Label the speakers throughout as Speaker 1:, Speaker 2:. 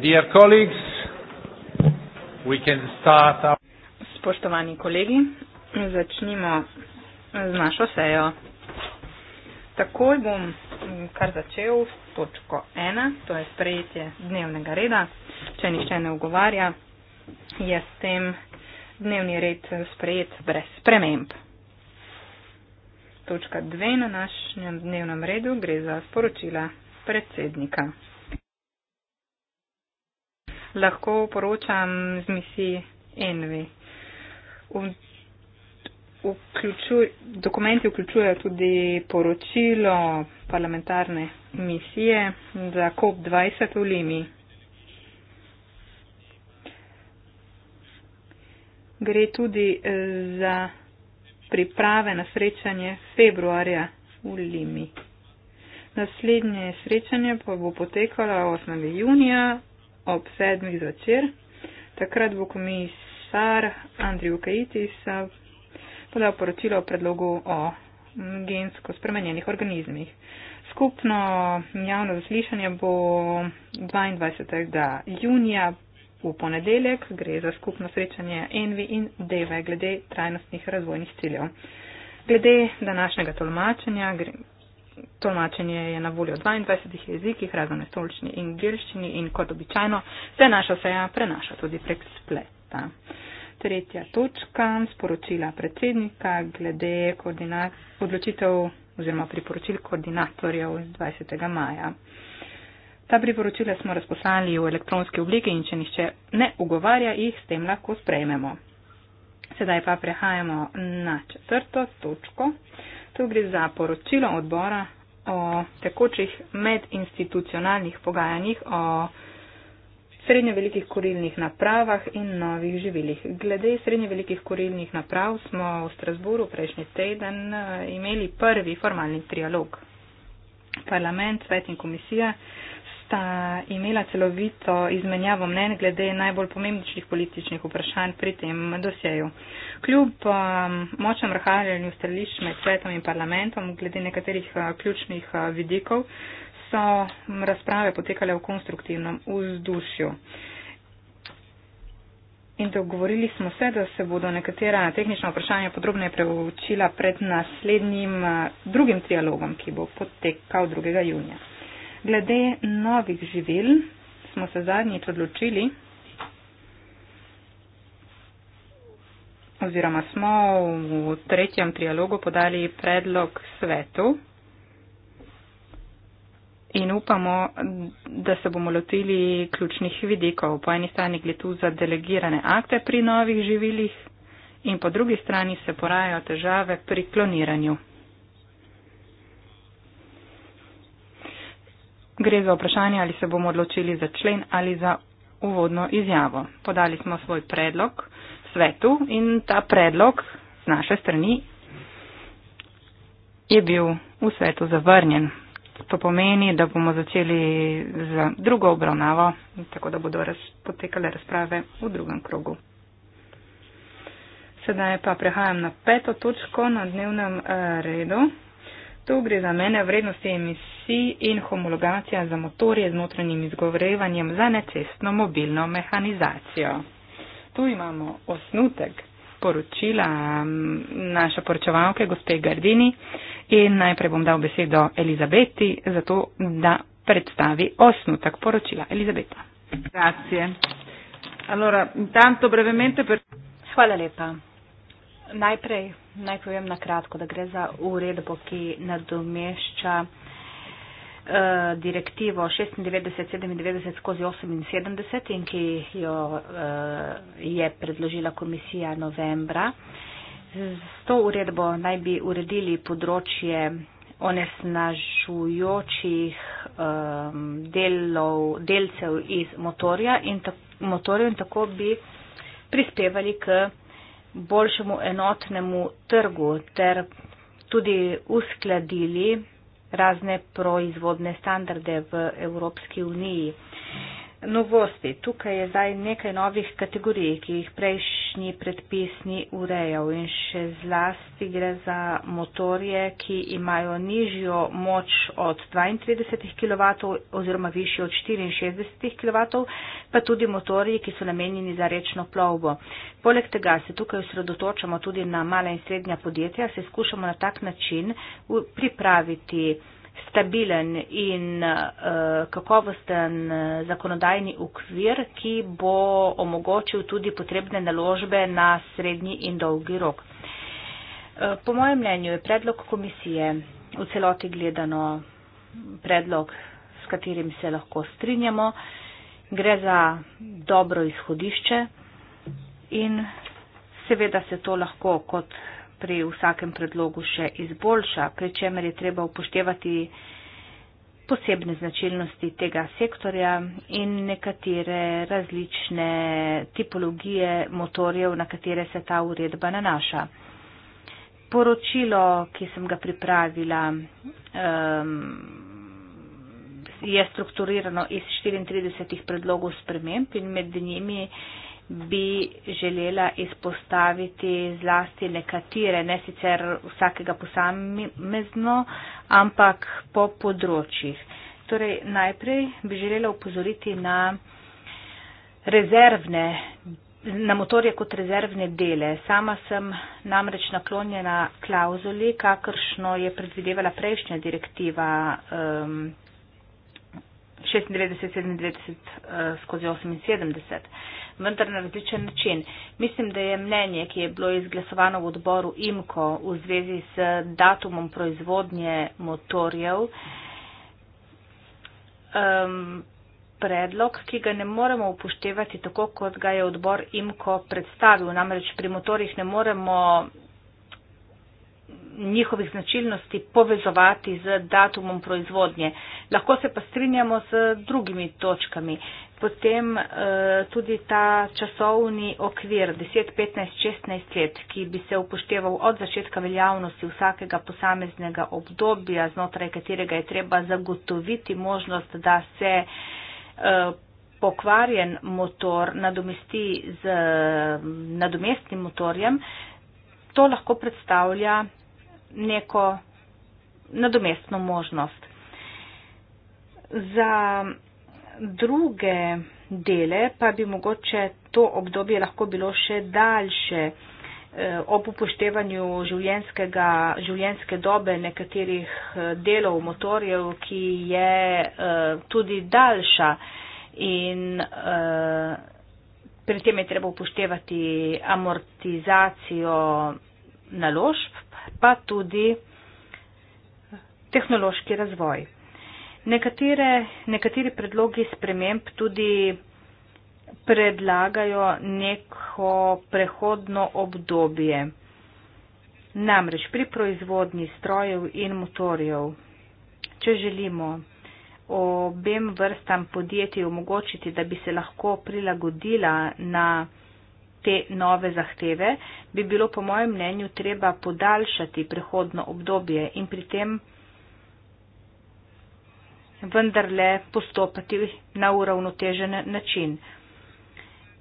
Speaker 1: Dear colleagues, we can start our...
Speaker 2: Spoštovani kolegi, začnimo z našo sejo. Takoj bom mm, kar začel s točko 1, to je sprejetje dnevnega reda. Če nihče ne ugovarja, je s tem dnevni red sprejet brez sprememb. Točka 2 na našem dnevnem redu gre za sporočila predsednika lahko poročam z misij Envi. Vključuj, dokumenti vključujejo tudi poročilo parlamentarne misije za COP20 v Limi. Gre tudi eh, za priprave na srečanje februarja v Limi. Naslednje srečanje pa bo potekalo 8. junija ob sedmih zvečer. Takrat bo komisar Andriju Kajitis eh, podal poročilo o predlogu o gensko spremenjenih organizmih. Skupno javno zaslišanje bo 22. junija v ponedeljek, gre za skupno srečanje Envi in Deve glede trajnostnih razvojnih ciljev. Glede današnjega tolmačenja Tolmačenje je na voljo v 22 jezikih, razen stolčni in gelščini in kot običajno se naša seja prenaša tudi prek spleta. Tretja točka, sporočila predsednika glede odločitev oziroma priporočil koordinatorjev z 20. maja. Ta priporočila smo razposlali v elektronski obliki in če nišče ne ugovarja, jih s tem lahko sprejmemo. Sedaj pa prehajamo na četrto točko. Tu gre za poročilo odbora o tekočih medinstitucionalnih pogajanjih o srednje velikih kurilnih napravah in novih živilih. Glede srednje velikih kurilnih naprav smo v Strasburu prejšnji teden eh, imeli prvi formalni trialog. Parlament, svet in komisija sta imela celovito izmenjavo mnen glede najbolj pomembnih političnih vprašanj pri tem dosjeju. Kljub um, močnem rahaljanju stališč med svetom in parlamentom glede nekaterih uh, ključnih uh, vidikov so um, razprave potekale v konstruktivnem vzdušju. In dogovorili smo se, da se bodo nekatera tehnična vprašanja podrobneje preučila pred naslednjim uh, drugim trialogom, ki bo potekal 2. junija glede novih živil smo se zadnjič odločili oziroma smo v tretjem trialogu podali predlog svetu in upamo, da se bomo lotili ključnih vidikov. Po eni strani gre tu za delegirane akte pri novih živilih in po drugi strani se porajajo težave pri kloniranju. Gre za vprašanje, ali se bomo odločili za člen ali za uvodno izjavo. Podali smo svoj predlog svetu in ta predlog z naše strani je bil v svetu zavrnjen. To pomeni, da bomo začeli z drugo obravnavo, tako da bodo raz, potekale razprave v drugem krogu. Sedaj pa prehajam na peto točko na dnevnem eh, redu. Tu gre za mene vrednosti emisij in homologacija za motorje z notranjim izgovorevanjem za necestno mobilno mehanizacijo. Tu imamo osnutek poročila naše poročevalke gospe Gardini in najprej bom dal besedo Elizabeti, zato da predstavi osnutek poročila. Elizabeta.
Speaker 3: Grazie. Allora, intanto brevemente per... Hvala lepa najprej naj povem na kratko, da gre za uredbo, ki nadomešča eh, direktivo 9697 skozi 78 in ki jo eh, je predložila komisija novembra. S to uredbo naj bi uredili področje onesnažujočih ehm, delov, delcev iz motorja in tako, motorju in tako bi prispevali k boljšemu enotnemu trgu ter tudi uskladili razne proizvodne standarde v Evropski uniji. Novosti. Tukaj je zdaj nekaj novih kategorij, ki jih prejšnji predpisni urejal in še zlasti gre za motorje, ki imajo nižjo moč od 32 kW oziroma višjo od 64 kW, pa tudi motorji, ki so namenjeni za rečno plovbo. Poleg tega se tukaj osredotočamo tudi na mala in srednja podjetja, se skušamo na tak način pripraviti stabilen in eh, kakovosten eh, zakonodajni ukvir, ki bo omogočil tudi potrebne naložbe na srednji in dolgi rok. Eh, po mojem mnenju je predlog komisije v celoti gledano predlog, s katerim se lahko strinjamo. Gre za dobro izhodišče in seveda se to lahko kot pri vsakem predlogu še izboljša, pri čemer je treba upoštevati posebne značilnosti tega sektorja in nekatere različne tipologije motorjev, na katere se ta uredba nanaša. Poročilo, ki sem ga pripravila, je strukturirano iz 34 predlogov sprememb in med njimi bi želela izpostaviti zlasti nekatere, ne sicer vsakega posamezno, ampak po področjih. Torej, najprej bi želela upozoriti na rezervne, na motorje kot rezervne dele. Sama sem namreč naklonjena klauzuli, kakršno je predvidevala prejšnja direktiva. Um, 96, 97 uh, skozi 78 vendar na različen način. Mislim, da je mnenje, ki je bilo izglasovano v odboru IMKO v zvezi s datumom proizvodnje motorjev, um, predlog, ki ga ne moremo upoštevati tako, kot ga je odbor IMKO predstavil. Namreč pri motorjih ne moremo njihovih značilnosti povezovati z datumom proizvodnje. Lahko se pa strinjamo z drugimi točkami potem uh, tudi ta časovni okvir 10-15-16 let, ki bi se upošteval od začetka veljavnosti vsakega posameznega obdobja, znotraj katerega je treba zagotoviti možnost, da se uh, pokvarjen motor nadomesti z nadomestnim motorjem, to lahko predstavlja neko nadomestno možnost. Za druge dele, pa bi mogoče to obdobje lahko bilo še daljše eh, ob upoštevanju življenske dobe nekaterih eh, delov motorjev, ki je eh, tudi daljša in pri tem je treba upoštevati amortizacijo naložb, pa tudi tehnološki razvoj. Nekatere, nekateri predlogi sprememb tudi predlagajo neko prehodno obdobje. Namreč pri proizvodnji strojev in motorjev, če želimo obem vrstam podjetij omogočiti, da bi se lahko prilagodila na te nove zahteve, bi bilo po mojem mnenju treba podaljšati prehodno obdobje in pri tem vendarle postopati na uravnotežen način.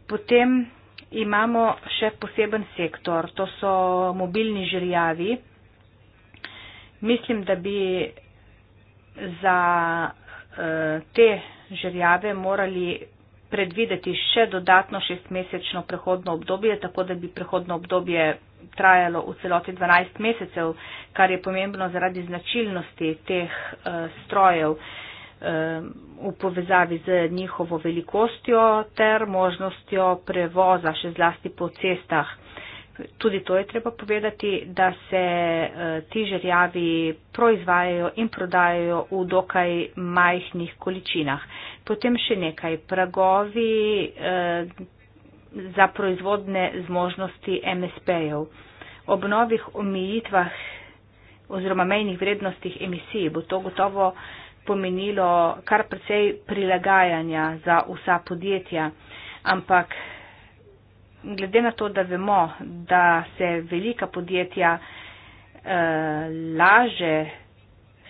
Speaker 3: Potem imamo še poseben sektor, to so mobilni žirjavi. Mislim, da bi za eh, te žirjave morali predvideti še dodatno šestmesečno prehodno obdobje, tako da bi prehodno obdobje trajalo v celoti 12 mesecev, kar je pomembno zaradi značilnosti teh eh, strojev v povezavi z njihovo velikostjo ter možnostjo prevoza še zlasti po cestah. Tudi to je treba povedati, da se eh, ti žerjavi proizvajajo in prodajajo v dokaj majhnih količinah. Potem še nekaj pragovi eh, za proizvodne zmožnosti MSP-jev. Ob novih omejitvah oziroma mejnih vrednostih emisij bo to gotovo pomenilo kar precej prilagajanja za vsa podjetja. Ampak glede na to, da vemo, da se velika podjetja eh, laže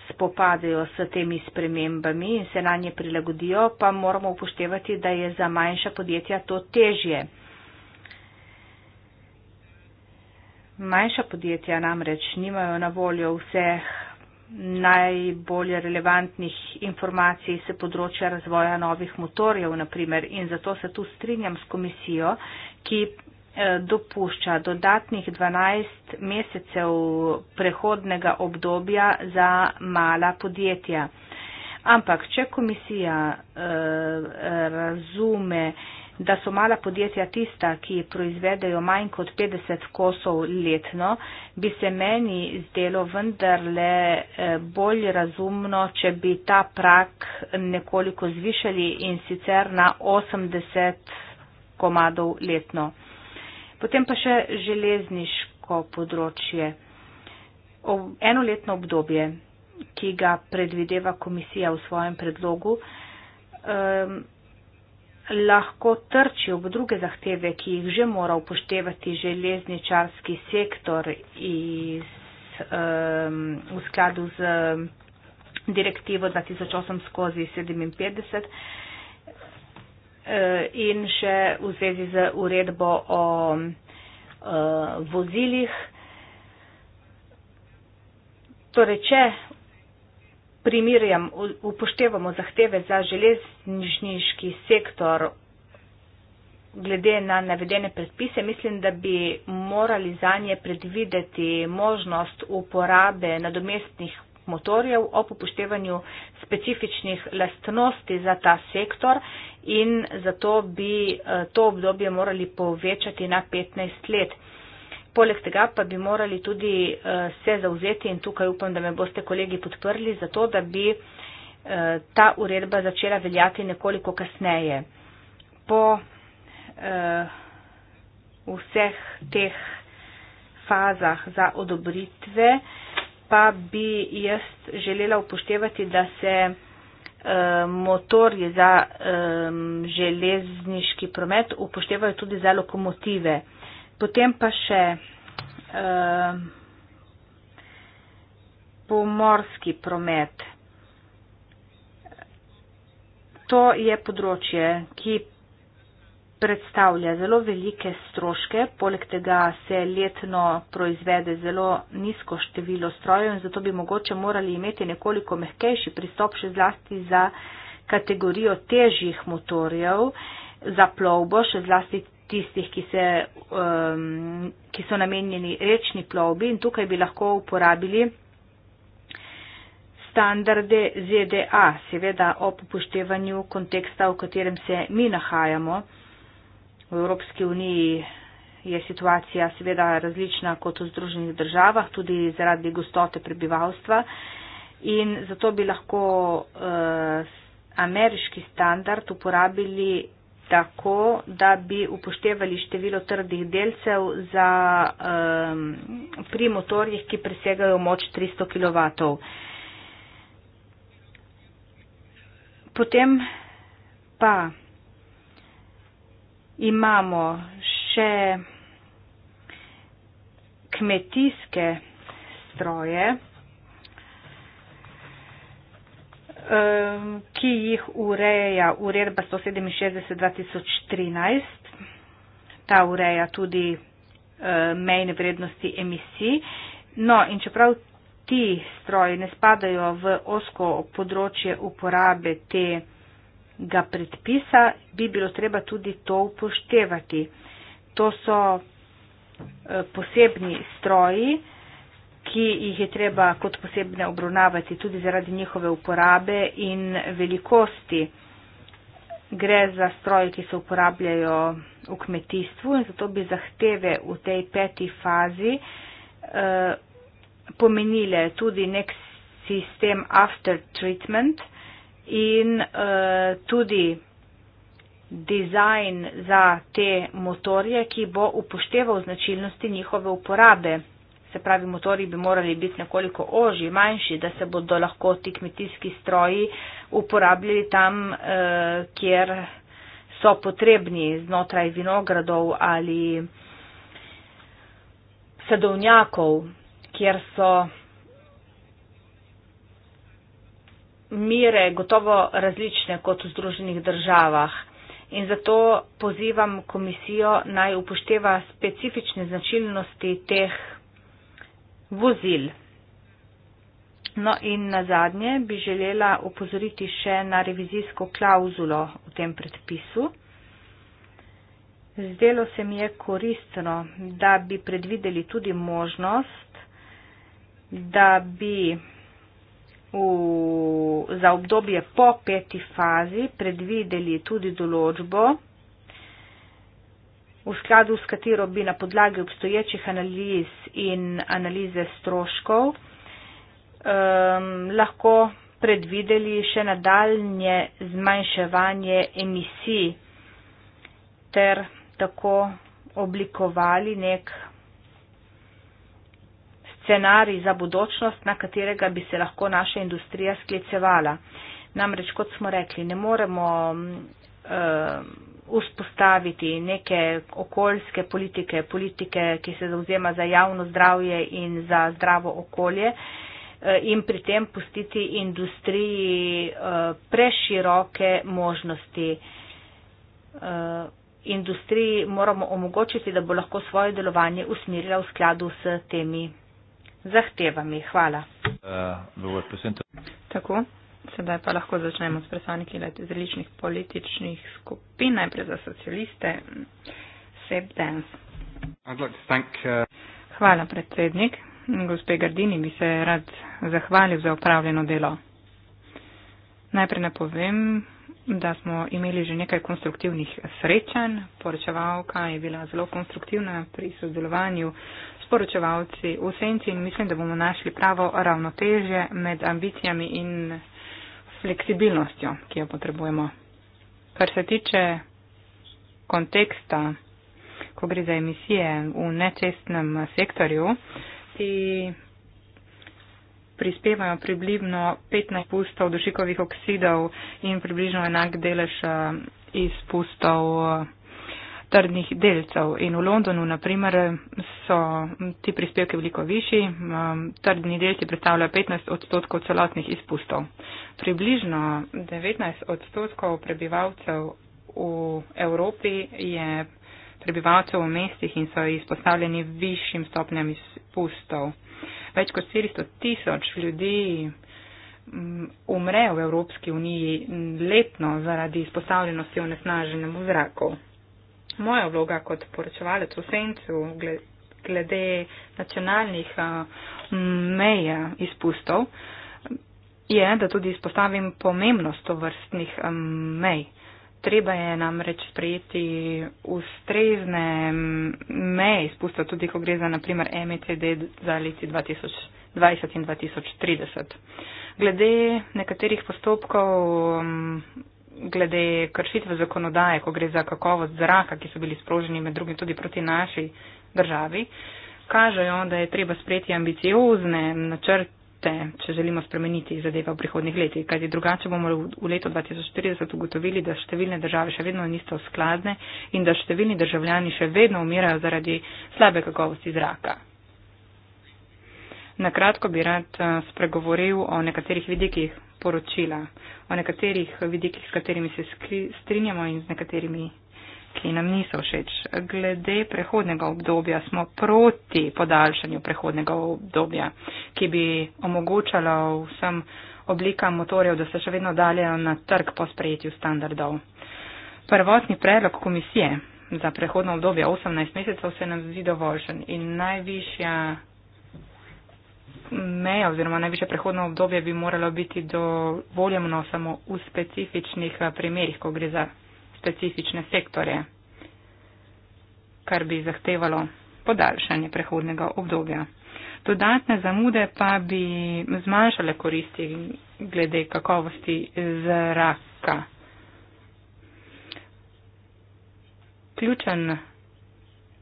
Speaker 3: spopadajo s temi spremembami in se na nje prilagodijo, pa moramo upoštevati, da je za manjša podjetja to težje. Manjša podjetja namreč nimajo na voljo vseh najbolj relevantnih informacij se področja razvoja novih motorjev, naprimer, in zato se tu strinjam s komisijo, ki eh, dopušča dodatnih 12 mesecev prehodnega obdobja za mala podjetja. Ampak, če komisija eh, razume, eh, da so mala podjetja tista, ki proizvedejo manj kot 50 kosov letno, bi se meni zdelo vendarle eh, bolj razumno, če bi ta prak nekoliko zvišali in sicer na 80 komadov letno. Potem pa še železniško področje. Enoletno obdobje, ki ga predvideva komisija v svojem predlogu, ehm, lahko trči ob druge zahteve, ki jih že mora upoštevati železničarski sektor iz, um, v skladu z direktivo 2008 skozi 57 eh, in še v zvezi z uredbo o uh, vozilih. Torej, če primirjam, upoštevamo zahteve za železnišniški sektor glede na navedene predpise, mislim, da bi morali za nje predvideti možnost uporabe nadomestnih motorjev ob upoštevanju specifičnih lastnosti za ta sektor in zato bi eh, to obdobje morali povečati na 15 let. Poleg tega pa bi morali tudi uh, se zauzeti in tukaj upam, da me boste kolegi podprli za to, da bi uh, ta uredba začela veljati nekoliko kasneje. Po uh, vseh teh fazah za odobritve pa bi jaz želela upoštevati, da se motorje za um, železniški promet upoštevajo tudi za lokomotive. Potem pa še uh, pomorski promet. To je področje, ki predstavlja zelo velike stroške, poleg tega se letno proizvede zelo nizko število strojev in zato bi mogoče morali imeti nekoliko mehkejši pristop še zlasti za kategorijo težjih motorjev, za plovbo, še zlasti tistih, ki, se, um, ki so namenjeni rečni plovbi in tukaj bi lahko uporabili standarde ZDA, seveda ob upoštevanju konteksta, v katerem se mi nahajamo. V Evropski uniji je situacija seveda različna kot v Združenih državah, tudi zaradi gostote prebivalstva in zato bi lahko uh, ameriški standard uporabili tako, da bi upoštevali število trdih delcev za, um, pri motorjih, ki presegajo moč 300 kW. Potem pa imamo še kmetijske stroje. um, ki jih ureja uredba 167-2013. Ta ureja tudi um, mejne vrednosti emisij. No, in čeprav ti stroji ne spadajo v osko področje uporabe tega predpisa, bi bilo treba tudi to upoštevati. To so uh, posebni stroji, uh, ki jih je treba kot posebne obravnavati tudi zaradi njihove uporabe in velikosti. Gre za stroje, ki se uporabljajo v kmetijstvu in zato bi zahteve v tej peti fazi eh, pomenile tudi nek sistem after treatment in eh, tudi dizajn za te motorje, ki bo upošteval značilnosti njihove uporabe se pravi, motori bi morali biti nekoliko ožji, manjši, da se bodo lahko ti kmetijski stroji uporabljali tam, eh, kjer so potrebni znotraj vinogradov ali sadovnjakov, kjer so mire gotovo različne kot v Združenih državah. In zato pozivam komisijo naj upošteva specifične značilnosti teh vozil. No in na zadnje bi želela upozoriti še na revizijsko klauzulo v tem predpisu. Zdelo se mi je koristno, da bi predvideli tudi možnost, da bi v, za obdobje po peti fazi predvideli tudi določbo, v skladu s katero bi na podlagi obstoječih analiz in analize stroškov um, lahko predvideli še nadaljnje zmanjševanje emisij ter tako oblikovali nek scenarij za budočnost, na katerega bi se lahko naša industrija sklicevala. Namreč, kot smo rekli, ne moremo. Um, vzpostaviti neke okoljske politike, politike, ki se zauzema za javno zdravje in za zdravo okolje eh, in pri tem pustiti industriji eh, preširoke možnosti. Eh, industriji moramo omogočiti, da bo lahko svoje delovanje usmerila v skladu s temi zahtevami. Hvala.
Speaker 1: Uh,
Speaker 3: Tako.
Speaker 2: Sedaj pa lahko začnemo s predstavniki različnih političnih skupin, najprej za socialiste. Seb Dens. Uh, Hvala, predsednik. Gospe Gardini bi se rad zahvalil za upravljeno delo. Najprej ne povem, da smo imeli že nekaj konstruktivnih srečanj. Poročevalka je bila zelo konstruktivna pri sodelovanju s poročevalci v senci in mislim, da bomo našli pravo ravnotežje med ambicijami in fleksibilnostjo, ki jo potrebujemo. Kar se tiče konteksta, ko gre za emisije v nečestnem sektorju, ti prispevajo približno 15 pustov dušikovih oksidov in približno enak delež eh, izpustov trdnih delcev. In v Londonu, naprimer, so ti prispevki veliko višji. Um, trdni delci predstavljajo 15 odstotkov celotnih izpustov. Približno 19 odstotkov prebivalcev v Evropi je prebivalcev v mestih in so izpostavljeni višjim stopnjam izpustov. Več kot 400 tisoč ljudi um, umre v Evropski uniji letno zaradi izpostavljenosti onesnaženemu zraku moja vloga kot poročevalec v sencu glede nacionalnih meja izpustov je, da tudi izpostavim pomembnost tovrstnih mej. Treba je namreč sprejeti ustrezne meje izpusta, tudi ko gre za naprimer MECD za leti 2020 in 2030. Glede nekaterih postopkov glede kršitve zakonodaje, ko gre za kakovost zraka, ki so bili sproženi med drugim tudi proti naši državi, kažejo, da je treba sprejeti ambiciozne načrte, če želimo spremeniti zadeva v prihodnih letih. Kajti drugače bomo v letu 2040 ugotovili, da številne države še vedno niso skladne in da številni državljani še vedno umirajo zaradi slabe kakovosti zraka. Na kratko bi rad eh, spregovoril o nekaterih vidikih poročila, o nekaterih vidikih, s katerimi se strinjamo in z nekaterimi, ki nam niso všeč. Glede prehodnega obdobja smo proti podaljšanju prehodnega obdobja, ki bi omogočalo vsem oblikam motorjev, da se še vedno daljajo na trg po sprejetju standardov. Prvotni predlog komisije za prehodno obdobje 18 mesecev se nam zdi dovoljšen in najvišja meja oziroma najviše prehodno obdobje bi moralo biti dovoljeno samo v specifičnih eh, primerjih, ko gre za specifične sektorje, kar bi zahtevalo podaljšanje prehodnega obdobja. Dodatne zamude pa bi zmanjšale koristi glede kakovosti zraka. Ključen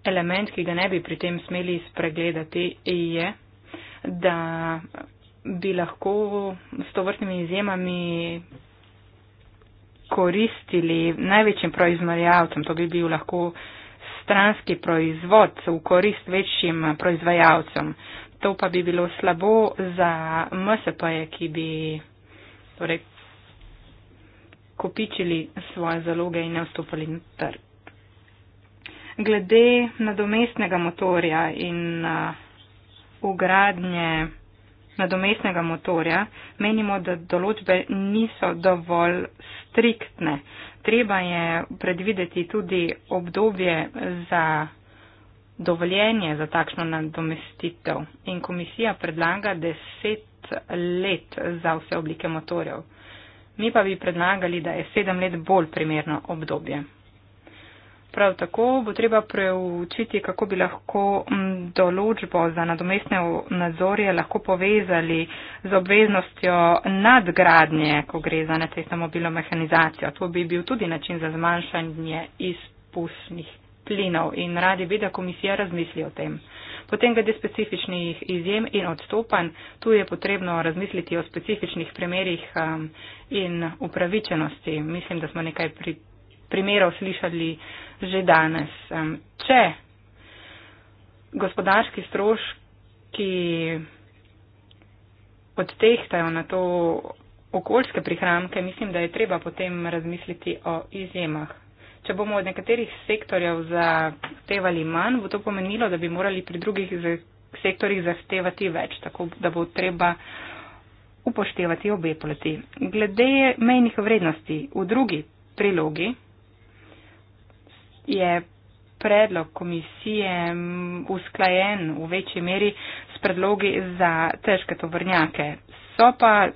Speaker 2: element, ki ga ne bi pri tem smeli spregledati, je da bi lahko s to vrstnimi izjemami koristili največjim proizvajalcem. To bi bil lahko stranski proizvod v korist večjim proizvajalcem. To pa bi bilo slabo za MSP-je, ki bi torej, kopičili svoje zaloge in ne vstopali na trg. Glede nadomestnega motorja in uh, ugradnje nadomestnega motorja, menimo, da določbe niso dovolj striktne. Treba je predvideti tudi obdobje za dovoljenje za takšno nadomestitev in komisija predlaga deset let za vse oblike motorjev. Mi pa bi predlagali, da je sedem let bolj primerno obdobje. Prav tako bo treba preučiti, kako bi lahko mm, določbo za nadomestne nadzorje lahko povezali z obveznostjo nadgradnje, ko gre za necestno mobilno mehanizacijo. To bi bil tudi način za zmanjšanje izpustnih plinov in radi bi, da komisija razmisli o tem. Potem glede specifičnih izjem in odstopanj, tu je potrebno razmisliti o specifičnih primerjih um, in upravičenosti. Mislim, da smo nekaj pri, primerov slišali že danes. Če gospodarski stroški odtehtajo na to okoljske prihranke, mislim, da je treba potem razmisliti o izjemah. Če bomo od nekaterih sektorjev zahtevali manj, bo to pomenilo, da bi morali pri drugih sektorjih zahtevati več, tako da bo treba upoštevati obe poleti. Glede mejnih vrednosti v drugi prilogi, je predlog komisije usklajen v večji meri s predlogi za težke tovrnjake. So pa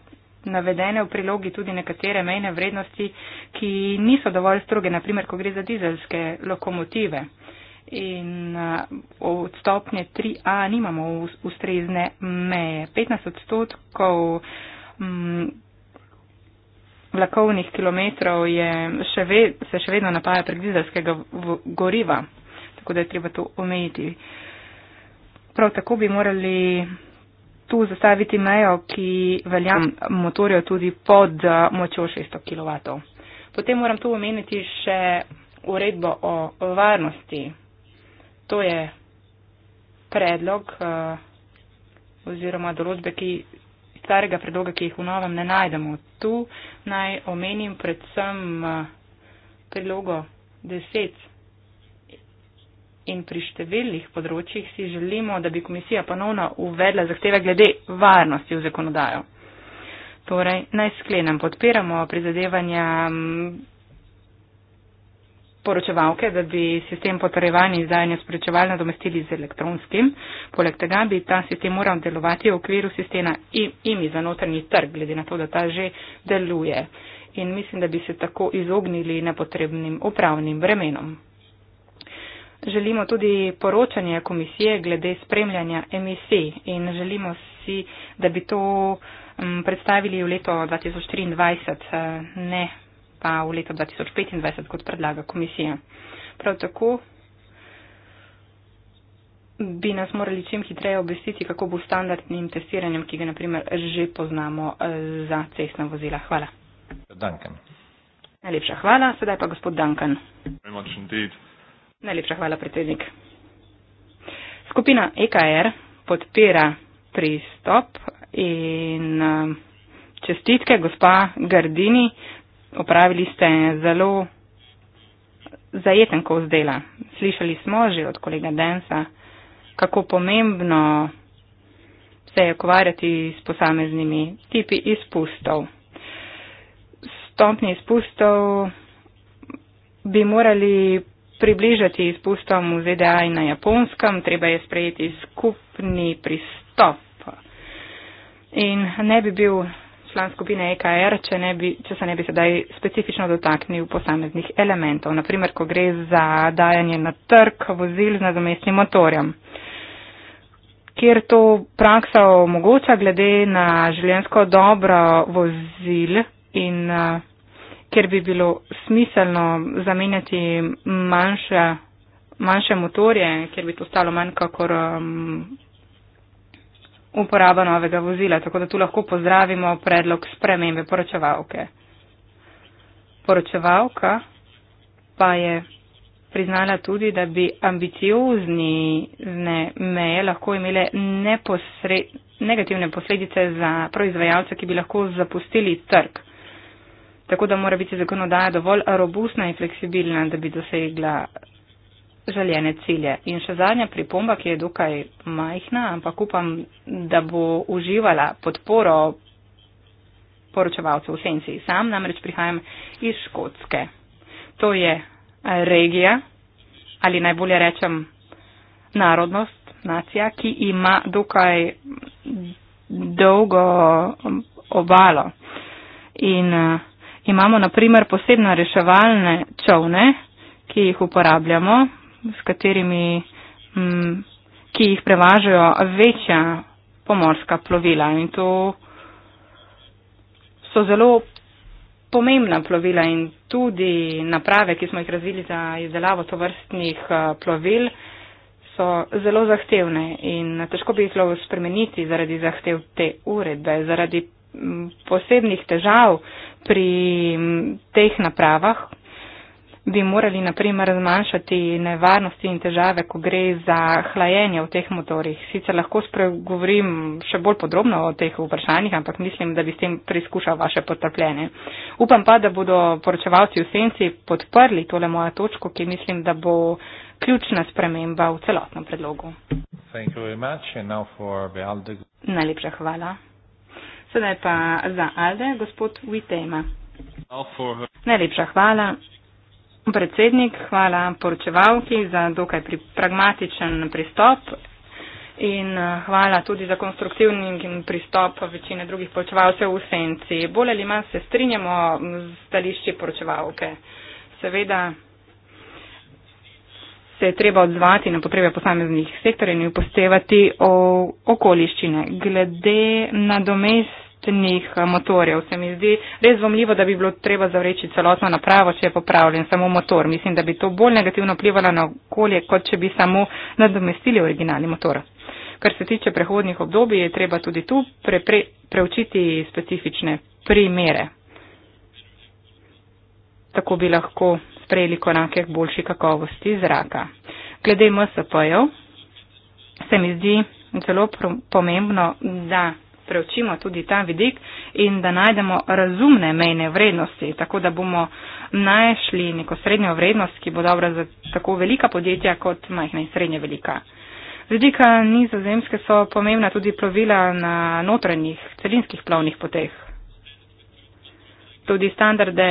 Speaker 2: navedene v prilogi tudi nekatere mejne vrednosti, ki niso dovolj stroge, naprimer, ko gre za dizelske lokomotive. In od stopnje 3A nimamo ustrezne meje. 15 odstotkov vlakovnih kilometrov je še ved, se še vedno napaja prek dizelskega goriva, tako da je treba to omejiti. Prav tako bi morali tu zastaviti mejo, ki velja motorjo tudi pod eh, močjo 600 kW. Potem moram tu omeniti še uredbo o varnosti. To je predlog eh, oziroma določbe, ki starega predloga, ki jih v novem ne najdemo. Tu naj omenim predvsem eh, predlogo 10. In pri številnih področjih si želimo, da bi komisija ponovno uvedla zahteve glede varnosti v zakonodajo. Torej, naj sklenem, podpiramo prizadevanja mm, poročevalke, da bi sistem potrejevanja in izdajanja sporočeval nadomestili z elektronskim. Poleg tega bi ta sistem moral delovati v okviru sistema IMI za notranji trg, glede na to, da ta že deluje. In mislim, da bi se tako izognili nepotrebnim upravnim vremenom. Želimo tudi poročanje komisije glede spremljanja emisij in želimo si, da bi to mm, predstavili v leto 2023, eh, ne pa v leto 2025, kot predlaga komisija. Prav tako bi nas morali čim hitreje obvestiti, kako bo standardnim testiranjem, ki ga naprimer že poznamo eh, za cestna vozila. Hvala. Duncan. Najlepša hvala. Sedaj pa gospod Duncan. Najlepša hvala, predsednik. Skupina EKR podpira pristop in eh, čestitke gospa Gardini, opravili ste zelo zajeten kos dela. Slišali smo že od kolega Densa, kako pomembno se je ukvarjati s posameznimi tipi izpustov. Stopnje izpustov bi morali približati izpustom v ZDA in na japonskem, treba je sprejeti skupni pristop. In ne bi bil član skupine EKR, če, ne bi, če se ne bi sedaj specifično dotaknil posameznih elementov, naprimer, ko gre za dajanje na trg vozil z nadomestnim motorjem, kjer to praksa omogoča glede na življensko dobro vozil in eh, kjer bi bilo smiselno zamenjati manjše, manjše motorje, kjer bi to stalo manj kakor. Um, uporaba novega vozila, tako da tu lahko pozdravimo predlog spremembe poročevalke. Poročevalka pa je priznala tudi, da bi ambiciozne meje lahko imele negativne posledice za proizvajalce, ki bi lahko zapustili trg. Tako da mora biti zakonodaja dovolj robustna in fleksibilna, da bi dosegla želene cilje. In še zadnja pripomba, ki je dokaj majhna, ampak upam, da bo uživala podporo poročevalcev v senci. Sam namreč prihajam iz Škotske. To je regija ali najbolje rečem narodnost, nacija, ki ima dokaj dolgo um, obalo. In uh, imamo na primer posebno reševalne čovne, ki jih uporabljamo, s katerimi, m, mm, ki jih prevažajo večja pomorska plovila. In to so zelo pomembna plovila in tudi naprave, ki smo jih razvili za izdelavo tovrstnih eh, plovil, so zelo zahtevne in težko bi jih lahko spremeniti zaradi zahtev te uredbe, zaradi mm, posebnih težav pri mm, teh napravah, bi morali naprimer zmanjšati nevarnosti in težave, ko gre za hlajenje v teh motorjih. Sicer lahko spregovorim še bolj podrobno o teh vprašanjih, ampak mislim, da bi s tem preizkušal vaše potrpljenje. Upam pa, da bodo poročevalci v senci podprli tole mojo točko, ki mislim, da bo ključna sprememba v celotnem predlogu. Najlepša hvala. Sedaj pa za Alde, gospod Witema. Najlepša hvala predsednik, hvala poročevalki za dokaj pri, pragmatičen pristop in eh, hvala tudi za konstruktivni pristop večine drugih poročevalcev v senci. Bolje ali manj se strinjamo z stališči poročevalke. Seveda se je treba odzvati na potrebe posameznih sektorjev in upoštevati okoliščine. Glede na domest temnih eh, motorjev. Se mi zdi res zvomljivo, da bi bilo treba zavreči celotno napravo, če je popravljen samo motor. Mislim, da bi to bolj negativno vplivalo na okolje, kot če bi samo nadomestili originalni motor. Kar se tiče prehodnih obdobij, je treba tudi tu pre, pre, preučiti specifične primere. Tako bi lahko sprejeli konake boljši kakovosti zraka. Glede MSP-jev se mi zdi zelo pomembno, da preučimo tudi ta vidik in da najdemo razumne mejne vrednosti, tako da bomo našli neko srednjo vrednost, ki bo dobra za tako velika podjetja kot majhna in srednje velika. Z vidika nizozemske so pomembna tudi plovila na notranjih celinskih plovnih poteh. Tudi standarde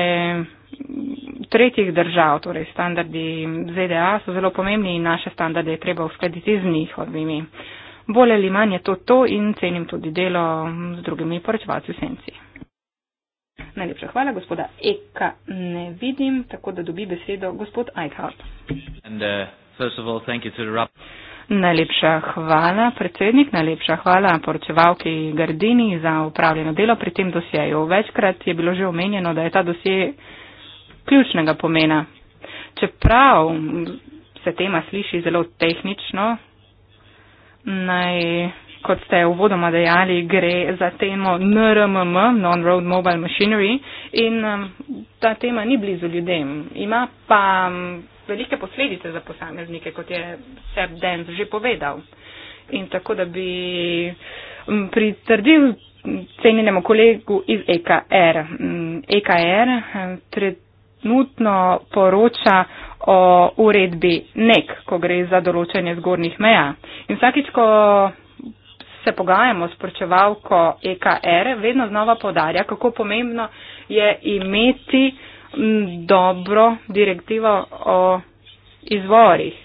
Speaker 2: tretjih držav, torej standardi ZDA, so zelo pomembni in naše standarde je treba uskladiti z njihovimi bolj ali manj je to to in cenim tudi delo z drugimi poročevalci v senci. Najlepša hvala, gospoda Eka ne vidim, tako da dobi besedo gospod Eichhardt.
Speaker 3: Uh,
Speaker 2: najlepša hvala, predsednik, najlepša hvala poročevalki Gardini za upravljeno delo pri tem dosjeju. Večkrat je bilo že omenjeno, da je ta dosje ključnega pomena. Čeprav se tema sliši zelo tehnično, naj, kot ste uvodoma dejali, gre za temo NRMM, Non-Road Mobile Machinery in um, ta tema ni blizu ljudem. Ima pa um, velike posledice za posameznike, kot je Seb Denz že povedal. In tako, da bi um, pritrdil cenjenemu kolegu iz EKR. EKR trenutno poroča o uredbi nek, ko gre za določanje zgornjih meja. In vsakič, ko se pogajamo s poročevalko EKR, vedno znova podarja, kako pomembno je imeti dobro direktivo o izvorih.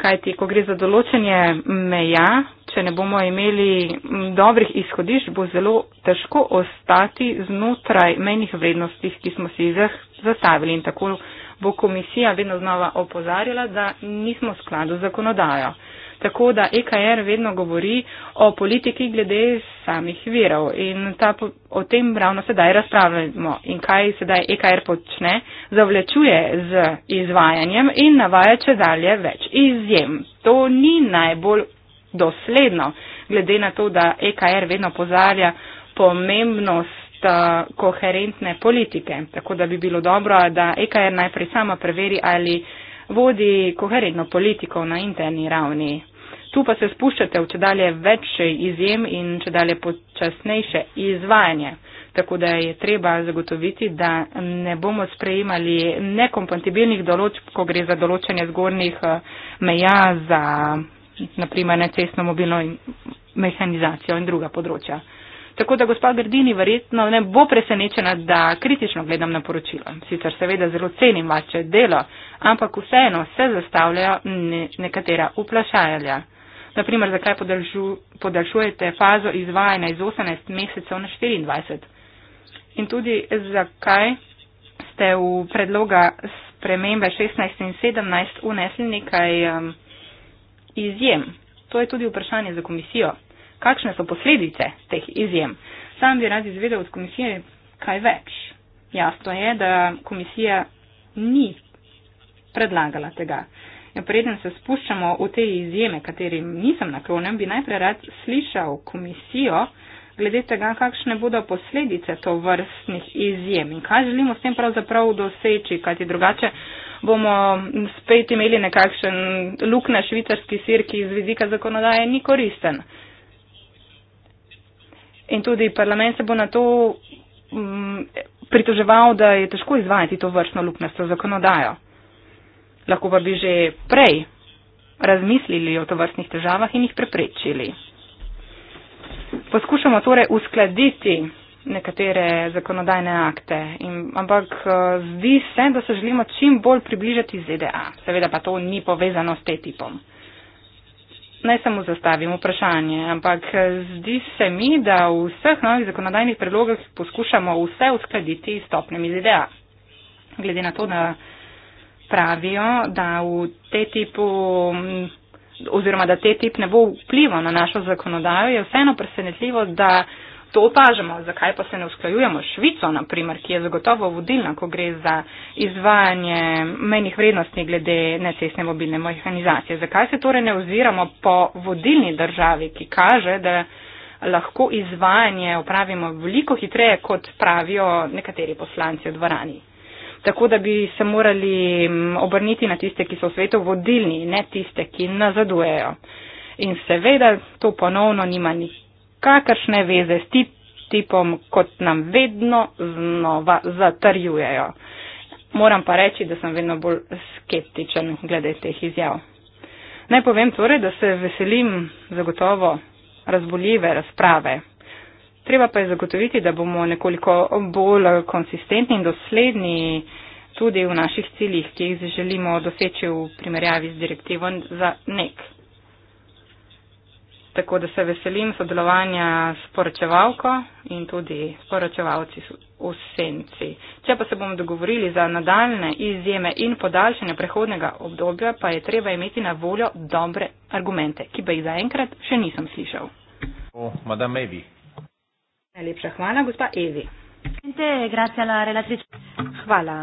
Speaker 2: Kajti, ko gre za določanje meja, če ne bomo imeli dobrih izhodišč, bo zelo težko ostati znotraj menjih vrednosti, ki smo si jih zastavili in tako bo komisija vedno znova opozarjala, da nismo v skladu z zakonodajo. Tako da EKR vedno govori o politiki glede samih virov in ta, o tem ravno sedaj razpravljamo. In kaj sedaj EKR počne, zavlečuje z izvajanjem in navaja če dalje več izjem. To ni najbolj dosledno, glede na to, da EKR vedno pozarja pomembnost koherentne politike. Tako da bi bilo dobro, da EKR najprej sama preveri, ali vodi koherentno politiko na interni ravni. Tu pa se spuščate v če dalje večji izjem in če dalje počasnejše izvajanje. Tako da je treba zagotoviti, da ne bomo sprejemali nekompatibilnih določb, ko gre za določanje zgornjih eh, meja za naprimer necestno mobilno mehanizacijo in druga področja. Tako da gospa Gardini verjetno ne bo presenečena, da kritično gledam na poročilo. Sicer seveda zelo cenim vaše delo, ampak vseeno se zastavljajo ne, nekatera uplašajalja. Naprimer, zakaj podalžu, podaljšujete fazo izvajanja iz 18 mesecev na 24? In tudi zakaj ste v predloga spremembe 16 in 17 unesli nekaj um, izjem? To je tudi vprašanje za komisijo kakšne so posledice teh izjem. Sam bi rad izvedel od komisije kaj več. Jasno je, da komisija ni predlagala tega. Ja, preden se spuščamo v te izjeme, katerim nisem naklonjen, bi najprej rad slišal komisijo glede tega, kakšne bodo posledice to vrstnih izjem in kaj želimo s tem pravzaprav doseči, kajti drugače bomo spet imeli nekakšen luk na švicarski sir, ki iz vizika zakonodaje ni koristen in tudi parlament se bo na to um, pritoževal, da je težko izvajati to vrstno luknjasto zakonodajo. Lahko pa bi že prej razmislili o to vrstnih težavah in jih preprečili. Poskušamo torej uskladiti nekatere zakonodajne akte, in, ampak eh, zdi se, da se želimo čim bolj približati ZDA. Seveda pa to ni povezano s te tipom. Naj samo zastavim vprašanje, ampak eh, zdi se mi, da v vseh novih zakonodajnih predlogih poskušamo vse uskladiti s stopnjami iz IDEA. Glede na to, da pravijo, da v te tipu oziroma da te tip ne bo vplival na našo zakonodajo, je vseeno presenetljivo, da to opažamo, zakaj pa se ne usklajujemo s Švico, naprimer, ki je zagotovo vodilna, ko gre za izvajanje menjih vrednosti glede necesne mobilne mehanizacije. Zakaj se torej ne oziramo po vodilni državi, ki kaže, da lahko izvajanje opravimo veliko hitreje, kot pravijo nekateri poslanci v dvorani. Tako da bi se morali obrniti na tiste, ki so v svetu vodilni, ne tiste, ki nazadujejo. In seveda to ponovno nima nič kakršne veze s tip, tipom, kot nam vedno znova zatrjujejo. Moram pa reči, da sem vedno bolj skeptičen glede teh izjav. Naj povem torej, da se veselim zagotovo razboljive razprave. Treba pa je zagotoviti, da bomo nekoliko bolj konsistentni in dosledni tudi v naših ciljih, ki jih želimo doseči v primerjavi z direktivom za nek. Tako da se veselim sodelovanja s poročevalko in tudi s poročevalci v senci. Če pa se bomo dogovorili za nadaljne izjeme in podaljšanje prehodnega obdobja, pa je treba imeti na voljo dobre argumente, ki pa jih zaenkrat še nisem
Speaker 3: slišal. Najlepša hvala, gospa Evi. Hvala,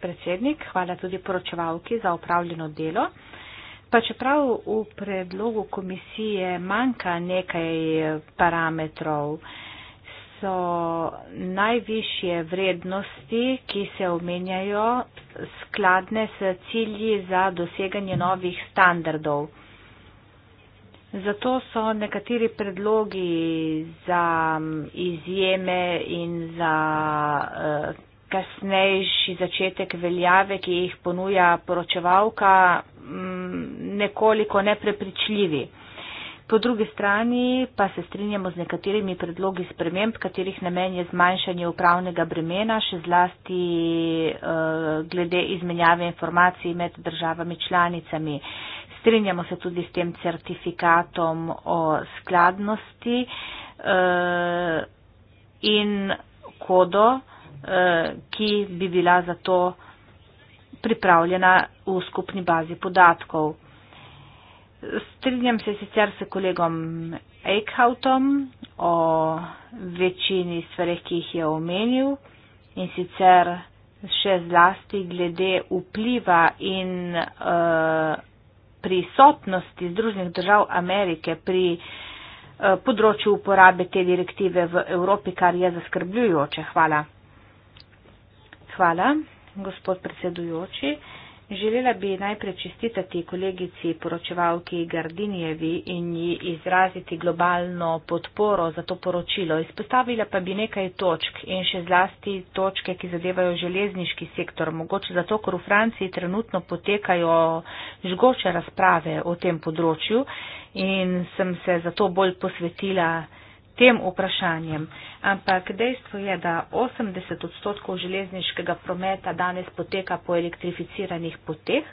Speaker 3: predsednik. Hvala tudi poročevalki za upravljeno delo. Pa čeprav v predlogu komisije manjka nekaj eh, parametrov, so najvišje vrednosti, ki se omenjajo, skladne s cilji za doseganje novih standardov. Zato so nekateri predlogi za mm, izjeme in za eh, kasnejši začetek veljave, ki jih ponuja poročevalka, mm, nekoliko neprepričljivi. Po drugi strani pa se strinjamo z nekaterimi predlogi sprememb, katerih namen je zmanjšanje upravnega bremena, še zlasti eh, glede izmenjave informacij med državami članicami. Strinjamo se tudi s tem certifikatom o skladnosti eh, in kodo, Eh, ki bi bila za to pripravljena v skupni bazi podatkov. Strinjam se sicer s kolegom Eichhautom o večini stvarih, ki jih je omenil in sicer še zlasti glede vpliva in uh, prisotnosti Združenih držav Amerike pri uh, področju uporabe te direktive v Evropi, kar je zaskrbljujoče. Hvala hvala, gospod predsedujoči. Želela bi najprej čestitati kolegici poročevalki Gardinjevi in ji izraziti globalno podporo za to poročilo. Izpostavila pa bi nekaj točk in še zlasti točke, ki zadevajo železniški sektor. Mogoče zato, ker v Franciji trenutno potekajo žgoče razprave o tem področju in sem se zato bolj posvetila tem vprašanjem. Ampak dejstvo je, da 80 odstotkov železniškega prometa danes poteka po elektrificiranih poteh,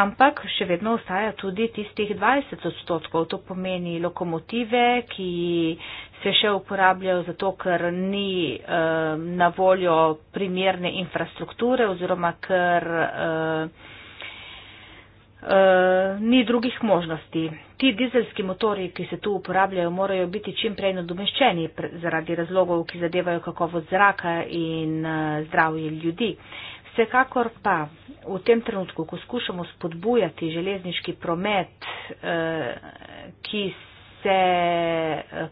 Speaker 3: ampak še vedno ostaja tudi tistih 20 odstotkov. To pomeni lokomotive, ki se še uporabljajo zato, ker ni eh, na voljo primerne infrastrukture oziroma ker. Eh, Eh, ni drugih možnosti. Ti dizelski motori, ki se tu uporabljajo, morajo biti čim prej nadomeščeni zaradi razlogov, ki zadevajo kakovost zraka in eh, zdravje ljudi. Vsekakor pa v tem trenutku, ko skušamo spodbujati železniški promet, eh, ki se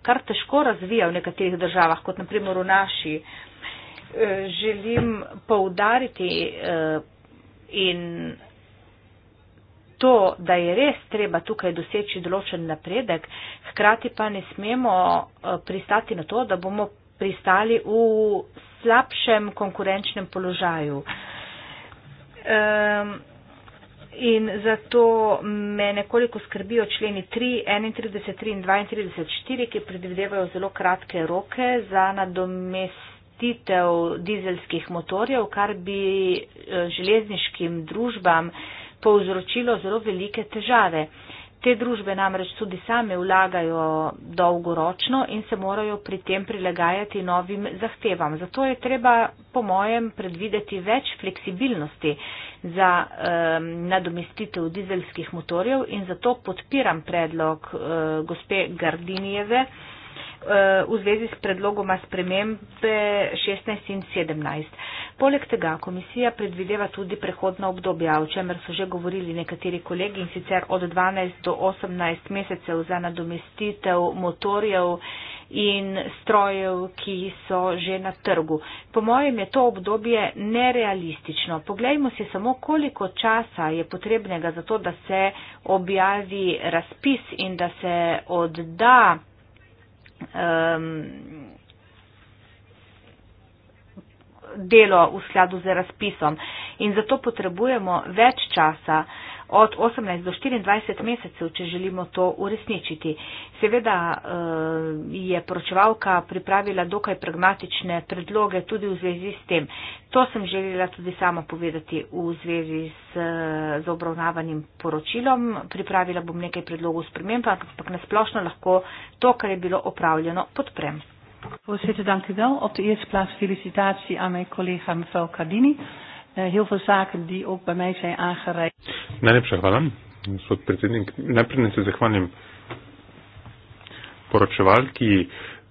Speaker 3: kar težko razvija v nekaterih državah, kot naprimer v naši, želim poudariti in to, da je res treba tukaj doseči določen napredek, hkrati pa ne smemo eh, pristati na to, da bomo pristali v slabšem konkurenčnem položaju. Um, in zato me nekoliko skrbijo členi 3, 31, 3 in 32, 4, ki predvidevajo zelo kratke roke za nadomestitev dizelskih motorjev, kar bi eh, železniškim družbam uh, povzročilo zelo velike težave. Te družbe namreč tudi same vlagajo dolgoročno in se morajo pri tem prilagajati novim zahtevam. Zato je treba, po mojem, predvideti več fleksibilnosti za um, nadomestitev dizelskih motorjev in zato podpiram predlog uh, gospe Gardinijeve, uh, Eh, v zvezi s predlogoma spremembe 16 in 17. Poleg tega komisija predvideva tudi prehodno obdobje, o čemer so že govorili nekateri kolegi in sicer od 12 do 18 mesecev za nadomestitev motorjev in strojev, ki so že na trgu. Po mojem je to obdobje nerealistično. Poglejmo si samo, koliko časa je potrebnega za to, da se objavi razpis in da se odda um, delo v skladu z razpisom. In zato potrebujemo več časa. Uh, od 18 do 24 mesecev, če želimo to uresničiti. Seveda eh, je poročevalka pripravila dokaj pragmatične predloge tudi v zvezi s tem. To sem želela tudi sama povedati v zvezi z, eh, z obravnavanim poročilom. Pripravila bom nekaj predlogov sprememb, ampak nasplošno lahko to, kar je bilo opravljeno, podprem. Voorzitter, dank u wel. Op de eerste plaats felicitatie
Speaker 2: aan mijn collega mevrouw Cardini. Eh, heel veel zaken die ook bij mij zijn aangereikt.
Speaker 1: Najlepša hvala, gospod predsednik. Najprej ne se zahvalim poročevalki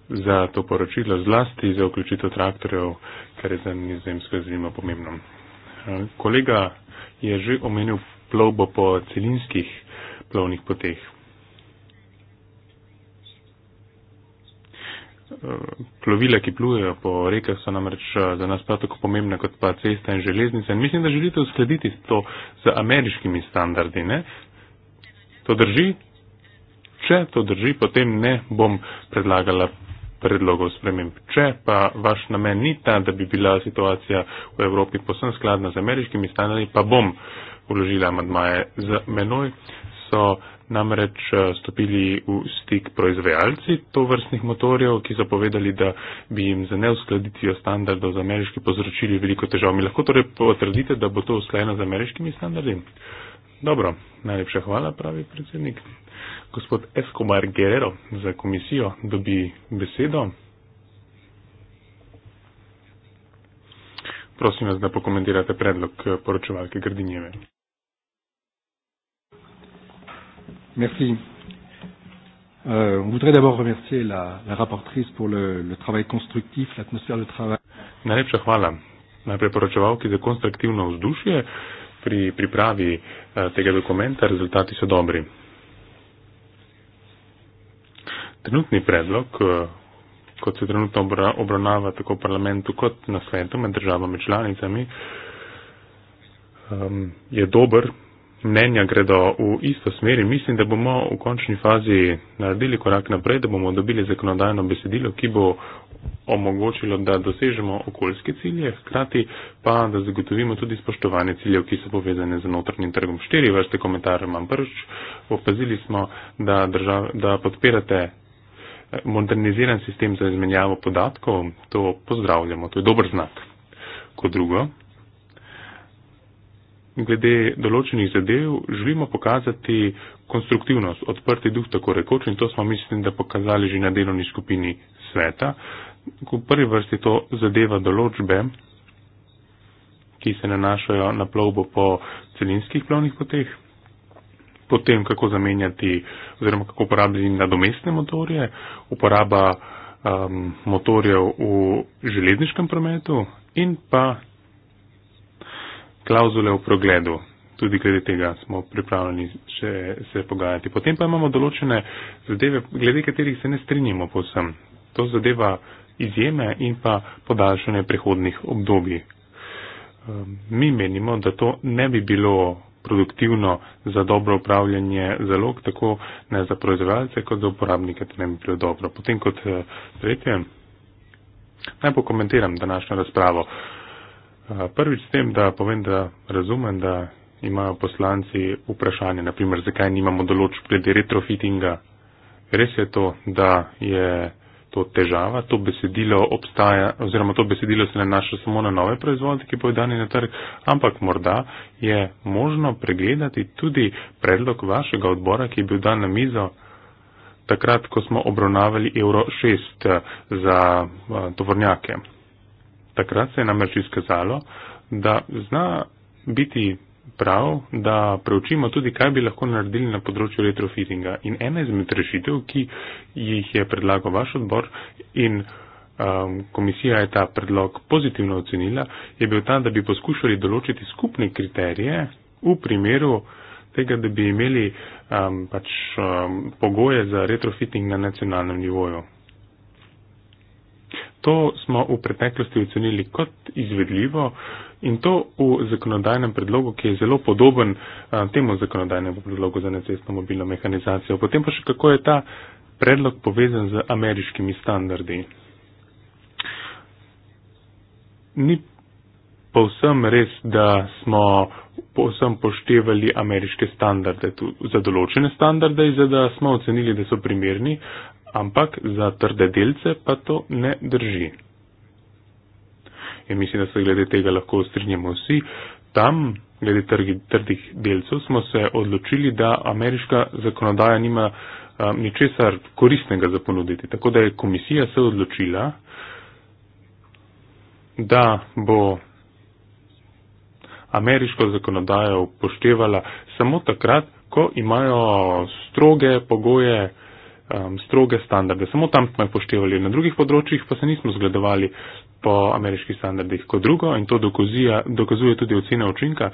Speaker 1: za to poročilo zlasti za vključitev traktorjev, kar je za nizozemsko zelo pomembno. Eh, kolega je že omenil plovbo po celinskih plovnih poteh. plovile, ki plujejo po rekah, so namreč eh, za nas prav tako pomembne kot pa cesta in železnica. In mislim, da želite uskladiti to z ameriškimi standardi. Ne? To drži? Če to drži, potem ne bom predlagala predlogov sprememb. Če pa vaš namen ni ta, da bi bila situacija v Evropi posebno skladna z ameriškimi standardi, pa bom vložila amadmaje. Z menoj so namreč eh, stopili v stik proizvajalci to vrstnih motorjev, ki so povedali, da bi jim za neuskladitvijo standardov z ameriški povzročili veliko težav. Mi lahko torej potrdite, da bo to usklajeno z ameriškimi standardi? Dobro, najlepša hvala, pravi predsednik. Gospod Escobar Guerrero za komisijo dobi besedo. Prosim vas, da pokomentirate predlog eh, poročevalke Grdinjeve. Merci. Euh, on voudrait d'abord remercier la, la rapportrice pour le, le travail constructif, l'atmosphère de travail. Najlepša hvala. Najprej poročevalki za konstruktivno vzdušje pri pripravi eh, tega dokumenta. Rezultati so dobri. Trenutni predlog, eh, kot se trenutno obra, obravnava tako v parlamentu kot na svetu med državami članicami, eh, je dober, mnenja gredo v isto smer in mislim, da bomo v končni fazi naredili korak naprej, da bomo dobili zakonodajno besedilo, ki bo omogočilo, da dosežemo okoljske cilje, hkrati pa, da zagotovimo tudi spoštovanje ciljev, ki so povezane z notrnim trgom. Štiri vrste komentarje imam. Prvič, opazili smo, da, držav, da podpirate eh, moderniziran sistem za izmenjavo podatkov. To pozdravljamo, to je dober znak. Kot drugo, glede določenih zadev želimo pokazati konstruktivnost, odprti duh tako rekoč in to smo mislim, da pokazali že na delovni skupini sveta. V prvi vrsti to zadeva določbe, ki se nanašajo na plovbo po celinskih plovnih poteh, potem kako zamenjati oziroma kako uporabljati nadomestne motorje, uporaba um, motorjev v železniškem prometu in pa klauzule v progledu. Tudi glede tega smo pripravljeni še se pogajati. Potem pa imamo določene zadeve, glede katerih se ne strinjamo posem. To zadeva izjeme in pa podaljšanje prehodnih obdobij. Ehm, mi menimo, da to ne bi bilo produktivno za dobro upravljanje zalog, tako ne za proizvajalce, kot za uporabnike, to ne bi bilo dobro. Potem kot eh, tretje, naj pokomentiram današnjo razpravo. Uh, Prvič s tem, da povem, da razumem, da imajo poslanci vprašanje, naprimer, zakaj nimamo določb glede retrofittinga. Res je to, da je to težava, to besedilo obstaja, oziroma to besedilo se nanaša samo na nove proizvode, ki bodo dani na trg, ampak morda je možno pregledati tudi predlog vašega odbora, ki je bil dan na mizo takrat, ko smo obravnavali evro 6 eh, za eh, tovornjake. Takrat se je namreč izkazalo, da zna biti prav, da preučimo tudi, kaj bi lahko naredili na področju retrofittinga. In ena izmed rešitev, ki jih je predlagal vaš odbor in um, komisija je ta predlog pozitivno ocenila, je bil ta, da bi poskušali določiti skupne kriterije v primeru tega, da bi imeli um, pač, um, pogoje za retrofitting na nacionalnem nivoju. To smo v preteklosti ocenili kot izvedljivo in to v zakonodajnem predlogu, ki je zelo podoben a, temu zakonodajnemu predlogu za necestno mobilno mehanizacijo. Potem pa še kako je ta predlog povezan z ameriškimi standardi. Ni povsem res, da smo povsem poštevali ameriške standarde tu, za določene standarde, za da smo ocenili, da so primerni, ampak za trde delce pa to ne drži. In mislim, da se glede tega lahko strinjamo vsi. Tam, glede trgi, trdih delcev, smo se odločili, da ameriška zakonodaja nima um, ničesar koristnega za ponuditi. Tako da je komisija se odločila, da bo ameriško zakonodajo upoštevala samo takrat, ko imajo stroge pogoje um, stroge standarde. Samo tam smo jih poštevali, na drugih področjih pa se nismo zgledovali po ameriških standardih. Kot drugo, in to dokazuje, dokazuje tudi ocena učinka,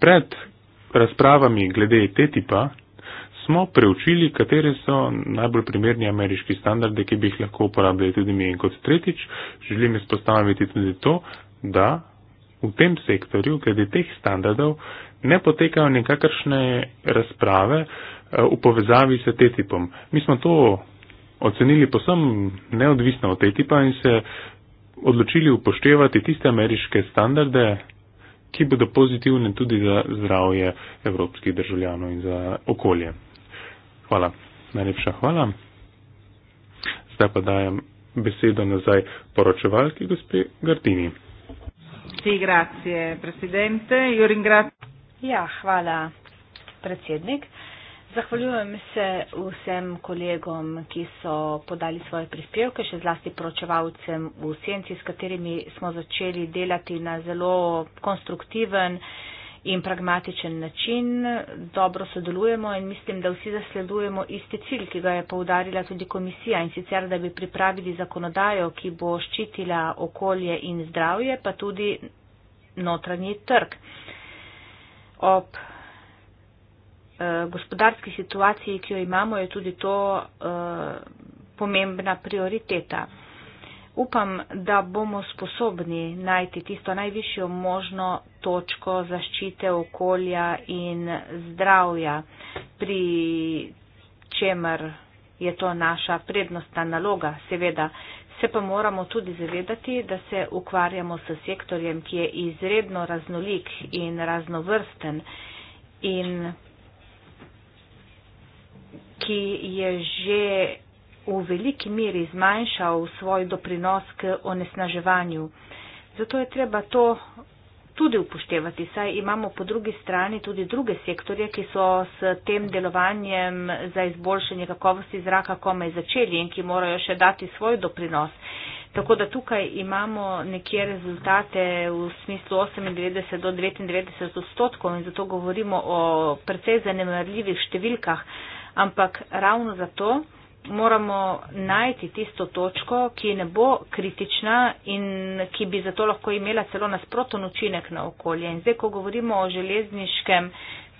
Speaker 1: pred razpravami glede te tipa smo preučili, katere so najbolj primerni ameriški standarde, ki bi jih lahko uporabljali tudi mi. In kot tretjič, želim izpostaviti tudi to, da v tem sektorju, glede teh standardov, ne potekajo nekakršne razprave, uh, Eh, v povezavi s TTIP-om. Mi smo to ocenili posem neodvisno od TTIP-a in se odločili upoštevati tiste ameriške standarde, ki bodo pozitivne tudi za zdravje evropskih državljanov in za okolje. Hvala. Najlepša hvala. Zdaj pa dajem besedo nazaj poročevalki gospe Gardini.
Speaker 2: Sì, grazie, presidente. Io ringrazio.
Speaker 3: Ja, hvala, predsednik. Uh, Zahvaljujem se vsem kolegom, ki so podali svoje prispevke, še zlasti poročevalcem v senci, s katerimi smo začeli delati na zelo konstruktiven in pragmatičen način. Dobro sodelujemo in mislim, da vsi zasledujemo isti cilj, ki ga je poudarila tudi komisija in sicer, da bi pripravili zakonodajo, ki bo ščitila okolje in zdravje, pa tudi notranji trg. Ob Eh, gospodarski situaciji, ki jo imamo, je tudi to eh, pomembna prioriteta. Upam, da bomo sposobni najti tisto najvišjo možno točko zaščite okolja in zdravja, pri čemer je to naša prednostna naloga, seveda. Se pa moramo tudi zavedati, da se ukvarjamo s sektorjem, ki je izredno raznolik in raznovrsten in ki je že v veliki miri zmanjšal svoj doprinos k onesnaževanju. Zato je treba to tudi upoštevati, saj imamo po drugi strani tudi druge sektorje, ki so s tem delovanjem za izboljšanje kakovosti zraka komaj začeli in ki morajo še dati svoj doprinos. Tako da tukaj imamo nekje rezultate v smislu 98 do 99 odstotkov in zato govorimo o precej zanemarljivih številkah ampak ravno zato moramo najti tisto točko, ki ne bo kritična in ki bi zato lahko imela celo nasproten učinek na okolje. In zdaj, ko govorimo o železniškem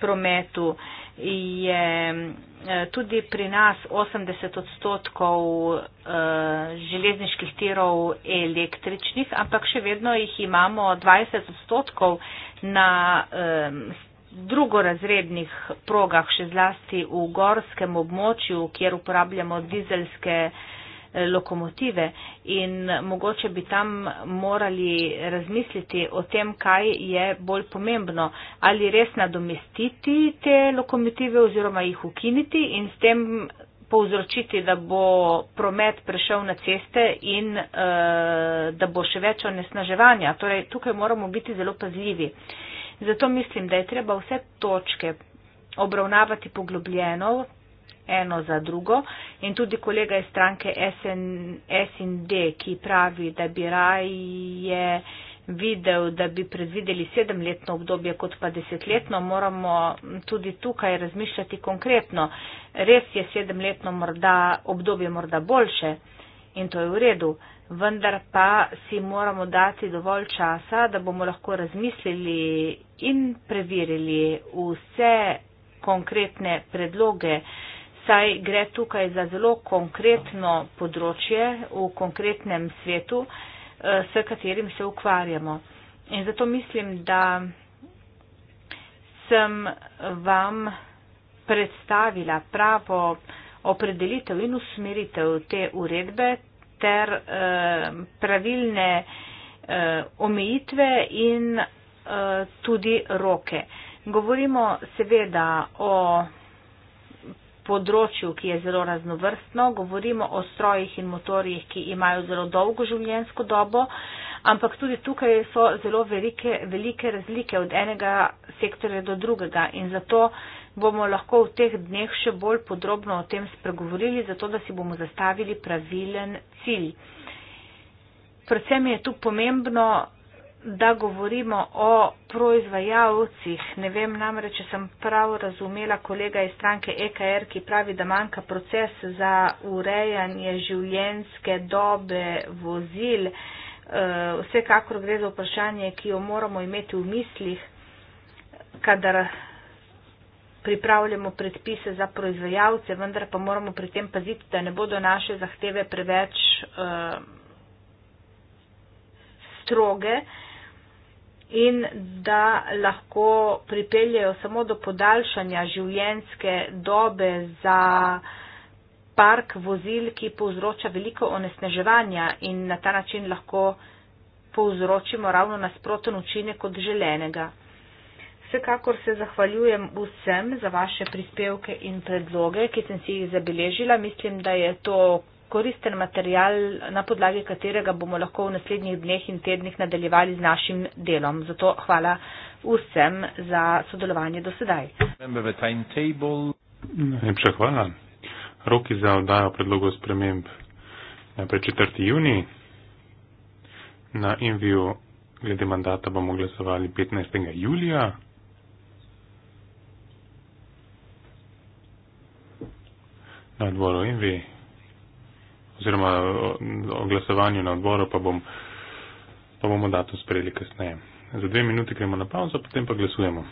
Speaker 3: prometu, je eh, tudi pri nas 80 odstotkov eh, železniških tirov električnih, ampak še vedno jih imamo 20 odstotkov na eh, drugorazrednih progah, še zlasti v gorskem območju, kjer uporabljamo dizelske eh, lokomotive in mogoče bi tam morali razmisliti o tem, kaj je bolj pomembno, ali res nadomestiti te lokomotive oziroma jih ukiniti in s tem povzročiti, da bo promet prešel na ceste in uh, da bo še več onesnaževanja. Torej, tukaj moramo biti zelo pazljivi. Uh, Zato mislim, da je treba vse točke obravnavati poglobljeno, eno za drugo. In tudi kolega iz stranke SND, ki pravi, da bi raje videl, da bi predvideli sedemletno obdobje kot pa desetletno, moramo tudi tukaj razmišljati konkretno. Res je sedemletno morda, obdobje morda boljše in to je v redu vendar pa si moramo dati dovolj časa, da bomo lahko razmislili in preverili vse konkretne predloge, saj gre tukaj za zelo konkretno področje v konkretnem svetu, eh, s katerim se ukvarjamo. In zato mislim, da sem vam predstavila pravo opredelitev in usmeritev te uredbe, ter uh, pravilne uh, omejitve in uh, tudi roke. Govorimo seveda o področju, ki je zelo raznovrstno, govorimo o strojih in motorjih, ki imajo zelo dolgo življenjsko dobo, ampak tudi tukaj so zelo velike, velike razlike od enega sektorja do drugega in zato bomo lahko v teh dneh še bolj podrobno o tem spregovorili, zato da si bomo zastavili pravilen cilj. Predvsem je tu pomembno, da govorimo o proizvajalcih. Ne vem namreč, če sem prav razumela kolega iz stranke EKR, ki pravi, da manjka proces za urejanje življenske dobe vozil. Eh, vsekakor gre za vprašanje, ki jo moramo imeti v mislih, kadar pripravljamo predpise za proizvajalce, vendar pa moramo pri tem paziti, da ne bodo naše zahteve preveč uh, stroge in da lahko pripeljejo samo do podaljšanja življenjske dobe za park vozil, ki povzroča veliko onesneževanja in na ta način lahko povzročimo ravno nasproten učinek od želenega. Vsekakor se zahvaljujem vsem za vaše prispevke in predloge, ki sem si jih zabeležila. Mislim, da je to koristen material, na podlagi katerega bomo lahko v naslednjih dneh in tednih nadaljevali z našim delom. Zato hvala vsem za sodelovanje do sedaj.
Speaker 1: Najlepša hvala. Roki za oddajo predlogov sprememb najprej 4. juni. Na inviju glede mandata bomo glasovali 15. julija. na odboru Invi oziroma o, o glasovanju na odboru pa, bom, pa bomo datum sprejeli kasneje. Za dve minuti gremo na pauzo, potem pa glasujemo.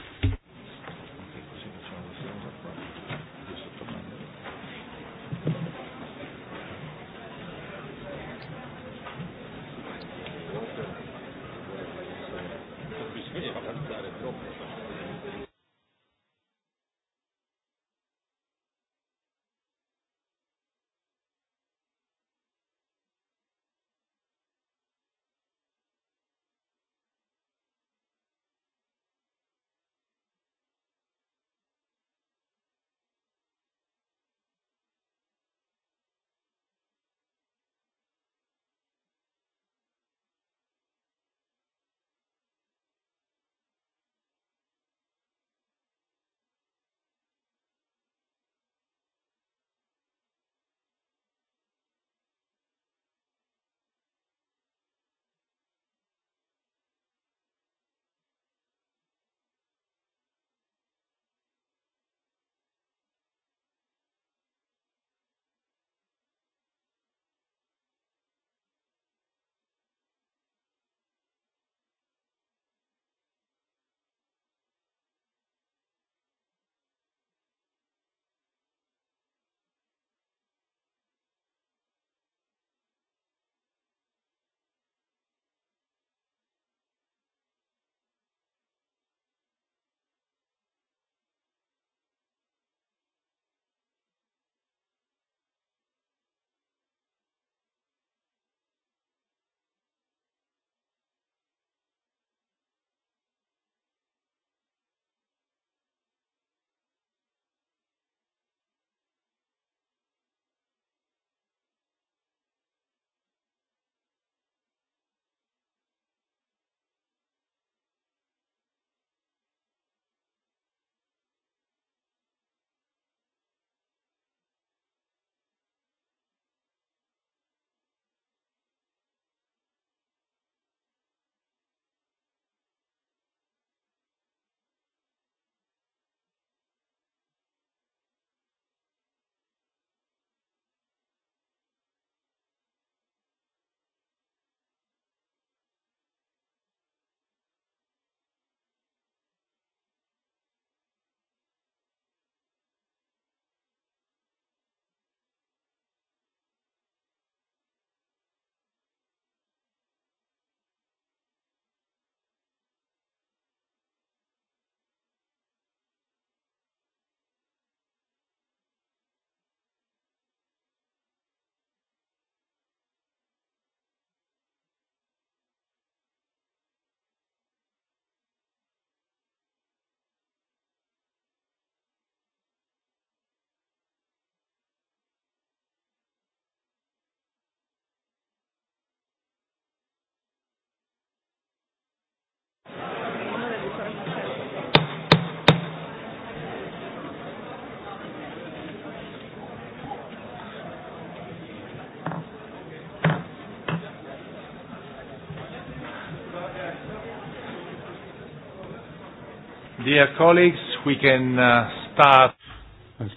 Speaker 1: Dear colleagues, we can uh, start.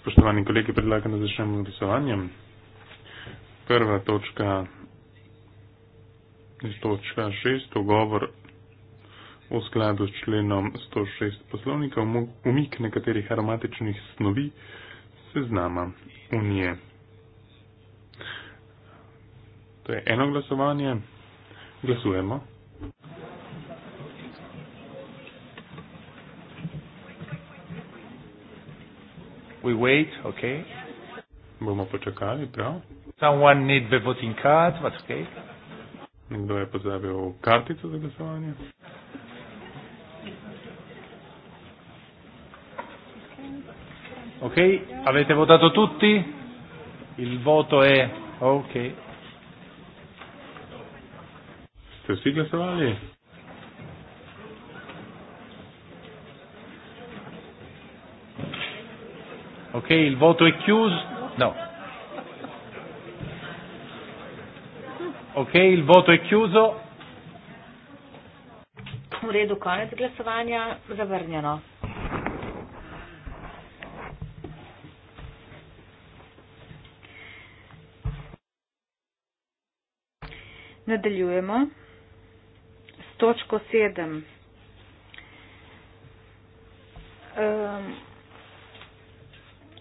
Speaker 1: Spoštovani kolegi, predlagam, da začnemo z glasovanjem. Prva točka je točka 6, dogovor v skladu s členom 106 poslovnika, umik nekaterih aromatičnih snovi seznama unije. To je eno glasovanje. Glasujemo. Yes. We wait, okay. Bomo počakali, prav. Someone need the voting card, but okay. Nekdo je pozabil kartico za glasovanje. Ok, avete votato tutti? Il voto è ok. Ste vsi glasovali? Ok, il voto è chiuso? No.
Speaker 3: Ok, il voto è chiuso? V redu, konec glasovanja, zavrnjeno. Nadaljujemo s točko sedem. Um,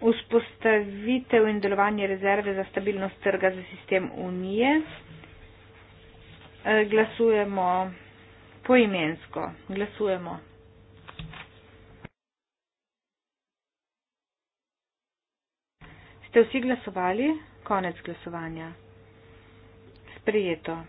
Speaker 3: Vzpostavitev in delovanje rezerve za stabilnost trga za sistem Unije. Eh, glasujemo poimensko. Glasujemo. Ste vsi glasovali? Konec glasovanja. Sprijeto.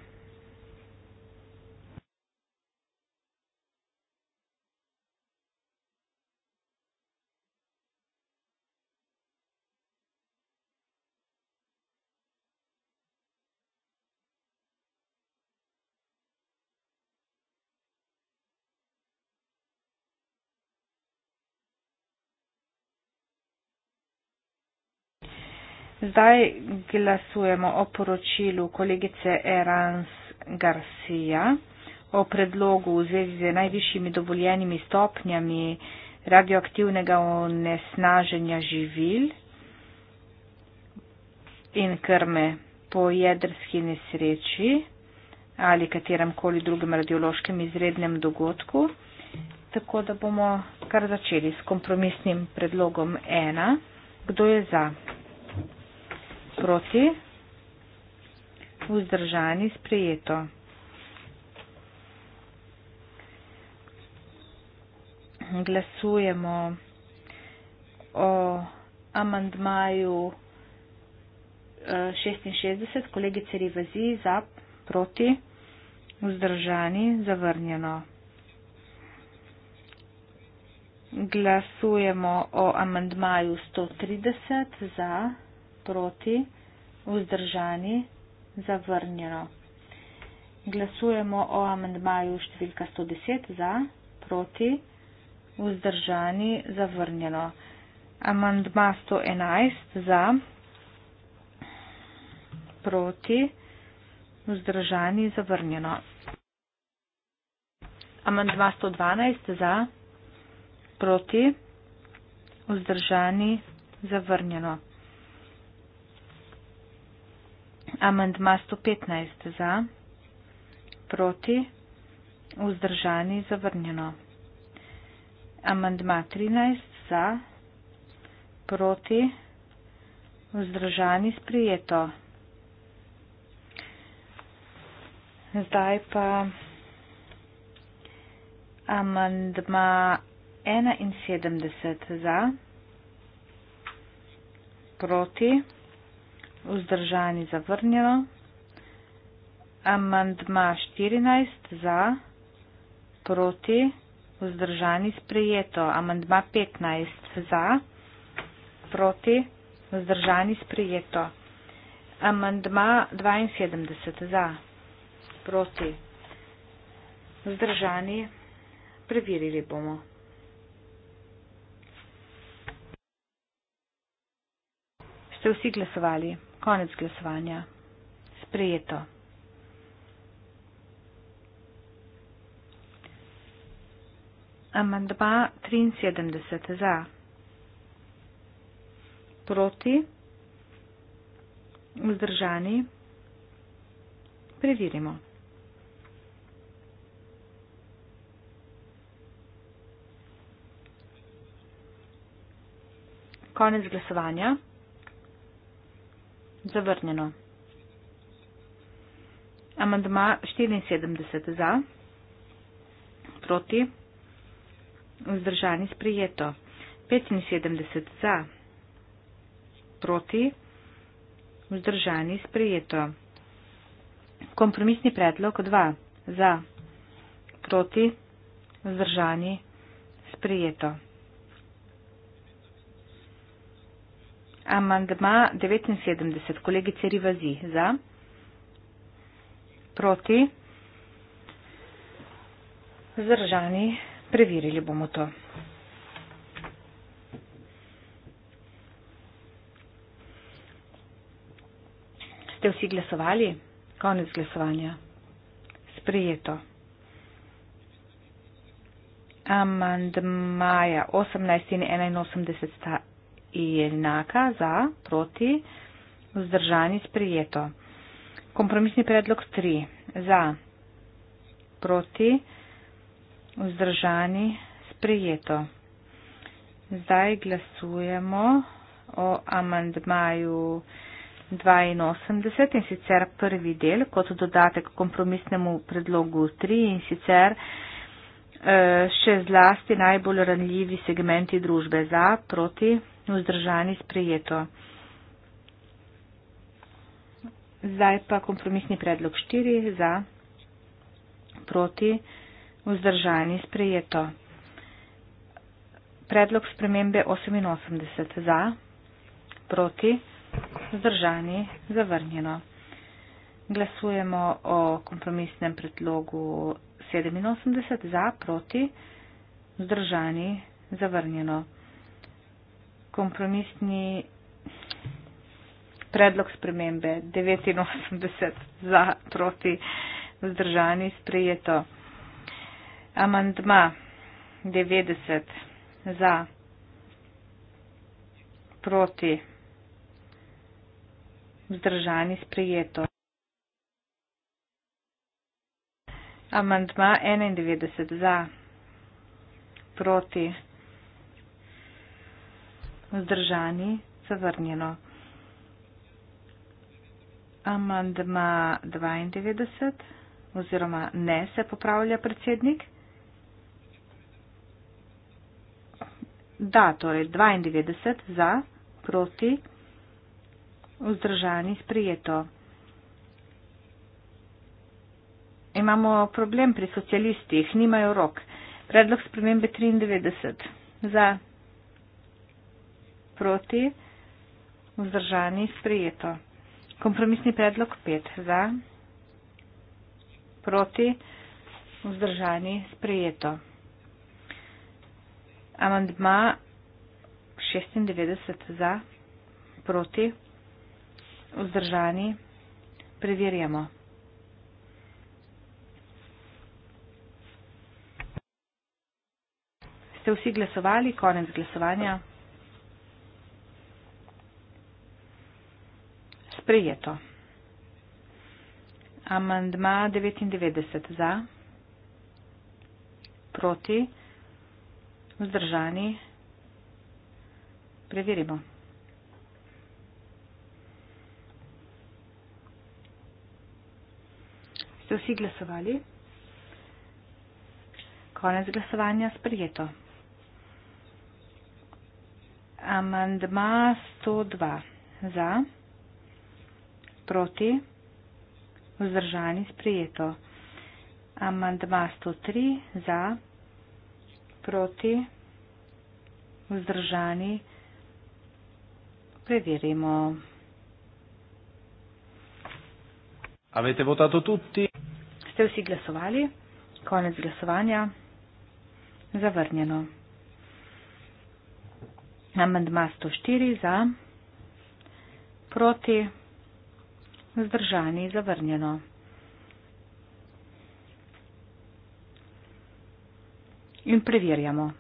Speaker 3: Zdaj glasujemo o poročilu kolegice Erans Garcia o predlogu v zvezi z najvišjimi dovoljenimi stopnjami radioaktivnega onesnaženja živil in krme po jedrski nesreči ali kateremkoli drugem radiološkem izrednem dogodku. Tako da bomo kar začeli s kompromisnim predlogom 1. Kdo je za? proti, vzdržani sprejeto. Glasujemo o amandmaju 66, eh, kolegice Rivazi, za, proti, vzdržani, zavrnjeno. Glasujemo o amandmaju 130 za proti, vzdržani, zavrnjeno. Glasujemo o amendmaju številka 110 za, proti, vzdržani, zavrnjeno. Amendma 111 za, proti, vzdržani, zavrnjeno. Amendma 112 za, proti, vzdržani, zavrnjeno amandma 115 za, proti, vzdržani, zavrnjeno. Amandma 13 za, proti, vzdržani, sprijeto. Zdaj pa amandma 71 za, proti, vzdržani, sprijeto vzdržani zavrnjeno. Amandma 14 za, proti, vzdržani sprejeto. Amandma 15 za, proti, vzdržani sprejeto. Amandma 72 za, proti, vzdržani, preverili bomo. Ste vsi glasovali? Konec glasovanja. Sprejeto. Amandma 73 za. Proti. Vzdržani. Preverimo. Konec glasovanja. Zavrnjeno. Amandma 74 za, proti, vzdržani sprijeto. 75 za, proti, vzdržani sprijeto. Kompromisni predlog 2 za, proti, vzdržani sprijeto. Amandma 79, kolegice Rivazi, za. Proti. Zdržani, preverili bomo to. Ste vsi glasovali? Konec glasovanja. Sprijeto. Amandmaja 18 in 81 sta je enaka za, proti, vzdržani, sprijeto. Kompromisni predlog 3. Za, proti, vzdržani, sprijeto. Zdaj glasujemo o amandmaju 82 in sicer prvi del kot dodatek kompromisnemu predlogu 3 in sicer eh, še zlasti najbolj ranljivi segmenti družbe za, proti, vzdržani sprejeto. Zdaj pa kompromisni predlog 4 za proti vzdržani sprejeto. Predlog spremembe 88 za proti vzdržani zavrnjeno. Glasujemo o kompromisnem predlogu 87 za proti vzdržani zavrnjeno kompromisni predlog spremembe 89 za proti vzdržani sprejeto. Amandma 90 za proti vzdržani sprejeto. Amandma 91 za proti vzdržani, zavrnjeno. Amandma 92 oziroma ne se popravlja predsednik. Da, torej 92 za, proti, vzdržani, sprijeto. Imamo problem pri socialistih, nimajo rok. Predlog spremembe 93 za, proti, vzdržani, sprijeto. Kompromisni predlog 5 za, proti, vzdržani, sprijeto. Amandma 96 za, proti, vzdržani, preverjamo. Ste vsi glasovali, konec glasovanja. sprejeto. Amandma 99 za, proti, vzdržani. Preverimo. Ste vsi glasovali? Konec glasovanja sprejeto. Amandma 102 za proti, vzdržani sprijeto. Amandma 103 za, proti, vzdržani. Preverimo. Avete votato tutti? Ste vsi glasovali? Konec glasovanja. Zavrnjeno. Amandma 104 za, proti, vzdržani zavrnjeno. In preverjamo.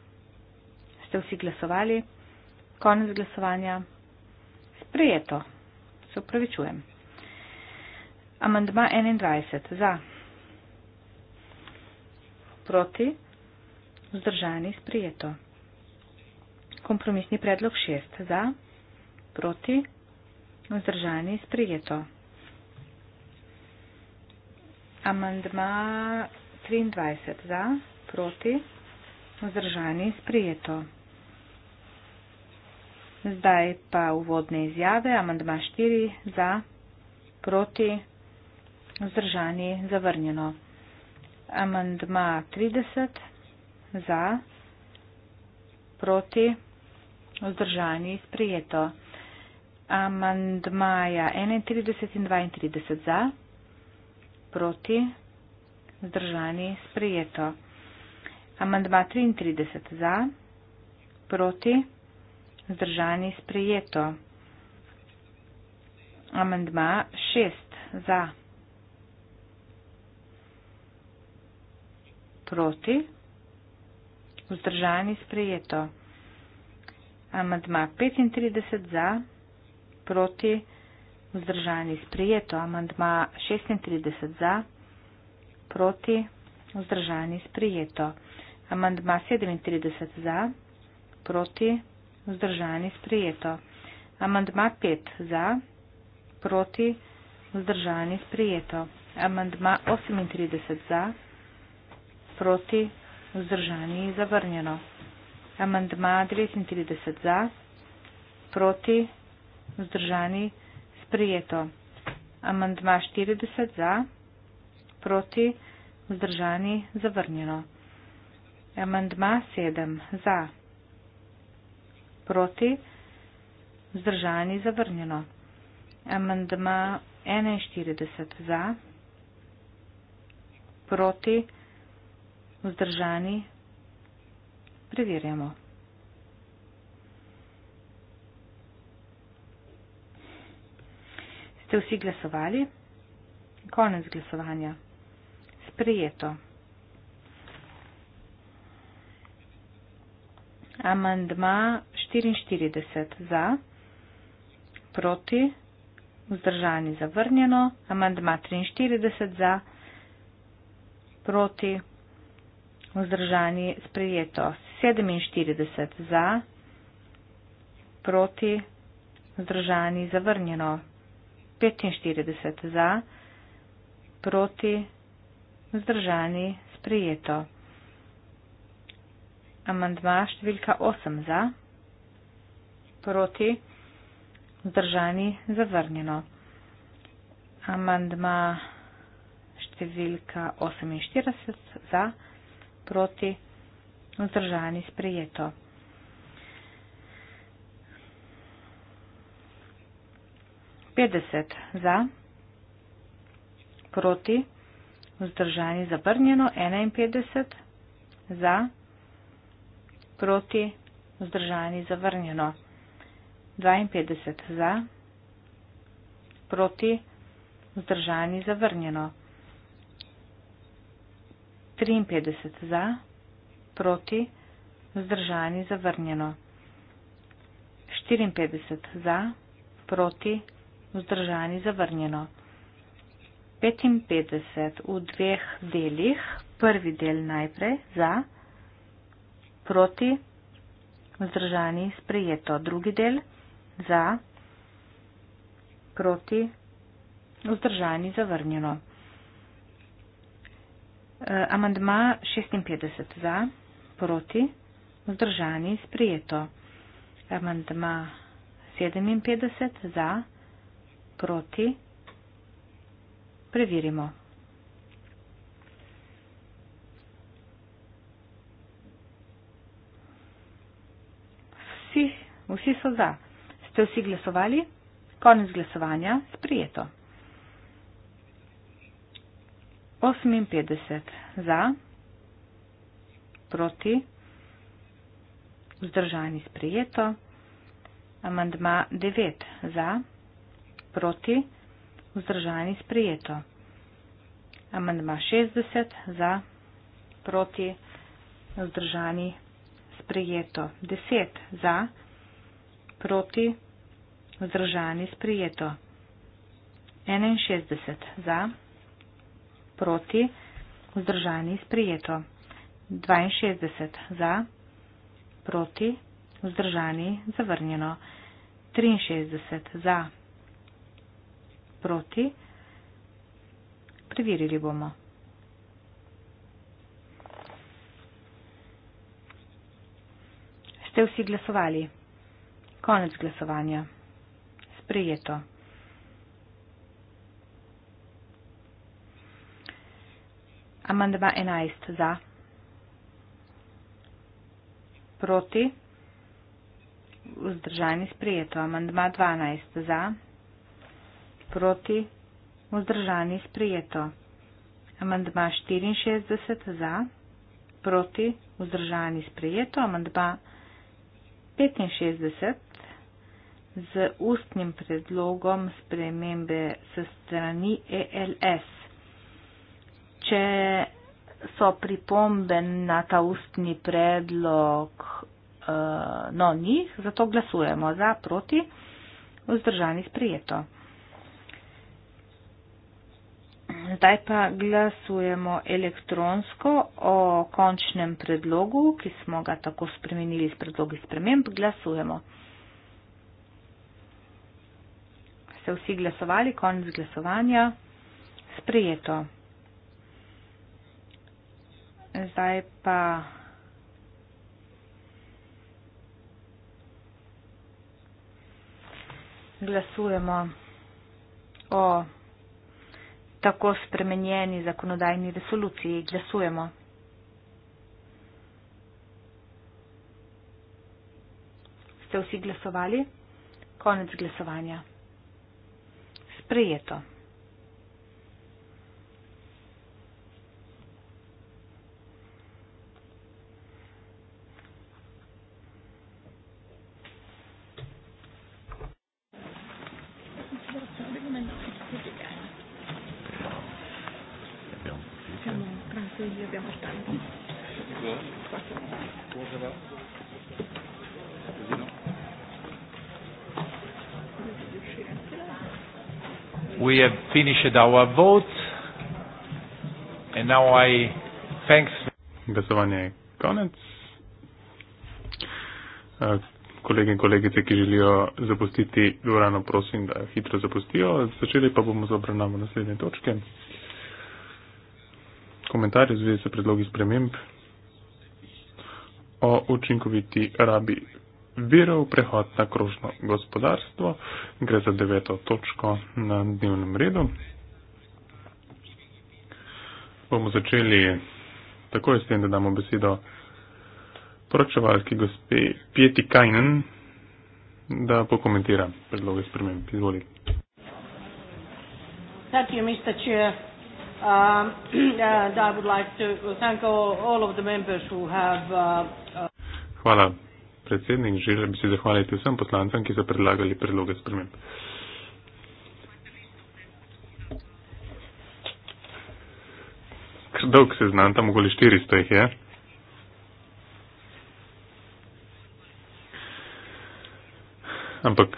Speaker 3: Ste vsi glasovali? Konec glasovanja. Sprejeto. Se upravičujem. Amandma 21. Za. Proti. Vzdržani. Sprejeto. Kompromisni predlog 6. Za. Proti. Vzdržani. Sprejeto. Amandma 23 za, proti, vzdržani, sprijeto. Zdaj pa uvodne izjave. Amandma 4 za, proti, vzdržani, zavrnjeno. Amandma 30 za, proti, vzdržani, sprijeto. Amandmaja 31 in 32 za proti, zdržani, sprejeto. Amandma 33 za, proti, zdržani, sprejeto. Amandma 6 za, proti, vzdržani, sprejeto. Amandma 35 za, proti, vzdržani, sprejeto. Vzdržani sprijeto. Amandma 36 za. Proti. Vzdržani sprijeto. Amandma 37 za. Proti. Vzdržani sprijeto. Amandma 5 za. Proti. Vzdržani sprijeto. Amandma 38 za. Proti. Vzdržani zavrnjeno. Amandma 39 za. Proti. Vzdržani zavrnjeno sprejeto. Amandma 40 za, proti, vzdržani, zavrnjeno. Amandma 7 za, proti, vzdržani, zavrnjeno. Amandma 41 za, proti, vzdržani, preverjamo. Ste vsi glasovali? Konec glasovanja. Sprijeto. Amandma 44 za, proti, vzdržani zavrnjeno. Amandma 43 za, proti, vzdržani sprijeto. 47 za, proti, vzdržani zavrnjeno. 45 za, proti, vzdržani, sprijeto. Amandma številka 8 za, proti, vzdržani, zavrnjeno. Amandma številka 48 za, proti, vzdržani, sprijeto. 50 za, proti, vzdržani, zabrnjeno, 51 za, proti, vzdržani, zavrnjeno, 52 za, proti, vzdržani, zavrnjeno, 53 za, proti, vzdržani, zavrnjeno, 54 za, proti, vzdržani zavrnjeno. 55 v dveh delih, prvi del najprej za, proti, vzdržani sprejeto, drugi del za, proti, vzdržani zavrnjeno. E, amandma 56 za, proti, vzdržani sprejeto. Amandma 57 za, proti proti, preverimo. Vsi, vsi so za. Ste vsi glasovali? Konec glasovanja, sprijeto. 58 za, proti, vzdržani sprijeto, amandma 9 za proti, vzdržani sprejeto. Amandma 60 za, proti, vzdržani sprejeto. 10 za, proti, vzdržani sprejeto. 61 za, proti, vzdržani sprejeto. 62 za, proti, vzdržani zavrnjeno. 63 za, proti. Preverili bomo. Ste vsi glasovali? Konec glasovanja. Sprejeto. Amandma 11 za. Proti. Vzdržani sprejeto. Amandma 12 za proti, vzdržani sprijeto. Amandma 64 za, proti, vzdržani sprijeto. Amandma 65 z ustnim predlogom spremembe s strani ELS. Če so pripombe na ta ustni predlog, eh, no, njih, zato glasujemo za, proti, vzdržani sprijeto. Zdaj pa glasujemo elektronsko o končnem predlogu, ki smo ga tako spremenili s predlogi sprememb. Glasujemo. Se vsi glasovali, konec glasovanja. Sprejeto. Zdaj pa. Glasujemo o tako spremenjeni zakonodajni resoluciji glasujemo. Ste vsi glasovali? Konec glasovanja. Sprejeto. we have finished our vote and now I thanks
Speaker 1: glasovanje je konec. Eh, kolege in kolegice, ki želijo zapustiti dvorano, prosim, da hitro zapustijo. Začeli pa bomo z obravnavo naslednje točke. Komentarje v zvezi s predlogi sprememb o učinkoviti rabi virov, prehod na krožno gospodarstvo. Gre za deveto točko na dnevnem redu. Bomo začeli takoj s tem, da damo besedo poročevalki gospe Pieti Kajnen, da pokomentira predloge sprememb. Izvoli.
Speaker 3: Thank you, Mr. Chair. Um, uh, I would like to thank all, all of the members who have uh, uh...
Speaker 1: Hvala predsednik. Želim si zahvaliti vsem poslancem, ki so predlagali predloge sprememb. Dolg se znam, tam okoli 400 jih je. Ampak,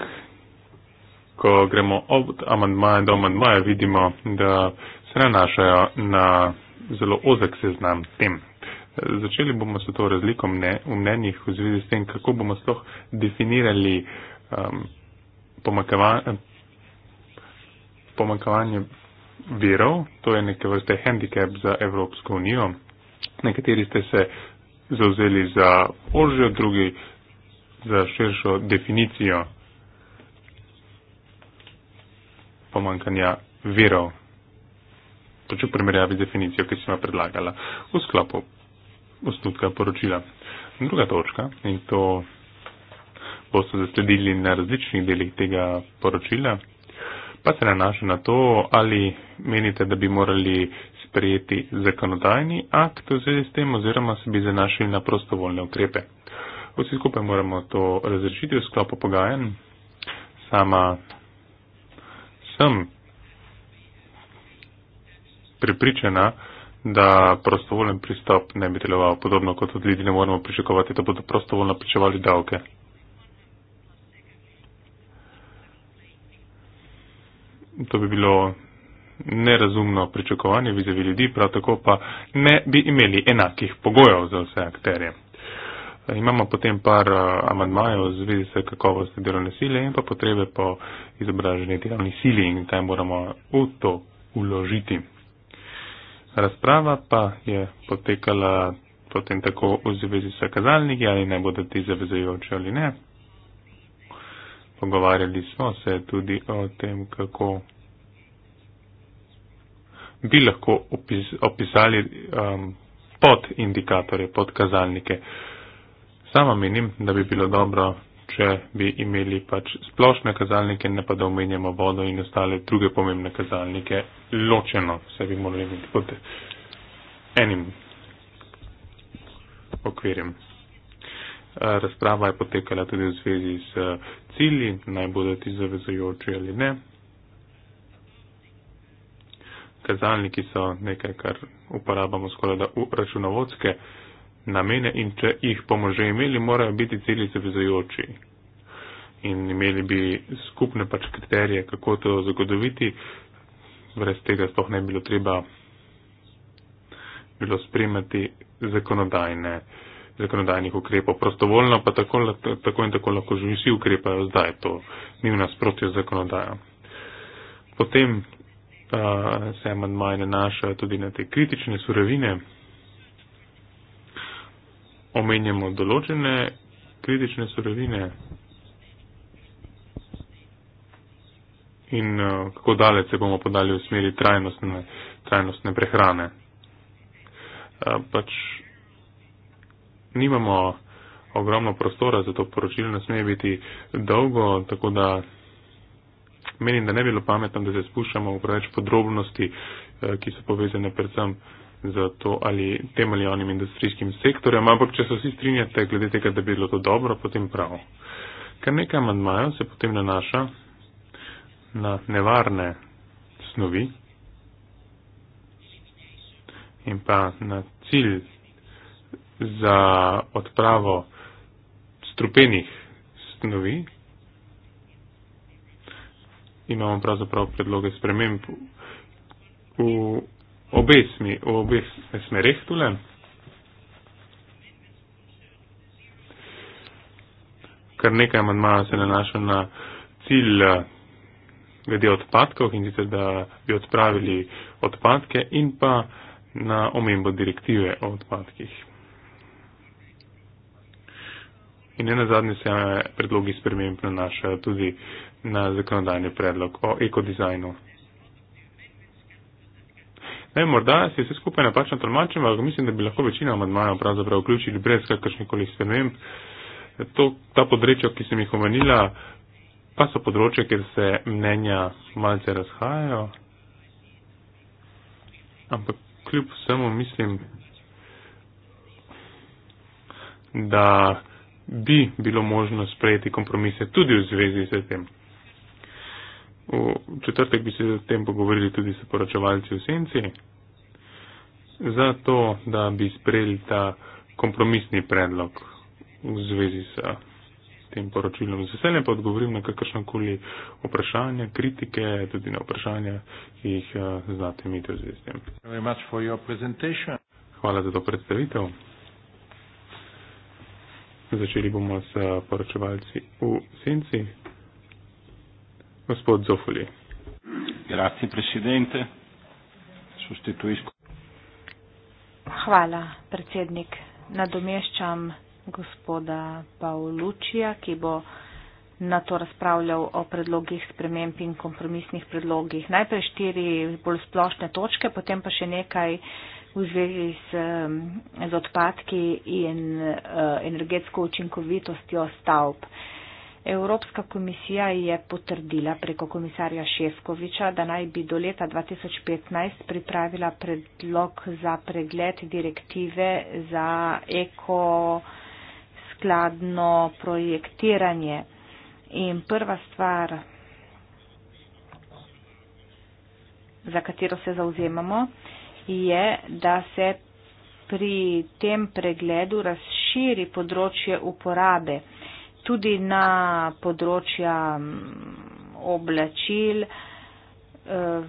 Speaker 1: ko gremo od amandmaja do amandmaja, vidimo, da se nanašajo na zelo ozek seznam tem. Začeli bomo s to razliko v mnenjih v zvezi s tem, kako bomo sploh definirali um, pomakovanje virov. To je neke vrste handicap za Evropsko unijo. Nekateri ste se zauzeli za ožjo, drugi za širšo definicijo pomankanja virov. Pač v primerjavi z definicijo, ki sem jo predlagala v sklopu osnutka poročila. Druga točka, in to boste zasledili na različnih delih tega poročila, pa se nanaša na to, ali menite, da bi morali sprejeti zakonodajni akt v zvezi s tem, oziroma se bi zanašali na prostovoljne ukrepe. Vsi skupaj moramo to razrešiti v sklopu pogajanj. Sama sem pripričana, da prostovoljen pristop ne bi deloval. Podobno kot od ljudi ne moramo pričakovati, da bodo prostovoljno plačevali davke. To bi bilo nerazumno pričakovanje vizavi ljudi, prav tako pa ne bi imeli enakih pogojev za vse akterje. Imamo potem par eh, amadmajev z vidi se kakovosti delovne sile in pa potrebe po izobraženi delovni sili in kaj moramo v to uložiti. Razprava pa je potekala potem tako v zvezi s kazalniki, ali ne bodo ti zavezujoči ali ne. Pogovarjali smo se tudi o tem, kako bi lahko opis, opisali um, pod indikatorje, pod kazalnike. Sama menim, da bi bilo dobro če bi imeli pač splošne kazalnike, ne pa da omenjamo vodo in ostale druge pomembne kazalnike ločeno, vse bi morali imeti pod enim okvirjem. Razprava je potekala tudi v zvezi s eh, cilji, naj bodo ti zavezujoči ali ne. Kazalniki so nekaj, kar uporabljamo skoraj da v računovodske namene in če jih bomo že imeli, morajo biti cilji zavezujoči. In imeli bi skupne pač kriterije, kako to zagotoviti, brez tega sploh ne bilo treba bilo spremati zakonodajne, zakonodajnih ukrepov. Prostovoljno pa tako, tako in tako lahko že vsi ukrepajo, zdaj to ni v nasprotju z zakonodajo. Potem uh, se manj manj nanašajo tudi na te kritične surovine, omenjamo določene kritične surovine in eh, kako daleč se bomo podali v smeri trajnostne, trajnostne prehrane. Eh, pač nimamo ogromno prostora, zato poročilo ne sme biti dolgo, tako da menim, da ne bi bilo pametno, da se spuščamo v preveč podrobnosti, eh, ki so povezane predvsem z to ali tem ali onim industrijskim sektorjem, ampak če se vsi strinjate glede tega, da bi bilo to dobro, potem prav. Ker nekaj amandmajev se potem nanaša na nevarne snovi in pa na cilj za odpravo strupenih snovi. Imamo pravzaprav predloge sprememb v obe smi, v obeh smereh tule. Kar nekaj manjmajo se nanaša na cilj eh, glede odpadkov in sicer, da bi odpravili odpadke in pa na omembo direktive o odpadkih. In ne nazadnje se eh, predlogi sprememb nanašajo tudi na zakonodajni predlog o ekodizajnu. Ne, morda si vse skupaj napačno tolmačim, ampak mislim, da bi lahko večino amadmajev pravzaprav vključili brez kakršnih koli sprememb. Ta področja, ki sem jih omenila, pa so področja, kjer se mnenja malce razhajajo. Ampak kljub vsemu mislim, da bi bilo možno sprejeti kompromise tudi v zvezi s tem. V četrtek bi se o tem pogovorili tudi s poročevalci v senci, zato da bi sprejeli ta kompromisni predlog v zvezi s tem poročilom. Z veseljem pa odgovorim na kakršnakoli vprašanja, kritike, tudi na vprašanja, ki jih eh, znate imeti v zvezi s tem. Hvala za to predstavitev. Začeli bomo s poročevalci v senci. Gospod Zofoli. Grazie, presidente. Sostituisco.
Speaker 3: Hvala, predsednik. Nadomeščam gospoda Paulučija, ki bo na to razpravljal o predlogih sprememb in kompromisnih predlogih. Najprej štiri bolj splošne točke, potem pa še nekaj v zvezi z, z odpadki in uh, energetsko učinkovitostjo stavb. Uh, Evropska komisija je potrdila preko komisarja Šeskoviča, da naj bi do leta 2015 pripravila predlog za pregled direktive za ekoskladno projektiranje. In prva stvar, za katero se zauzemamo, je, da se pri tem pregledu razširi področje uporabe tudi na področja oblačil eh,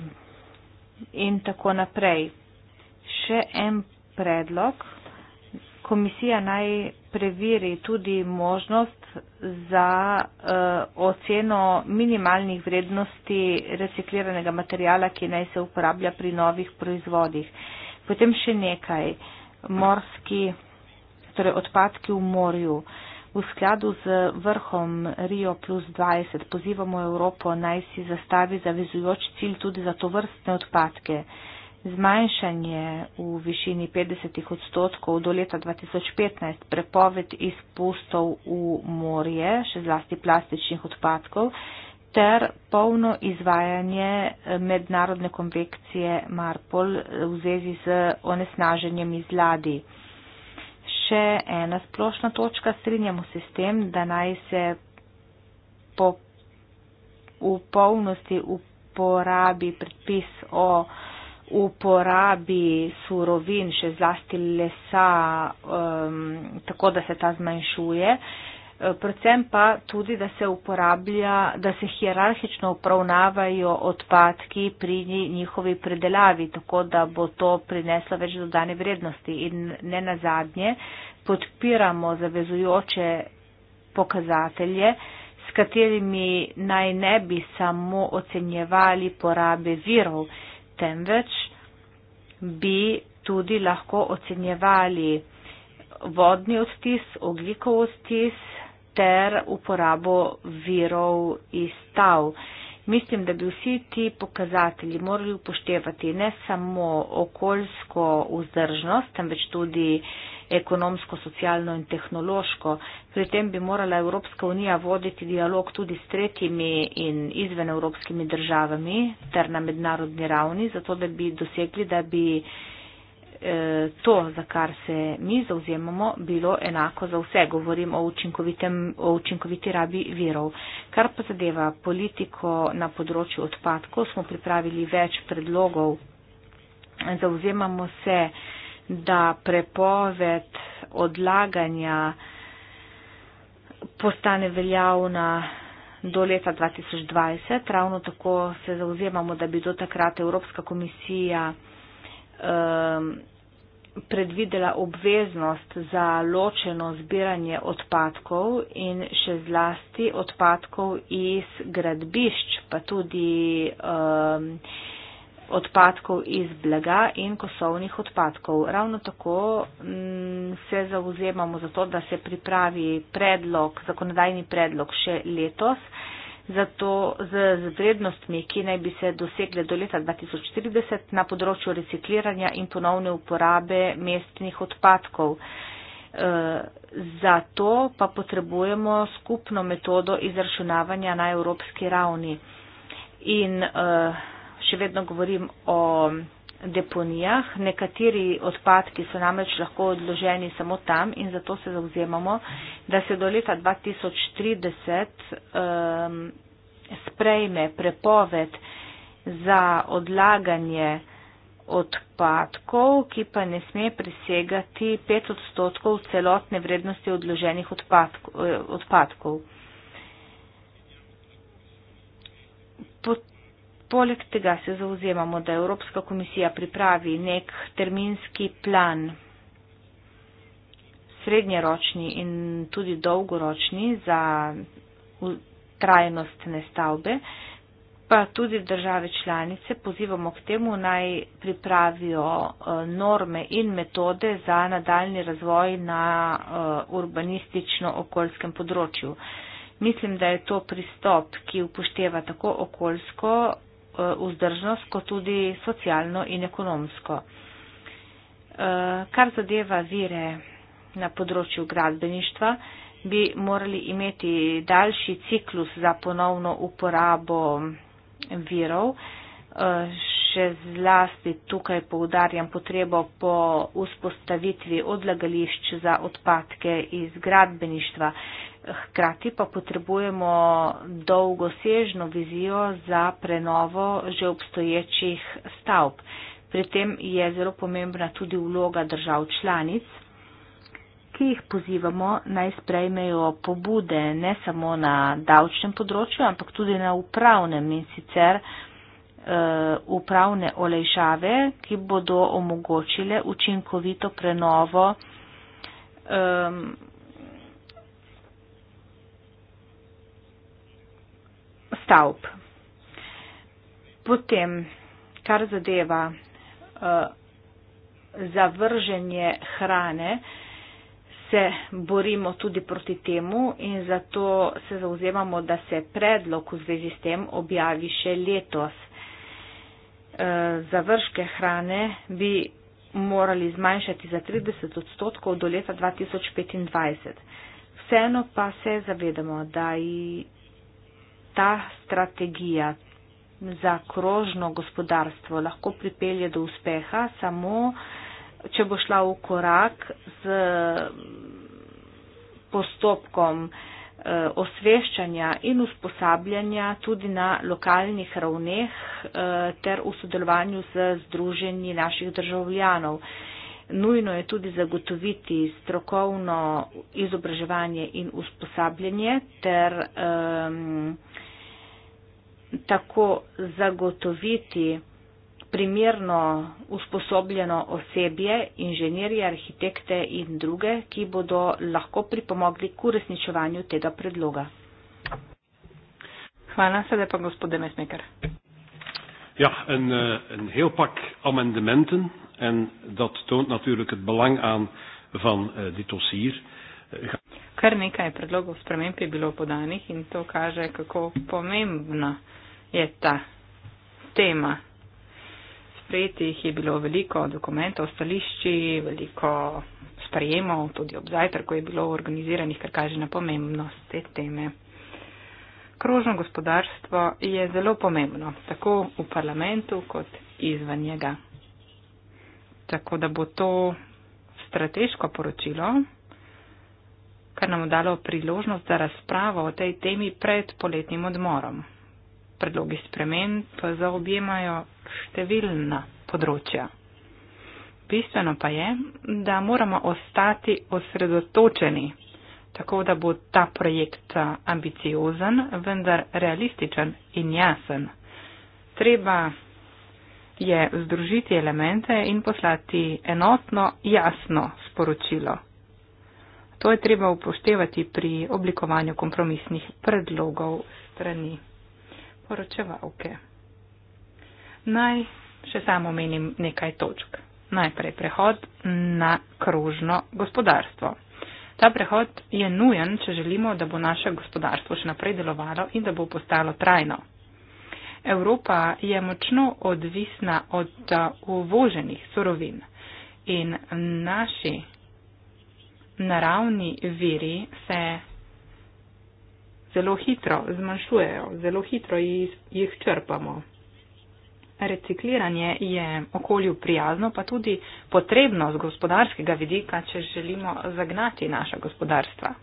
Speaker 3: in tako naprej. Še en predlog. Komisija naj preveri tudi možnost za uh, oceno minimalnih vrednosti recikliranega materijala, ki naj se uporablja pri novih proizvodih. Potem še nekaj. Morski, torej odpadki v morju. Uh, V skladu z vrhom Rio plus 20 pozivamo Evropo naj si zastavi zavezujoč cilj tudi za to vrstne odpadke. Zmanjšanje v višini 50 odstotkov do leta 2015, prepoved izpustov v morje, še zlasti plastičnih odpadkov, ter polno izvajanje mednarodne konvekcije Marpol v zvezi z onesnaženjem iz ladi še ena splošna točka. Strinjamo se s tem, da naj se po, v polnosti uporabi predpis o uporabi surovin, še zlasti lesa, um, tako da se ta zmanjšuje. Uh, Eh, predvsem pa tudi, da se uporablja, da se hierarhično upravnavajo odpadki pri njihovi predelavi, tako da bo to prineslo več dodane vrednosti. In ne nazadnje, podpiramo zavezujoče pokazatelje, s katerimi naj ne bi samo ocenjevali porabe virov, temveč bi tudi lahko ocenjevali vodni odtis, oglikov odtis, ter uporabo virov iz tav. Mislim, da bi vsi ti pokazatelji morali upoštevati ne samo okoljsko vzdržnost, temveč tudi ekonomsko, socialno in tehnološko. Pri tem bi morala Evropska unija voditi dialog tudi s tretjimi in izven evropskimi državami ter na mednarodni ravni, zato da bi dosegli, da bi. Eh, to, za kar se mi zauzemamo, bilo enako za vse. Govorim o, o učinkoviti rabi virov. Kar pa zadeva politiko na področju odpadkov, smo pripravili več predlogov. Zauzemamo se, da prepoved odlaganja postane veljavna do leta 2020. Ravno tako se zauzemamo, da bi do takrat Evropska komisija um, predvidela obveznost za ločeno zbiranje odpadkov in še zlasti odpadkov iz gradbišč, pa tudi um, odpadkov iz blaga in kosovnih odpadkov. Ravno tako mm, se zauzemamo za to, da se pripravi predlog, zakonodajni predlog še letos, uh, zato z vrednostmi, ki naj bi se dosegle do leta 2040 na področju recikliranja in ponovne uporabe mestnih odpadkov. E, zato pa potrebujemo skupno metodo izračunavanja na evropski ravni. In e, še vedno govorim o deponijah. Nekateri odpadki so namreč lahko odloženi samo tam in zato se zauzemamo, da se do leta 2030 um, sprejme prepoved za odlaganje odpadkov, ki pa ne sme presegati 5 odstotkov celotne vrednosti odloženih odpadkov. odpadkov. Poleg tega se zauzemamo, da Evropska komisija pripravi nek terminski plan, srednjeročni in tudi dolgoročni za trajnostne stavbe, pa tudi države članice pozivamo k temu naj pripravijo e, norme in metode za nadaljni razvoj na e, urbanistično-okoljskem področju. Mislim, da je to pristop, ki upošteva tako okoljsko Eh, vzdržnost, kot tudi socialno in ekonomsko. Eh, kar zadeva vire na področju gradbeništva, bi morali imeti daljši ciklus za ponovno uporabo virov. Eh, še zlasti tukaj poudarjam potrebo po vzpostavitvi odlagališč za odpadke iz gradbeništva, hkrati pa potrebujemo dolgosežno vizijo za prenovo že obstoječih stavb. Pri tem je zelo pomembna tudi vloga držav članic ki jih pozivamo naj sprejmejo pobude ne samo na davčnem področju, ampak tudi na upravnem in sicer uh, upravne olejšave, ki bodo omogočile učinkovito prenovo um, stavb. Potem, kar zadeva uh, zavrženje hrane, se borimo tudi proti temu in zato se zauzemamo, da se predlog v zvezi s tem objavi še letos. Uh, eh, završke hrane bi morali zmanjšati za 30 odstotkov do leta 2025. Vseeno pa se zavedamo, da ta strategija za krožno gospodarstvo lahko pripelje do uspeha samo, če bo šla v korak z postopkom eh, osveščanja in usposabljanja tudi na lokalnih ravneh eh, ter v sodelovanju z združenji naših državljanov. Nujno je tudi zagotoviti strokovno izobraževanje in usposabljanje ter um, tako zagotoviti primerno usposobljeno osebje, inženirje, arhitekte in druge, ki bodo lahko pripomogli k uresničevanju tega predloga. Hvala, sedaj pa gospod Demesmeker.
Speaker 1: Ja, een, eh, een heel pak
Speaker 3: amendementen en dat toont natuurlijk het belang aan van uh, dit dossier. Uh,
Speaker 2: Kar nekaj predlogov sprememb je bilo podanih in to kaže, kako pomembna je ta tema. Sprejetih je bilo veliko dokumentov, stališči, veliko sprejemov, tudi ob zajtrku je bilo organiziranih, kar kaže na pomembnost te teme. Krožno gospodarstvo je zelo pomembno, tako v parlamentu kot izven njega. Tako da bo to strateško poročilo, kar nam dalo priložnost za razpravo o tej temi pred poletnim odmorom predlogi spremen pa zaobjemajo številna področja. Bistveno pa je, da moramo ostati osredotočeni, tako da bo ta projekt ambiciozen, vendar realističen in jasen. Treba je združiti elemente in poslati enotno, jasno sporočilo. To je treba upoštevati pri oblikovanju kompromisnih predlogov strani poročevalke. Naj še samo menim nekaj točk. Najprej prehod na krožno gospodarstvo. Ta prehod je nujen, če želimo, da bo naše gospodarstvo še naprej delovalo in da bo postalo trajno. Evropa je močno odvisna od uh, uvoženih surovin in naši naravni viri se zelo hitro zmanjšujejo, zelo hitro jih, jih črpamo. Recikliranje je okolju prijazno, pa tudi potrebno z gospodarskega vidika, če želimo zagnati naša gospodarstva.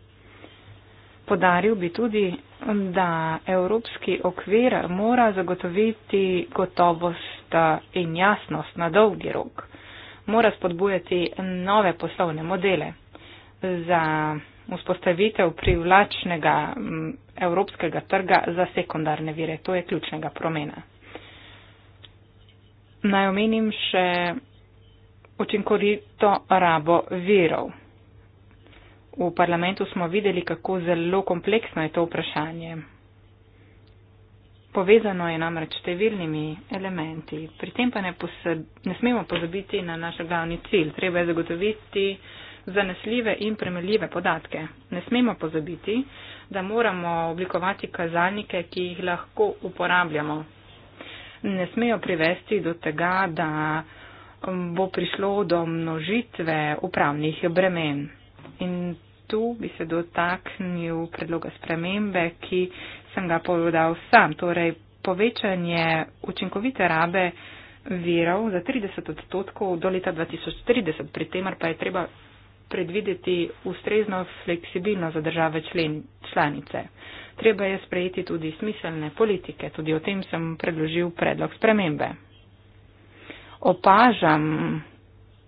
Speaker 2: Podaril bi tudi, da evropski okvir mora zagotoviti gotovost in jasnost na dolgi rok. Mora spodbujati nove poslovne modele. Za vzpostavitev privlačnega evropskega trga za sekundarne vire. To je ključnega promena. Naj omenim še učinkovito rabo virov. V parlamentu smo videli, kako zelo kompleksno je to vprašanje. Povezano je namreč s številnimi elementi. Pri tem pa ne, poseb, ne smemo pozabiti na naš glavni cilj. Treba je zagotoviti zanesljive in premeljive podatke. Ne smemo pozabiti, da moramo oblikovati kazalnike, ki jih lahko uporabljamo. Ne smejo privesti do tega, da um, bo prišlo do množitve upravnih bremen. In tu bi se dotaknil predloga spremembe, ki sem ga povedal sam, torej povečanje učinkovite rabe virov za 30 odstotkov do leta 2030, pri temer pa je treba predvideti ustrezno fleksibilno za države člen, članice. Treba je sprejeti tudi smiselne politike, tudi o tem sem predložil predlog spremembe. Opažam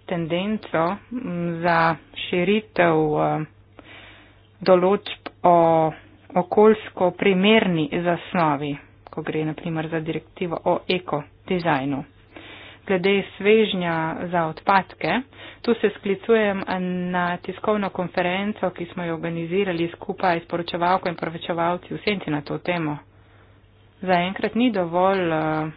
Speaker 2: tendenco za širitev e, določb o okoljsko primerni zasnovi, ko gre naprimer za direktivo o ekodizajnu glede svežnja za odpadke. Tu se sklicujem na tiskovno konferenco, ki smo jo organizirali skupaj s poročevalko in poročevalci v senci na to temo. Zaenkrat ni dovolj uh,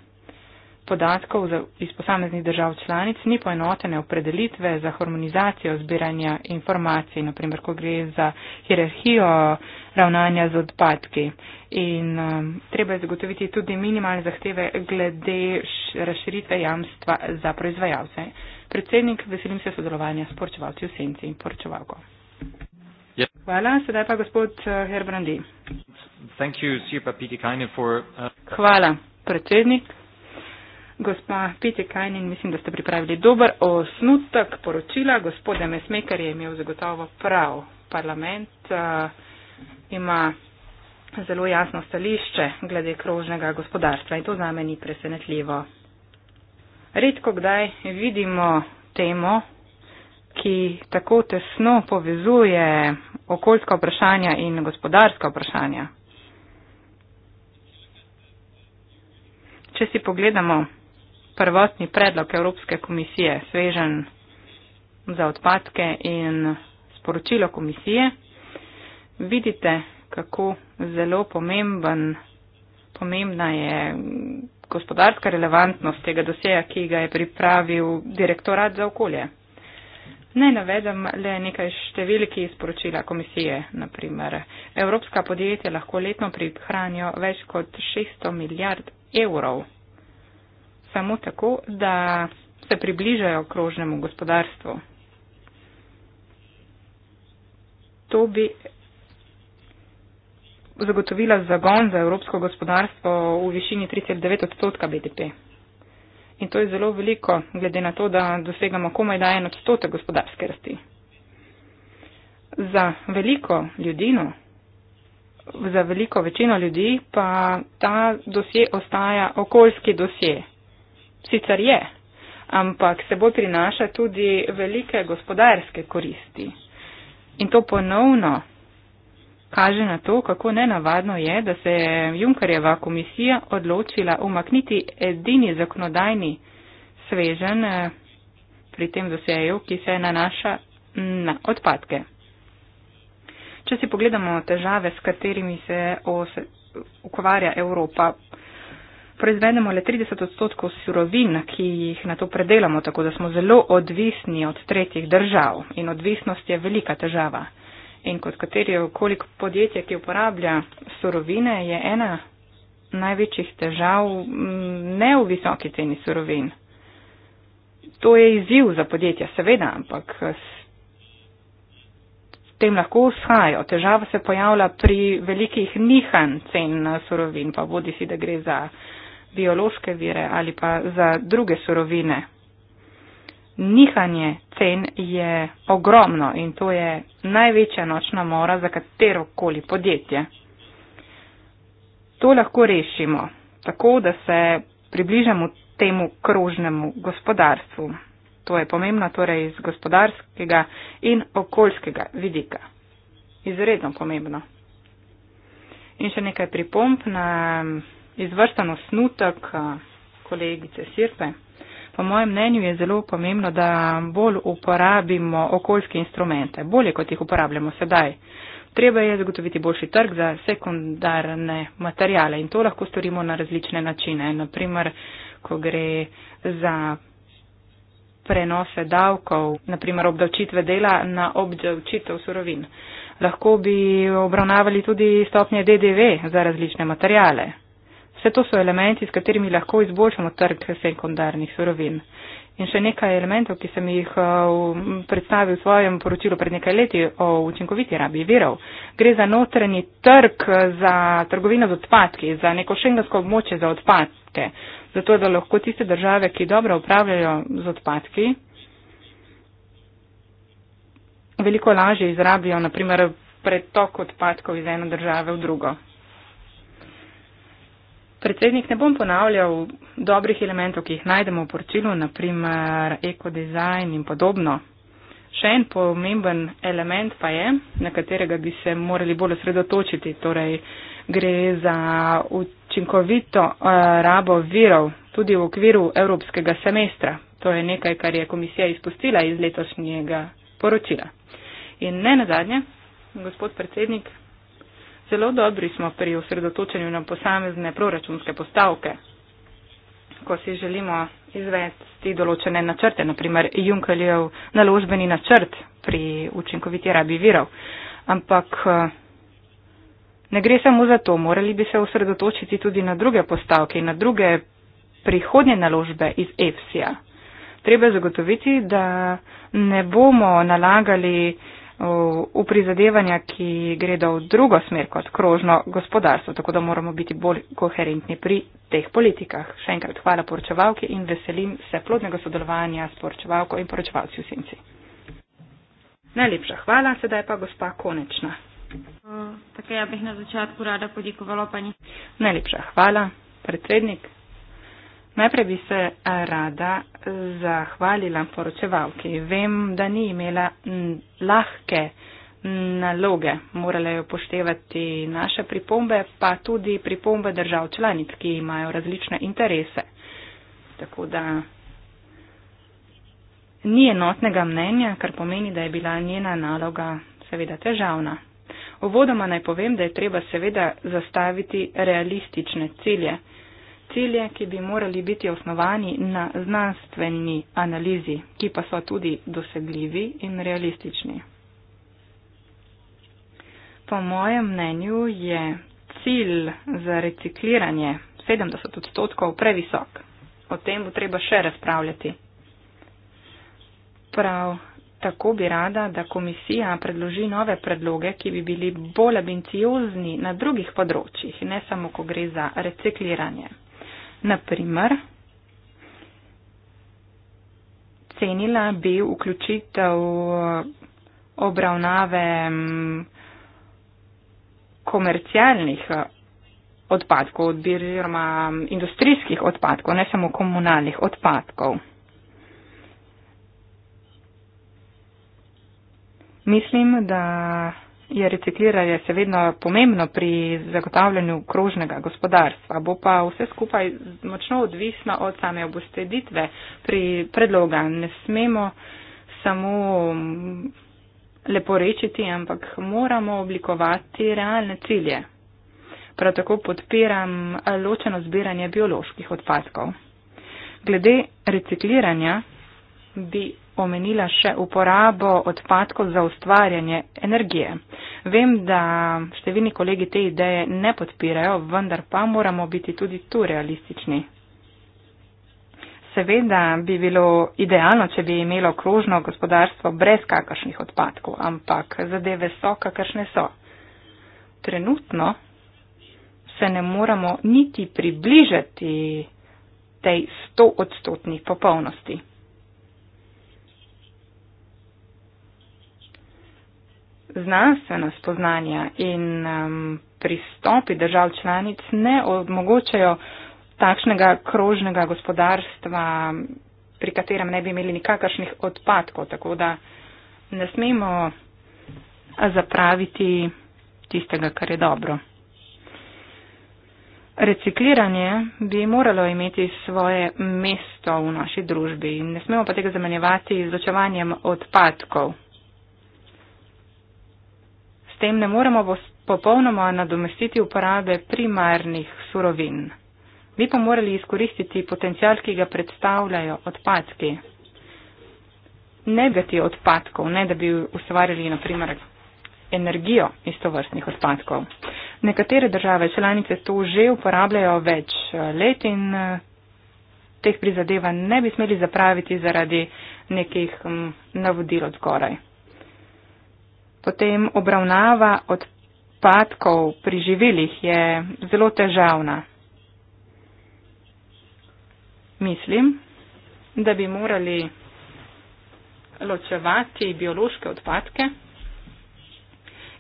Speaker 2: podatkov iz posameznih držav članic ni poenotene opredelitve za harmonizacijo zbiranja informacij, naprimer, ko gre za hierarhijo ravnanja z odpadki. In um, treba je zagotoviti tudi minimalne zahteve glede razširitve jamstva za proizvajalce. Predsednik, veselim se sodelovanja s porčevalci v senci in porčevalko. Yep. Ja. Hvala, sedaj pa gospod uh, Herbrandi. Uh, Hvala, predsednik. Gospa Petje Kajnin, mislim, da ste pripravili dober osnutek poročila. Gospode Mesmekar je imel zagotovo prav. Parlament uh, ima zelo jasno stališče glede krožnega gospodarstva in to zame ni presenetljivo. Redko kdaj vidimo temo, ki tako tesno povezuje okoljska vprašanja in gospodarska vprašanja. Če si pogledamo prvotni predlog Evropske komisije, svežen za odpadke in sporočilo komisije, vidite, kako zelo pomemben, pomembna je gospodarska relevantnost tega doseja, ki ga je pripravil direktorat za okolje. Naj navedem le nekaj številk iz poročila komisije. Naprimer, evropska podjetja lahko letno prihranijo več kot 600 milijard evrov samo tako, da se približajo krožnemu gospodarstvu. To bi zagotovila zagon za evropsko gospodarstvo v višini 3,9 odstotka BDP. In to je zelo veliko, glede na to, da dosegamo komaj da en odstotek gospodarske rasti. Za veliko ljudino, za veliko večino ljudi pa ta dosje ostaja okoljski dosje sicer je, ampak seboj prinaša tudi velike gospodarske koristi. In to ponovno kaže na to, kako nenavadno je, da se je Junkarjeva komisija odločila umakniti edini zakonodajni svežen eh, pri tem zaseju, ki se nanaša na odpadke. Če si pogledamo težave, s katerimi se ukvarja Evropa proizvedemo le 30 odstotkov surovin, ki jih na to predelamo, tako da smo zelo odvisni od tretjih držav in odvisnost je velika težava. In kot katero koliko podjetje, ki uporablja surovine, je ena največjih težav mm, ne v visoki ceni surovin. To je izziv za podjetja, seveda, ampak tem lahko vzhajajo. Težava se pojavlja pri velikih nihanj cen surovin, pa bodi si, da gre za biološke vire ali pa za druge surovine. Nihanje cen je ogromno in to je največja nočna mora za katero koli podjetje. To lahko rešimo tako, da se približamo temu krožnemu gospodarstvu. To je pomembno torej iz gospodarskega in okoljskega vidika. Izredno pomembno. In še nekaj pripomp na izvrsten osnutek eh, kolegice Sirpe. Po mojem mnenju je zelo pomembno, da bolj uporabimo okoljske instrumente, bolje kot jih uporabljamo sedaj. Treba je zagotoviti boljši trg za sekundarne materijale in to lahko storimo na različne načine. Naprimer, ko gre za prenose davkov, naprimer obdavčitve dela na obdavčitev surovin. Lahko bi obravnavali tudi stopnje DDV za različne materijale. Vse to so elementi, s katerimi lahko izboljšamo trg sekundarnih surovin. In še nekaj elementov, ki sem jih eh, predstavil v svojem poročilu pred nekaj leti o učinkoviti rabi virov. Gre za notranji trg, za trgovino z odpadki, za neko šengensko območje za odpadke. Zato, da lahko tiste države, ki dobro upravljajo z odpadki, veliko lažje izrabijo, naprimer, pretok odpadkov iz ene države v drugo. Predsednik, ne bom ponavljal dobrih elementov, ki jih najdemo v poročilu, naprimer ekodizajn in podobno. Še en pomemben element pa je, na katerega bi se morali bolj osredotočiti, torej gre za učinkovito uh, rabo virov tudi v okviru evropskega semestra. To je nekaj, kar je komisija izpustila iz letošnjega poročila. In ne nazadnje, gospod predsednik, Zelo dobri smo pri osredotočenju na posamezne proračunske postavke, ko si želimo izvesti določene načrte, naprimer Junkeljev naložbeni načrt pri učinkoviti rabi virov. Ampak eh, ne gre samo za to, morali bi se osredotočiti tudi na druge postavke in na druge prihodnje naložbe iz EFSI-ja. Treba zagotoviti, da ne bomo nalagali v prizadevanja, ki gredo v drugo smer kot krožno gospodarstvo, tako da moramo biti bolj koherentni pri teh politikah. Še enkrat hvala poročevalki in veselim se plodnega sodelovanja s poročevalko in poročevalci v Senci. Najlepša hvala, sedaj pa gospa Konečna.
Speaker 3: Tako ja bih na začetku rada podikovala pani.
Speaker 2: Najlepša hvala, predsednik. Najprej bi se eh, rada eh, zahvalila poročevalki. Vem, da ni imela lahke naloge, morale jo poštevati naše pripombe, pa tudi pripombe držav članic, ki imajo različne interese. Tako da ni enotnega mnenja, kar pomeni, da je bila njena naloga seveda težavna. Uvodoma naj povem, da je treba seveda zastaviti realistične cilje cilje, ki bi morali biti osnovani na znanstveni analizi, ki pa so tudi dosegljivi in realistični. Po mojem mnenju je cilj za recikliranje 70 odstotkov previsok. O tem bo treba še razpravljati. Prav tako bi rada, da komisija predloži nove predloge, ki bi bili bolj ambiciozni na drugih področjih, ne samo, ko gre za recikliranje. Naprimer, cenila bi vključitev obravnave mm, komercialnih eh, odpadkov oziroma mm, industrijskih odpadkov, ne samo komunalnih odpadkov. Mislim, da je recikliranje še vedno pomembno pri zagotavljanju krožnega gospodarstva. Bo pa vse skupaj močno odvisno od same obusteditve pri predloga. Ne smemo samo leporečiti, ampak moramo oblikovati realne cilje. Prav tako podpiram ločeno zbiranje bioloških odpadkov. Glede recikliranja bi omenila še uporabo odpadkov za ustvarjanje energije. Vem, da številni kolegi te ideje ne podpirajo, vendar pa moramo biti tudi tu realistični. Seveda bi bilo idealno, če bi imelo krožno gospodarstvo brez kakršnih odpadkov, ampak zadeve so, kakršne so. Trenutno se ne moramo niti približati tej 100-odstotni popolnosti. znanstvena spoznanja in um, pristopi držav članic ne omogočajo takšnega krožnega gospodarstva, pri katerem ne bi imeli nikakršnih odpadkov. Tako da ne smemo zapraviti tistega, kar je dobro. Recikliranje bi moralo imeti svoje mesto v naši družbi in ne smemo pa tega zamenjevati z ločevanjem odpadkov tem ne moremo popolnoma nadomestiti uporabe primarnih surovin. Mi pa morali izkoristiti potencial, ki ga predstavljajo odpadki. Ne da ti odpadkov, ne da bi ustvarjali na primer energijo iz tovrstnih odpadkov. Nekatere države članice to že uporabljajo več eh, let in eh, teh prizadevanj ne bi smeli zapraviti zaradi nekih mm, navodil od zgoraj potem obravnava odpadkov pri živilih je zelo težavna. Mislim, da bi morali ločevati biološke odpadke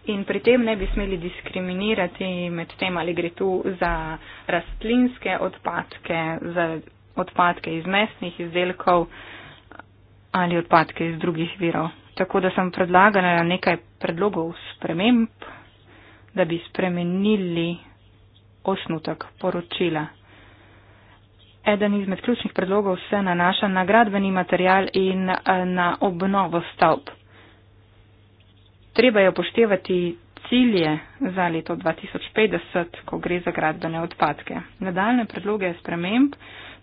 Speaker 2: in pri tem ne bi smeli diskriminirati med tem, ali gre tu za rastlinske odpadke, za odpadke iz mesnih izdelkov ali odpadke iz drugih virov. Tako da sem predlagala nekaj predlogov sprememb, da bi spremenili osnutek poročila. Eden izmed ključnih predlogov se nanaša na gradbeni material in eh, na obnovo stavb. Treba je upoštevati cilje za leto 2050, ko gre za gradbene odpadke. Nadaljne predloge sprememb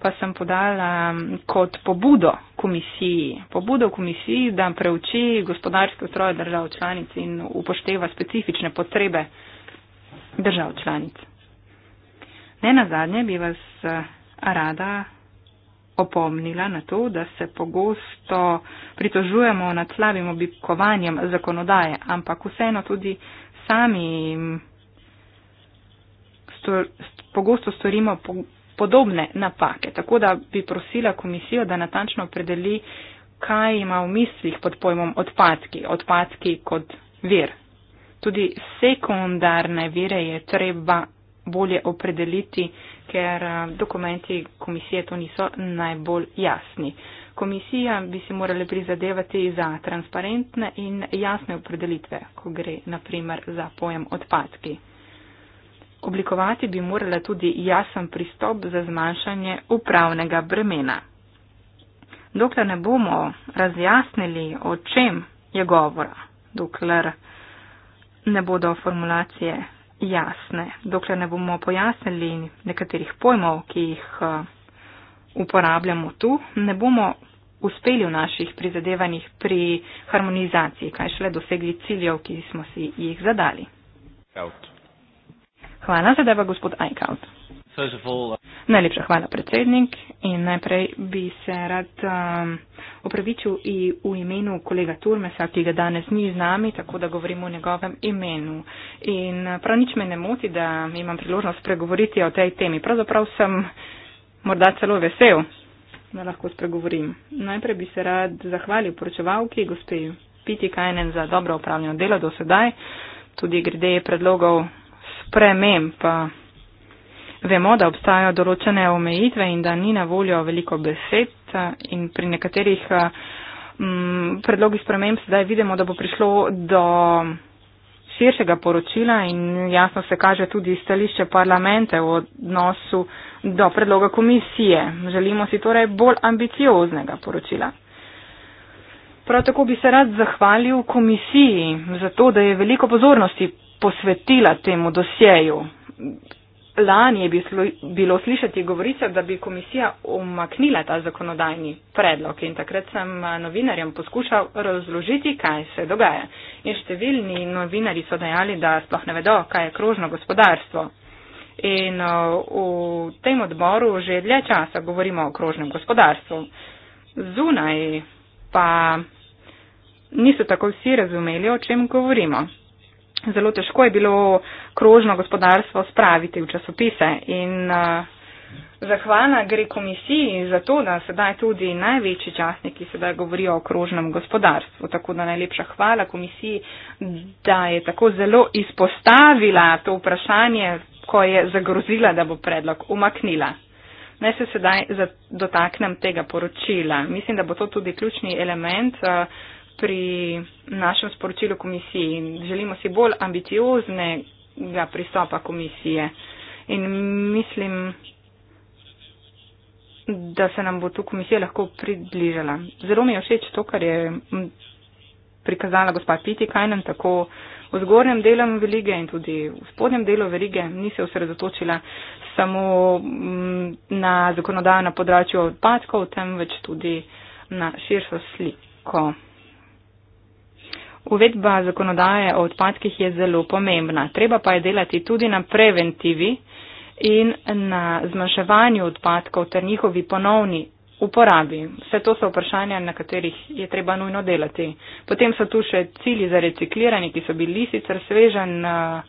Speaker 2: pa sem podala kot pobudo komisiji, pobudo komisiji, da preuči gospodarske ustroje držav članic in upošteva specifične potrebe držav članic. Ne na zadnje bi vas eh, rada opomnila na to, da se pogosto pritožujemo nad slabim oblikovanjem zakonodaje, ampak vseeno tudi sami stor, pogosto storimo podobne napake. Tako da bi prosila komisijo, da natančno opredeli, kaj ima v mislih pod pojmom odpadki, odpadki kot vir. Tudi sekundarne vire je treba bolje opredeliti, ker eh, dokumenti komisije to niso najbolj jasni. Komisija bi si morala prizadevati za transparentne in jasne opredelitve, ko gre naprimer za pojem odpadki. Oblikovati bi morala tudi jasen pristop za zmanjšanje upravnega bremena. Dokler ne bomo razjasnili, o čem je govora, dokler ne bodo formulacije jasne, dokler ne bomo pojasnili nekaterih pojmov, ki jih eh, uporabljamo tu, ne bomo uspeli v naših prizadevanjih pri harmonizaciji, kaj šele dosegli ciljev, ki smo si jih zadali. Out. Hvala, zadeva gospod Eichhout. Uh, Najlepša hvala, predsednik. In najprej bi se rad um, opravičil i v imenu kolega Turmesa, ki ga danes ni z nami, tako da govorim o njegovem imenu. In uh, prav nič me ne moti, da imam priložnost pregovoriti o tej temi. Pravzaprav sem morda celo vesel, da lahko spregovorim. Najprej bi se rad zahvalil poročevalki, gospe Piti Kajnen, za dobro upravljeno delo do sedaj, tudi grede predlogov sprememb. Vemo, da obstajajo določene omejitve in da ni na voljo veliko besed in pri nekaterih m, mm, predlogih sprememb sedaj vidimo, da bo prišlo do širšega poročila in jasno se kaže tudi stališče parlamente v odnosu do predloga komisije. Želimo si torej bolj ambicioznega poročila. Prav tako bi se rad zahvalil komisiji za to, da je veliko pozornosti posvetila temu dosjeju. Lani je bilo slišati govorice, da bi komisija omaknila ta zakonodajni predlog in takrat sem eh, novinarjem poskušal razložiti, kaj se dogaja. In številni novinari so dejali, da sploh ne vedo, kaj je krožno gospodarstvo. In eh, v tem odboru že dlje časa govorimo o krožnem gospodarstvu. Zunaj pa niso tako vsi razumeli, o čem govorimo zelo težko je bilo krožno gospodarstvo spraviti v časopise. In eh, zahvala gre komisiji za to, da sedaj tudi največji časniki sedaj govorijo o krožnem gospodarstvu. Tako da najlepša hvala komisiji, da je tako zelo izpostavila to vprašanje, ko je zagrozila, da bo predlog umaknila. Naj se sedaj dotaknem tega poročila. Mislim, da bo to tudi ključni element uh, pri našem sporočilu komisiji. Želimo si bolj ambicioznega pristopa komisije in mislim, da se nam bo tu komisija lahko približala. Zelo mi je všeč to, kar je prikazala gospa Piti Kajnen tako v zgornjem delu verige in tudi v spodnjem delu verige. Ni se osredotočila samo mm, na zakonodajo na področju odpadkov, temveč tudi na širšo sliko. Uvedba zakonodaje o odpadkih je zelo pomembna. Treba pa je delati tudi na preventivi in na zmanjševanju odpadkov ter njihovi ponovni uporabi. Vse to so vprašanja, na katerih je treba nujno delati. Potem so tu še cilji za recikliranje, ki so bili sicer svežen eh,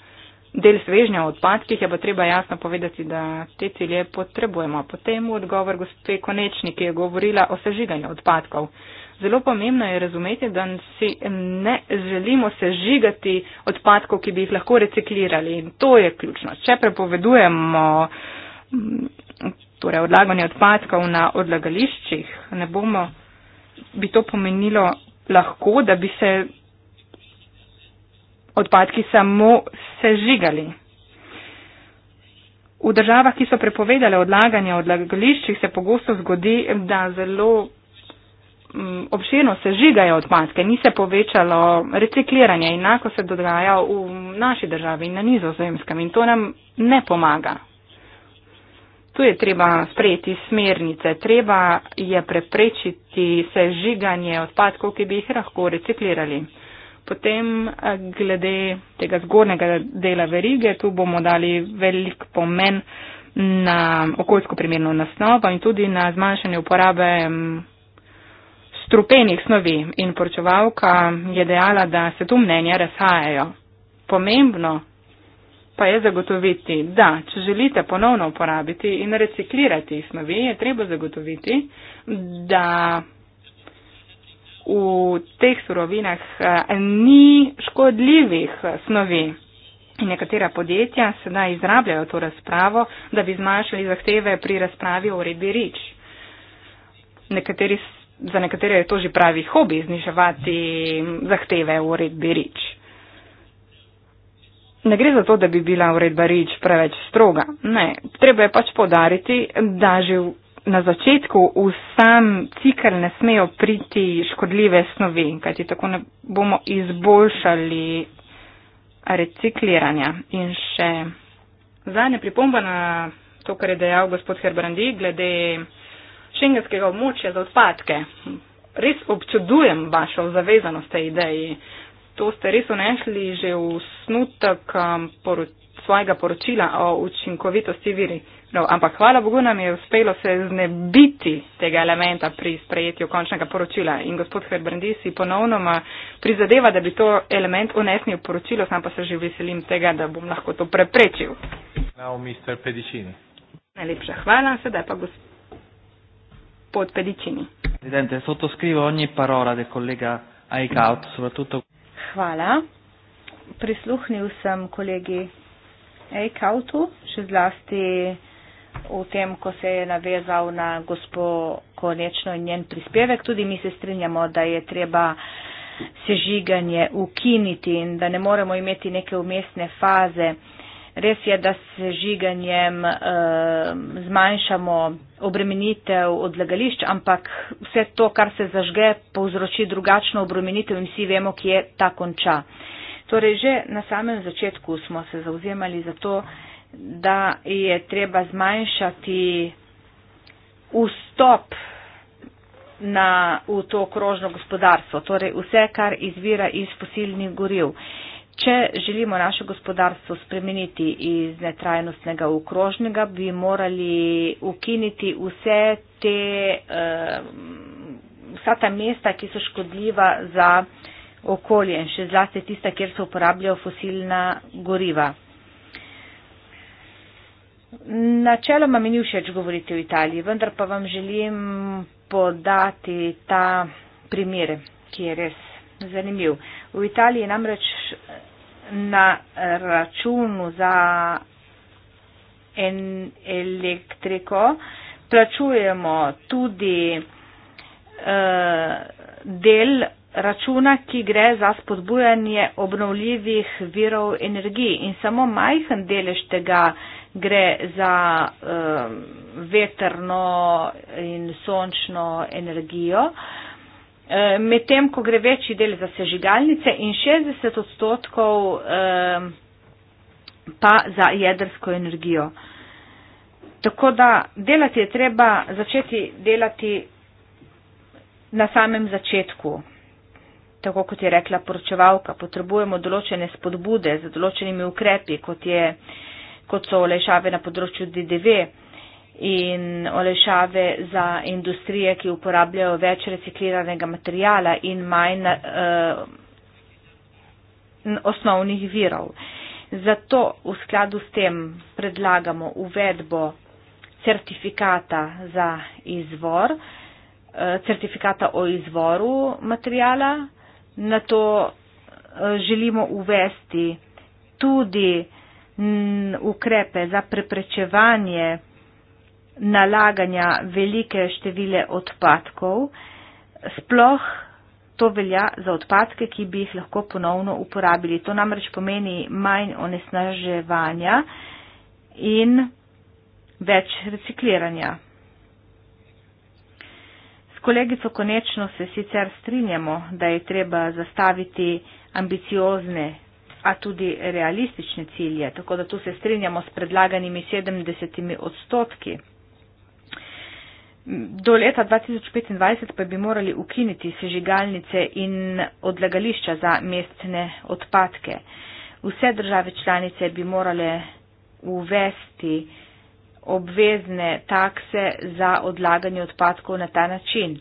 Speaker 2: del svežnja odpadkih, je pa treba jasno povedati, da te cilje potrebujemo. Potem v odgovor gospe Konečni, ki je govorila o sežiganju odpadkov zelo pomembno je razumeti, da si ne želimo sežigati odpadkov, ki bi jih lahko reciklirali. In to je ključno. Če prepovedujemo mm, torej odlaganje odpadkov na odlagališčih, ne bomo, bi to pomenilo lahko, da bi se odpadki samo sežigali. V državah, ki so prepovedale odlaganje odlagališčih, se pogosto zgodi, da zelo Mm, obširno sežigajo odpadke, ni se povečalo recikliranje, enako se dogaja v naši državi in na nizozemskem in to nam ne pomaga. Tu je treba sprejeti smernice, treba je preprečiti sežiganje odpadkov, ki bi jih lahko reciklirali. Potem eh, glede tega zgornjega dela verige, tu bomo dali velik pomen na okoljsko primerno nasnovo in tudi na zmanjšanje uporabe mm, strupenih snovi in poročevalka je dejala, da se tu mnenja razhajajo. Pomembno pa je zagotoviti, da če želite ponovno uporabiti in reciklirati snovi, je treba zagotoviti, da v teh surovinah eh, ni škodljivih snovi. In nekatera podjetja sedaj izrabljajo to razpravo, da bi zmanjšali zahteve pri razpravi o uredbi rič. Nekateri za nekatere je to že pravi hobi zniževati zahteve v uredbi REACH. Ne gre za to, da bi bila uredba REACH preveč stroga. Ne, treba je pač podariti, da že na začetku v sam cikl ne smejo priti škodljive snovi, kajti tako ne bomo izboljšali recikliranja. In še zadnja pripomba na to, kar je dejal gospod Herbrandi glede šengenskega območja za odpadke. Res občudujem vašo zavezanost tej ideji. To ste res unešli že v snutek um, poro svojega poročila o učinkovitosti viri. No, ampak hvala Bogu nam je uspelo se znebiti tega elementa pri sprejetju končnega poročila. In gospod Herbrandi si ponovno prizadeva, da bi to element unesnil v poročilo, sam pa se že veselim tega, da bom lahko to preprečil. Najlepša hvala, sedaj pa gospod pod pedicini. Presidente, sottoscrivo ogni parola del collega Aikaut, soprattutto.
Speaker 3: Hvala. Prisluhnil sem kolegi Aikautu, še zlasti v tem, ko se je navezal na gospo Konečno in njen prispevek. Tudi mi se strinjamo, da je treba sežiganje ukiniti in da ne moremo imeti neke umestne faze. Res je, da s žiganjem eh, zmanjšamo obremenitev odlagališč, ampak vse to, kar se zažge, povzroči drugačno obremenitev in vsi vemo, kje ta konča. Torej, že na samem začetku smo se zauzemali za to, da je treba zmanjšati vstop na, v to okrožno gospodarstvo, torej vse, kar izvira iz fosilnih goriv. Eh, Če želimo naše gospodarstvo spremeniti iz netrajnostnega v krožnega, bi morali ukiniti vse te, eh, vsa ta mesta, ki so škodljiva za okolje in še zlasti tista, kjer se uporabljajo fosilna goriva. Načeloma mi ni všeč govoriti o Italiji, vendar pa vam želim podati ta primer, ki je res zanimiv. V Italiji namreč na računu za en elektriko, plačujemo tudi eh, del računa, ki gre za spodbujanje obnovljivih virov energiji in samo majhen delež tega gre za eh, veterno in sončno energijo. Eh, Eh, medtem ko gre večji del za sežigalnice in 60 odstotkov eh, pa za jedrsko energijo. Tako da delati je treba začeti delati na samem začetku. Tako kot je rekla poročevalka, potrebujemo določene spodbude za določenimi ukrepi, kot, je, kot so olejšave na področju DDV in olešave za industrije, ki uporabljajo več recikliranega materijala in manj uh, osnovnih virov. Zato v skladu s tem predlagamo uvedbo certifikata za izvor, uh, certifikata o izvoru materijala, na to uh, želimo uvesti tudi mm, ukrepe za preprečevanje nalaganja velike števile odpadkov, sploh to velja za odpadke, ki bi jih lahko ponovno uporabili. To namreč pomeni manj onesnaževanja in več recikliranja. S kolegico konečno se sicer strinjamo, da je treba zastaviti ambiciozne, a tudi realistične cilje, tako da tu se strinjamo s predlaganimi 70 odstotki. Do leta 2025 pa bi morali ukiniti sežigalnice in odlagališča za mestne odpadke. Vse države članice bi morale uvesti obvezne takse za odlaganje odpadkov na ta način.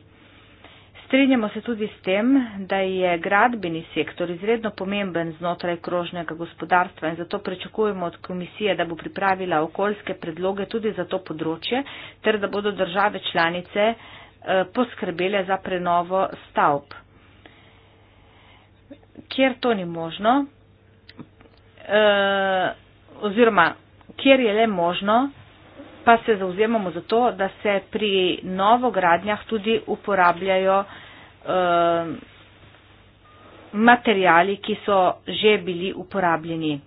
Speaker 3: Strinjamo se tudi s tem, da je gradbeni sektor izredno pomemben znotraj krožnega gospodarstva in zato pričakujemo od komisije, da bo pripravila okoljske predloge tudi za to področje, ter da bodo države članice eh, poskrbele za prenovo stavb. Kjer to ni možno, eh, oziroma kjer je le možno, pa se zauzemamo za to, da se pri novogradnjah tudi uporabljajo eh, materijali, ki so že bili uporabljeni.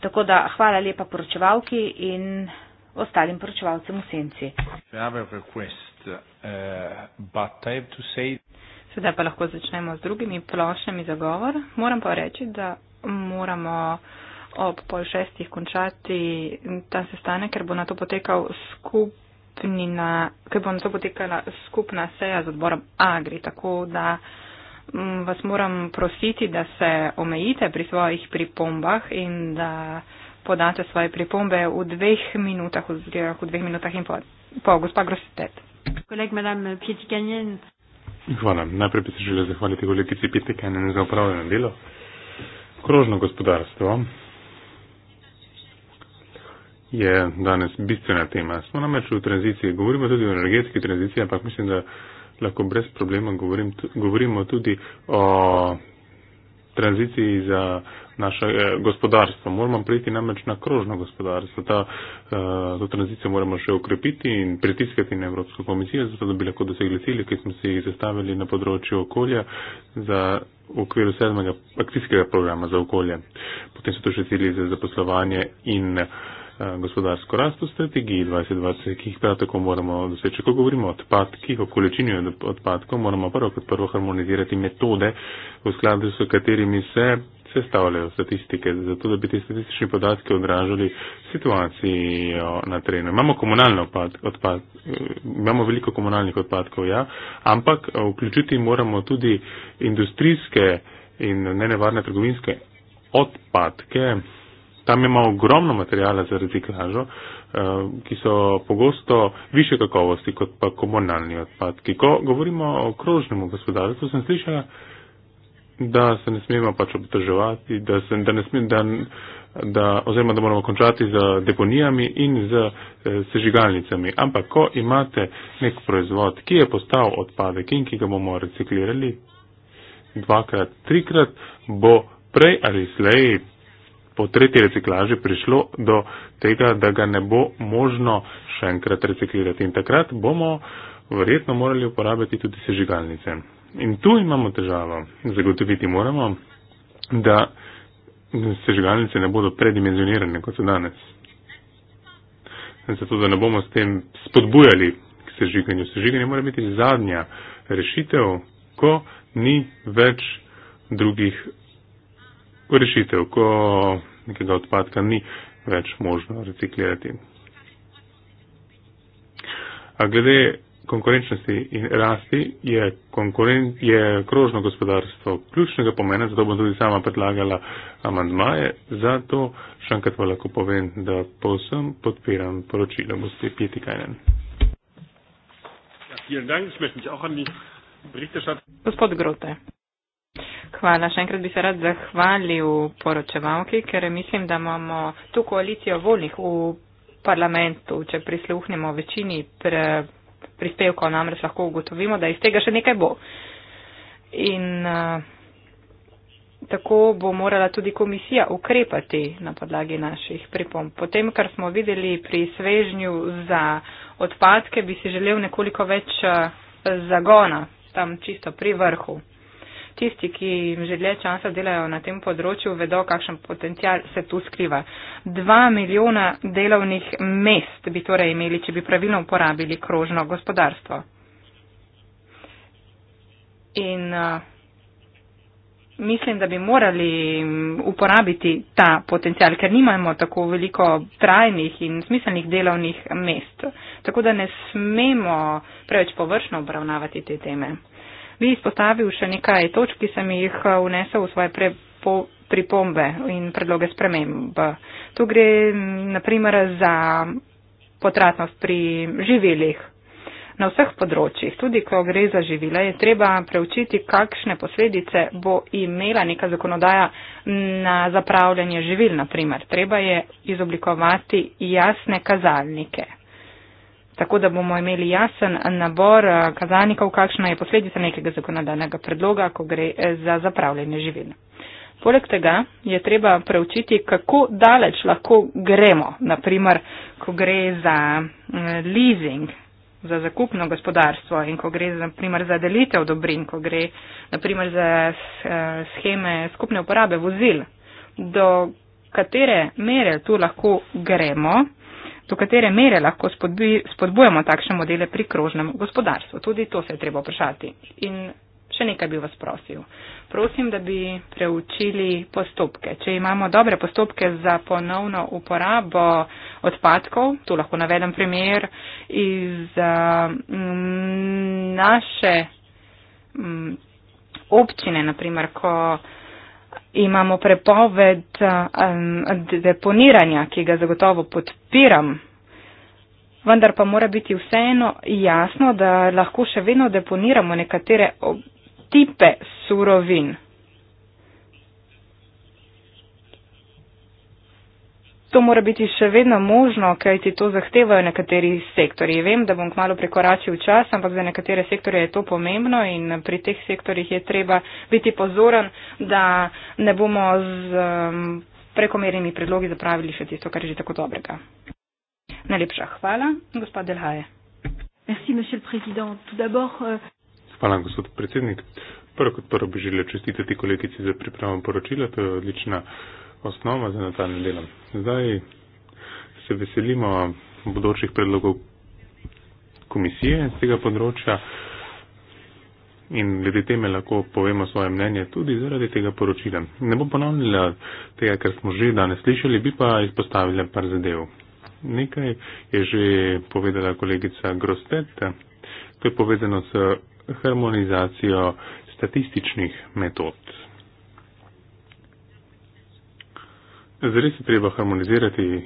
Speaker 3: Tako da hvala lepa poročevalki in ostalim poročevalcem v senci.
Speaker 2: Eh, Sedaj pa lahko začnemo z drugimi plošnjami za govor.
Speaker 3: Moram pa reči, da moramo
Speaker 2: ob pol šestih končati ta sestanek, ker bo na to potekal skup. Na, ker bo na to potekala skupna seja z odborom Agri, tako da mm, vas moram prositi, da se omejite pri svojih pripombah in da podate svoje pripombe v dveh minutah oziroma v dveh minutah in pol. Gospa Grositet.
Speaker 3: Hvala.
Speaker 1: Najprej bi se želel zahvaliti kolegici Pitekanen za upravljeno delo. Krožno gospodarstvo je danes bistvena tema. Smo namreč v tranziciji, govorimo tudi o energetski tranziciji, ampak mislim, da lahko brez problema govorim, govorimo tudi o tranziciji za naše eh, gospodarstvo. Moramo priti namreč na krožno gospodarstvo. Ta, eh, to tranzicijo moramo še ukrepiti in pritiskati na Evropsko komisijo, zato da bi lahko dosegli cilje, ki smo si jih zastavili na področju okolja za, v okviru sedmega akcijskega programa za okolje. Potem so to še cilje za zaposlovanje in eh, Eh, gospodarsko rast v strategiji 2020, ki jih prav tako moramo doseči. Ko govorimo o odpadkih, o količini odpadkov, moramo prvo kot prvo harmonizirati metode, v skladu s katerimi se sestavljajo statistike, zato da bi te statistične podatke odražali situaciji na terenu. Imamo komunalne odpadke, odpad, eh, imamo veliko komunalnih odpadkov, ja, ampak eh, vključiti moramo tudi industrijske in nenevarne trgovinske odpadke. Tam ima ogromno materijala za reciklažo, eh, ki so pogosto više kakovosti kot pa komunalni odpadki. Ko govorimo o krožnemu gospodarstvu, sem slišala, da se ne smemo pač obdrževati, da, se, da ne smemo, da, da, oziroma da moramo končati z deponijami in z eh, sežigalnicami. Ampak, ko imate nek proizvod, ki je postal odpadek in ki ga bomo reciklirali dvakrat, trikrat, bo prej ali slej po tretji reciklaži prišlo do tega, da ga ne bo možno še enkrat reciklirati. In takrat bomo verjetno morali uporabiti tudi sežigalnice. In tu imamo težavo. Zagotoviti moramo, da sežigalnice ne bodo predimenzionirane, kot so danes. Zato, da ne bomo s tem spodbujali k sežiganju. Sežiganje mora biti zadnja rešitev, ko ni več drugih rešitev, ko nekega odpadka ni več možno reciklirati. A glede konkurenčnosti in rasti je, je krožno gospodarstvo ključnega pomena, zato bom tudi sama predlagala amandmaje. Zato še enkrat pa lahko povem, da posem podpiram poročilo. Boste pjeti
Speaker 2: kaj nen. Gospod Grote. Hvala. Še enkrat bi se rad zahvalil poročevalki, ker mislim, da imamo tu koalicijo voljnih v parlamentu, če prisluhnemo večini pre, prispevkov, namreč lahko ugotovimo, da iz tega še nekaj bo. In eh, tako bo morala tudi komisija ukrepati na podlagi naših pripomb. Potem, kar smo videli pri svežnju za odpadke, bi si želel nekoliko več eh, zagona tam čisto pri vrhu tisti, ki jim že dlje časa delajo na tem področju, vedo, kakšen potencial se tu skriva. Dva milijona delovnih mest bi torej imeli, če bi pravilno uporabili krožno gospodarstvo. In uh, mislim, da bi morali um, uporabiti ta potencial, ker nimamo tako veliko trajnih in smiselnih delovnih mest. Tako da ne smemo preveč površno obravnavati te teme bi izpostavil še nekaj točk, ki sem jih unesel eh, v svoje prepo pripombe in predloge sprememb. Tu gre naprimer za potratnost pri živilih. Na vseh področjih, tudi ko gre za živila, je treba preučiti, kakšne posledice bo imela neka zakonodaja na zapravljanje živil, naprimer. Treba je izoblikovati jasne kazalnike tako da bomo imeli jasen nabor eh, kazalnikov, kakšna je posledica nekega zakonodanega predloga, ko gre eh, za zapravljanje živil. Poleg tega je treba preučiti, kako daleč lahko gremo, naprimer, ko gre za eh, leasing, za zakupno gospodarstvo in ko gre naprimer, za delitev dobrin, ko gre naprimer, za scheme skupne uporabe vozil, do katere mere tu lahko gremo do katere mere lahko spodbujamo takšne modele pri krožnem gospodarstvu. Tudi to se je treba vprašati. In še nekaj bi vas prosil. Prosim, da bi preučili postopke. Če imamo dobre postopke za ponovno uporabo odpadkov, tu lahko navedem primer iz uh, naše um, občine, naprimer, ko imamo prepoved um, deponiranja, ki ga zagotovo podpiram, vendar pa mora biti vseeno jasno, da lahko še vedno deponiramo nekatere tipe surovin. To mora biti še vedno možno, kajti to zahtevajo nekateri sektori. Vem, da bom kmalo prekoračil čas, ampak za nekatere sektore je to pomembno in pri teh sektorjih je treba biti pozoren, da ne bomo z um, prekomernimi predlogi zapravili še tisto, kar je že tako dobrega. Najlepša hvala,
Speaker 3: gospod Delhaje. Euh,
Speaker 1: hvala, gospod predsednik. Prvo kot prvo bi želel čestitati kolegici za pripravo poročila. To je odlična osnova za nadaljne delo. Zdaj se veselimo bodočih predlogov komisije z tega področja in glede teme lahko povemo svoje mnenje tudi zaradi tega poročila. Ne bom ponavljala tega, kar smo že danes slišali, bi pa izpostavila par zadev. Nekaj je že povedala kolegica Grostet, to je povezano s harmonizacijo statističnih metod. Zares je treba harmonizirati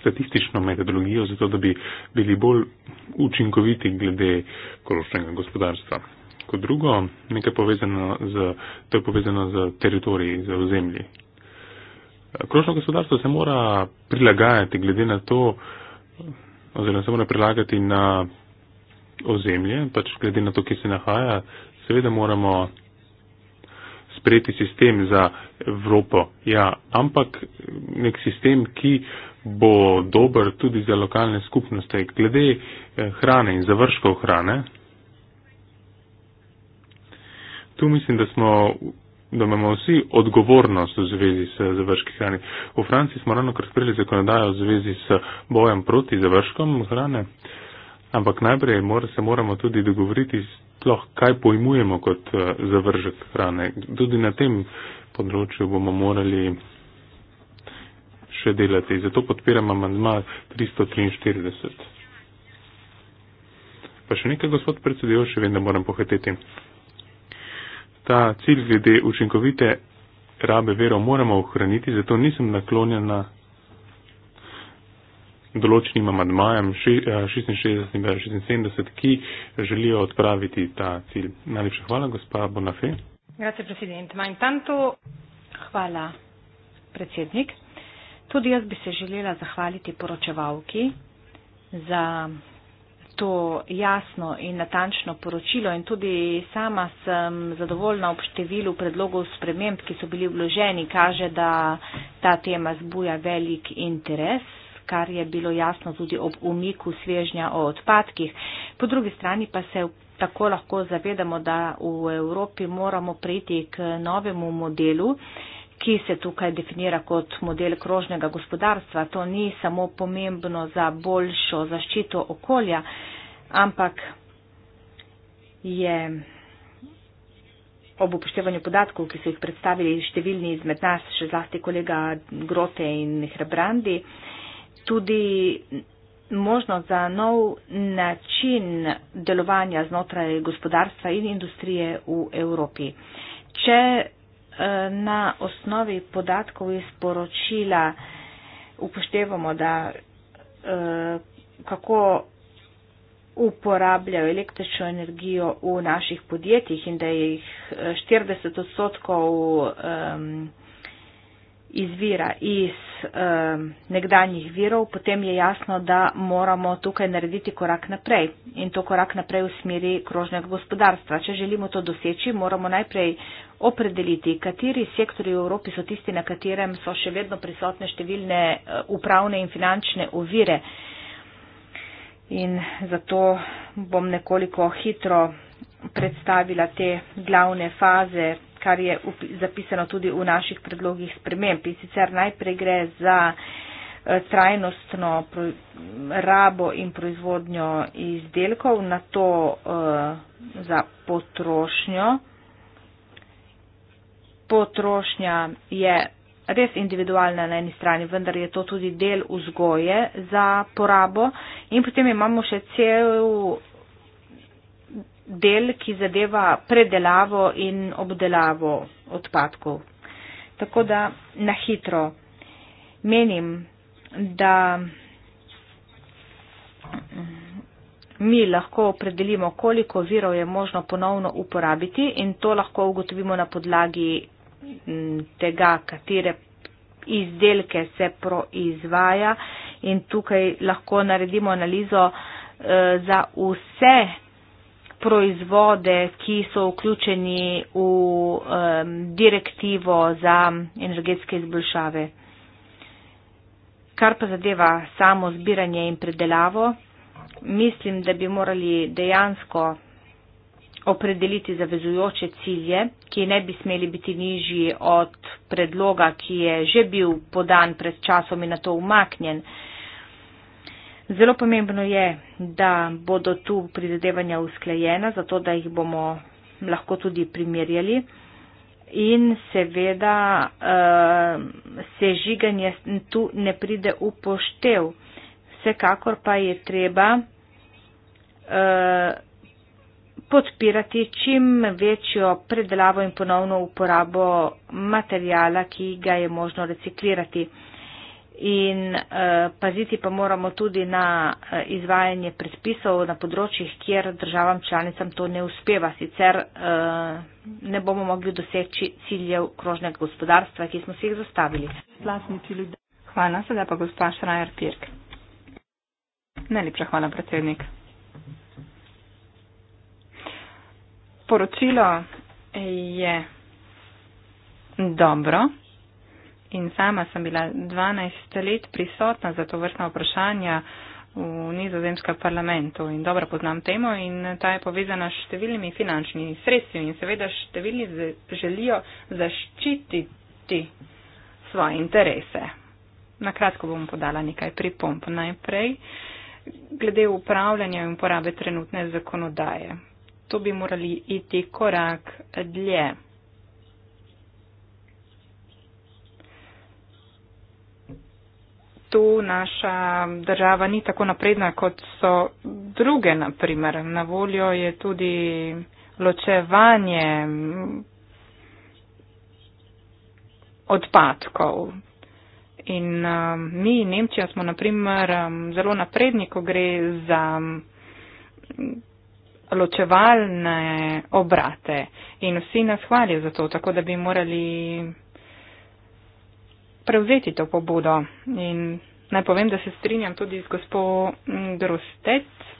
Speaker 1: statistično metodologijo, zato da bi bili bolj učinkoviti glede koroščnega gospodarstva. Kot drugo, nekaj povezano z, to je povezano z teritoriji, z ozemlji. Koroščno gospodarstvo se mora prilagajati glede na to, oziroma se mora prilagati na ozemlje, pač glede na to, kje se nahaja, seveda moramo sprejeti sistem za Evropo, ja, ampak nek sistem, ki bo dober tudi za lokalne skupnosti. Glede eh, hrane in završkov hrane, tu mislim, da smo da imamo vsi odgovornost v zvezi s završki hrane. V Franciji smo ravno kar sprejeli zakonodajo v zvezi s bojem proti završkom hrane, ampak najprej mora, se moramo tudi dogovoriti s sploh kaj pojmujemo kot eh, zavržek hrane. Tudi na tem področju bomo morali še delati. Zato podpiram amandma 343. Pa še nekaj, gospod predsedujo, še vedno moram pohiteti. Ta cilj glede učinkovite rabe vero moramo ohraniti, zato nisem naklonjena določenim amadmajem 66 in 76, ki želijo odpraviti ta cilj. Najlepša hvala, gospa Bonafe.
Speaker 3: Grazie, predsednik. Ma intanto hvala, predsednik. Tudi jaz bi se želela zahvaliti poročevalki za to jasno in natančno poročilo in tudi sama sem zadovoljna ob številu predlogov sprememb, ki so bili vloženi, kaže, da ta tema zbuja velik interes kar je bilo jasno tudi ob umiku svežnja o odpadkih. Po drugi strani pa se tako lahko zavedamo, da v Evropi moramo priti k novemu modelu ki se tukaj definira kot model krožnega gospodarstva. To ni samo pomembno za boljšo zaščito okolja, ampak je ob upoštevanju podatkov, ki so jih predstavili številni izmed nas, še zlasti kolega Grote in Hrebrandi, eh, tudi možnost za nov način delovanja znotraj gospodarstva in industrije v Evropi. Če eh, na osnovi podatkov iz poročila upoštevamo, da eh, kako uporabljajo električno energijo v naših podjetjih in da jih 40 eh, odstotkov um, izvira iz um, nekdanjih virov, potem je jasno, da moramo tukaj narediti korak naprej in to korak naprej v smeri krožnega gospodarstva. Če želimo to doseči, moramo najprej opredeliti, kateri sektori v Evropi so tisti, na katerem so še vedno prisotne številne eh, upravne in finančne ovire. In zato bom nekoliko hitro predstavila te glavne faze kar je zapisano tudi v naših predlogih sprememb. In sicer najprej gre za eh, trajnostno rabo in proizvodnjo izdelkov, na to eh, za potrošnjo. Potrošnja je res individualna na eni strani, vendar je to tudi del vzgoje za porabo. In potem imamo še cel del, ki zadeva predelavo in obdelavo odpadkov. Tako da na hitro menim, da mi lahko opredelimo, koliko virov je možno ponovno uporabiti in to lahko ugotovimo na podlagi tega, katere izdelke se proizvaja in tukaj lahko naredimo analizo eh, za vse proizvode ki so vključeni v um, direktivo za energetske izboljšave. Kar pa zadeva samo zbiranje in predelavo, mislim, da bi morali dejansko opredeliti zavezujoče cilje, ki ne bi smeli biti nižji od predloga, ki je že bil podan pred časom in na to umaknjen. Uh, Zelo pomembno je, da bodo tu prizadevanja usklajena, zato da jih bomo lahko tudi primerjali. In seveda eh, sežiganje tu ne pride v poštev. Vsekakor pa je treba eh, podpirati čim večjo predelavo in ponovno uporabo materijala, ki ga je možno reciklirati in eh, paziti pa moramo tudi na eh, izvajanje predpisov na področjih, kjer državam članicam to ne uspeva. Sicer eh, ne bomo mogli doseči ciljev krožnega gospodarstva, ki smo si jih zastavili. Hvala, sedaj pa gospa Šrajer Pirk. Najlepša hvala,
Speaker 2: predsednik. Poročilo je dobro in sama sem bila 12 let prisotna za to vrstna vprašanja v nizozemskem parlamentu in dobro poznam temo in ta je povezana s številnimi finančnimi sredstvi in seveda številni želijo zaščititi svoje interese. Na kratko bom podala nekaj pripomp najprej. Glede upravljanja in uporabe trenutne zakonodaje. To bi morali iti korak dlje. tu naša država ni tako napredna, kot so druge, na primer. Na voljo je tudi ločevanje odpadkov. In um, mi, Nemčija, smo, na primer, um, zelo napredni, ko gre za um, ločevalne obrate. In vsi nas hvalijo za to, tako da bi morali prevzeti to pobudo. In naj povem, da se strinjam tudi z gospo Drostec, mm,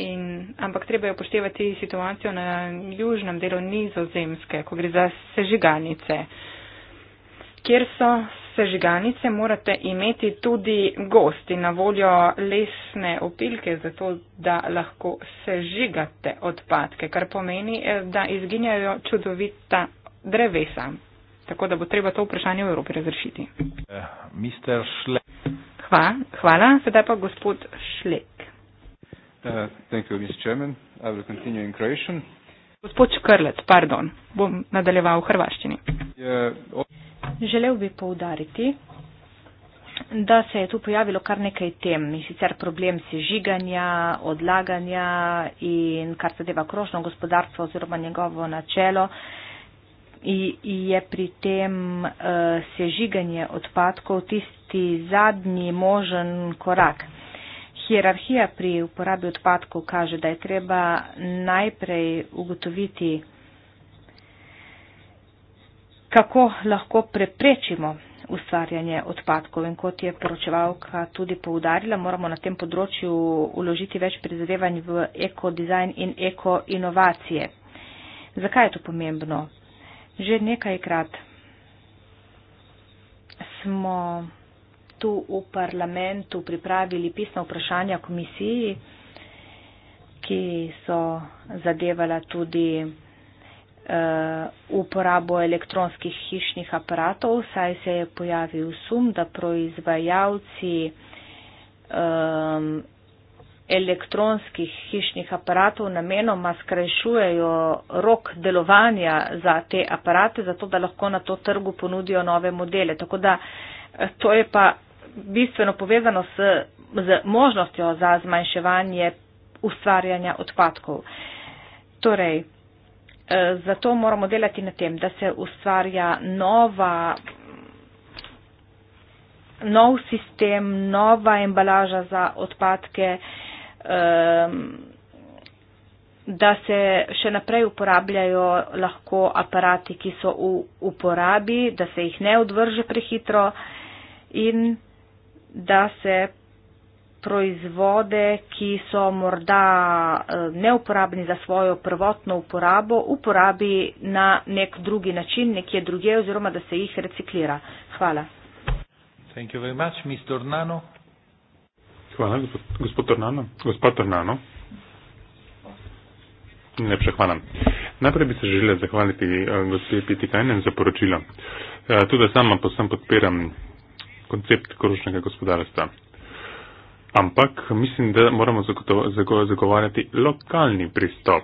Speaker 2: in, ampak treba je upoštevati situacijo na južnem delu nizozemske, ko gre za sežiganice. Kjer so sežiganice, morate imeti tudi gosti na voljo lesne opilke, zato da lahko sežigate odpadke, kar pomeni, eh, da izginjajo čudovita drevesa. Tako da bo treba to vprašanje v Evropi razrešiti. Eh, Hva, hvala. Sedaj pa gospod Šlek.
Speaker 1: Uh, you,
Speaker 2: gospod Škrlec,
Speaker 3: pardon, bom nadaljeval v hrvaščini. Uh,
Speaker 1: eh, ob...
Speaker 3: Želel bi poudariti, da se je tu pojavilo kar nekaj tem in sicer problem sežiganja, odlaganja in kar zadeva krožno gospodarstvo oziroma njegovo načelo. Uh, je pri tem eh, sežiganje odpadkov tisti zadnji možen korak. Hierarhija pri uporabi odpadkov kaže, da je treba najprej ugotoviti, kako lahko preprečimo ustvarjanje odpadkov. In kot je poročevalka tudi poudarila, moramo na tem področju uložiti več prizadevanj v ekodizajn in ekoinovacije. Zakaj je to pomembno? Že nekajkrat smo tu v parlamentu pripravili pisna vprašanja komisiji, ki so zadevala tudi uh, uporabo elektronskih hišnih aparatov, saj se je pojavil sum, da proizvajalci um, elektronskih hišnih aparatov namenoma skrajšujejo rok delovanja za te aparate, zato da lahko na to trgu ponudijo nove modele. Tako da eh, to je pa bistveno povezano s, z možnostjo za zmanjševanje ustvarjanja odpadkov. Torej, eh, zato moramo delati na tem, da se ustvarja nova. Nov sistem, nova embalaža za odpadke um, da se še naprej uporabljajo lahko aparati, ki so v uporabi, da se jih ne odvrže prehitro in da se proizvode, ki so morda e, neuporabni za svojo prvotno uporabo, uporabi na nek drugi način, nekje druge oziroma da se jih reciklira. Hvala.
Speaker 1: Thank you very much, Mr. Nano. Hvala, gospod Trnano. Gospod Trnano. Najprej hvala. Najprej bi se želela zahvaliti eh, gospe Pitikajnen za poročilo. Eh, tudi sama posem podpiram koncept korušnega gospodarstva. Ampak mislim, da moramo zagovarjati lokalni pristop,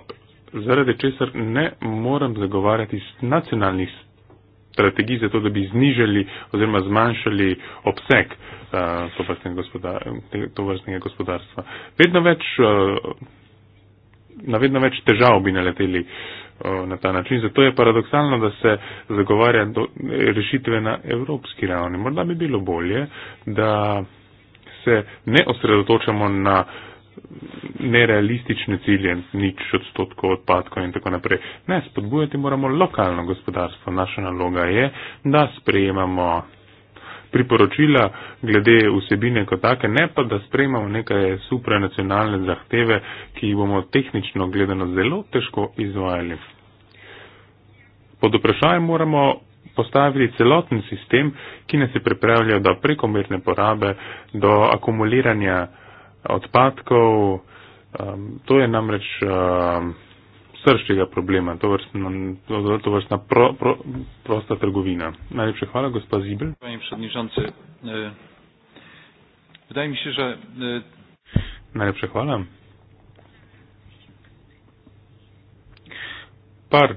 Speaker 1: zaradi česar ne moram zagovarjati nacionalnih strategij za to, da bi znižali oziroma zmanjšali obseg eh, tovrstnega gospodarstva. Vedno več, eh, na vedno več težav bi naleteli eh, na ta način. Zato je paradoksalno, da se zagovarja rešitve na evropski ravni. Morda bi bilo bolje, da se ne osredotočamo na nerealistične cilje, nič odstotkov odpadkov in tako naprej. Ne, spodbujati moramo lokalno gospodarstvo. Naša naloga je, da sprejemamo priporočila glede vsebine kot take, ne pa da sprejemamo nekaj supranacionalne zahteve, ki jih bomo tehnično gledano zelo težko izvajali. Pod vprašanje moramo postaviti celoten sistem, ki nas je pripravljal do prekomerne porabe, do akumuliranja odpadkov. Um, to je namreč um, ehm, srčnega problema, to vrstna, to vrstna pro, pro, prosta trgovina. Najlepša hvala, gospod Zibel.
Speaker 2: Panie przewodniczący, e, wydaje mi się, że. E,
Speaker 1: Najlepša hvala. Par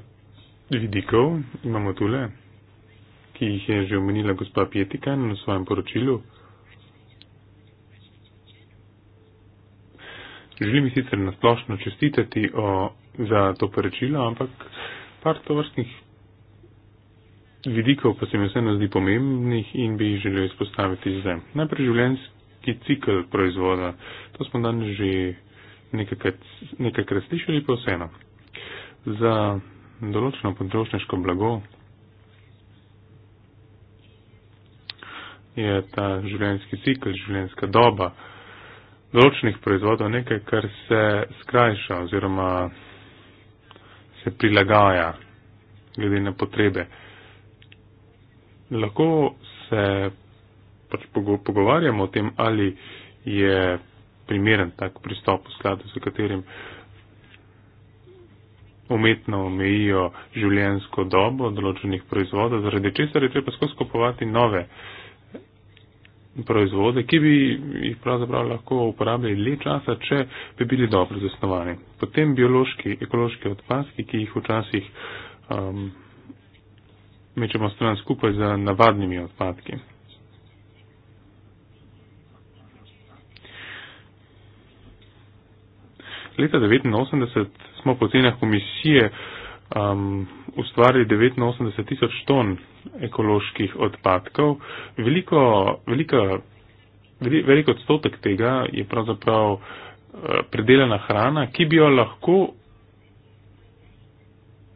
Speaker 1: vidikov imamo tule, ki jih je že omenila gospa Pietika na svojem poročilu. Želim sicer nasplošno čestitati o, za to poročilo, ampak par to vrstnih vidikov pa se mi vseeno zdi pomembnih in bi jih želel izpostaviti zdaj. Najprej življenjski cikl proizvoda. To smo danes že nekajkrat, nekajkrat slišali, pa vseeno. Za določeno potrošniško blago je ta življenjski cikl, življenjska doba določenih proizvodov nekaj, kar se skrajša oziroma se prilagaja glede na potrebe. Lahko se pač pogovarjamo o tem, ali je primeren tak pristop v skladu, s katerim umetno omejijo življensko dobo določenih proizvodov, zaradi česar je treba skozi kupovati nove proizvode proizvode, ki bi jih pravzaprav lahko uporabljali le časa, če bi bili dobro zasnovani. Potem biološki, ekološki odpadki, ki jih včasih um, mečemo stran skupaj z navadnimi odpadki. Leta 1989 smo po cenah komisije um, ustvarili 89 tisoč ton ekoloških odpadkov. Veliko, velika, velik odstotek tega je pravzaprav eh, predelana hrana, ki bi jo lahko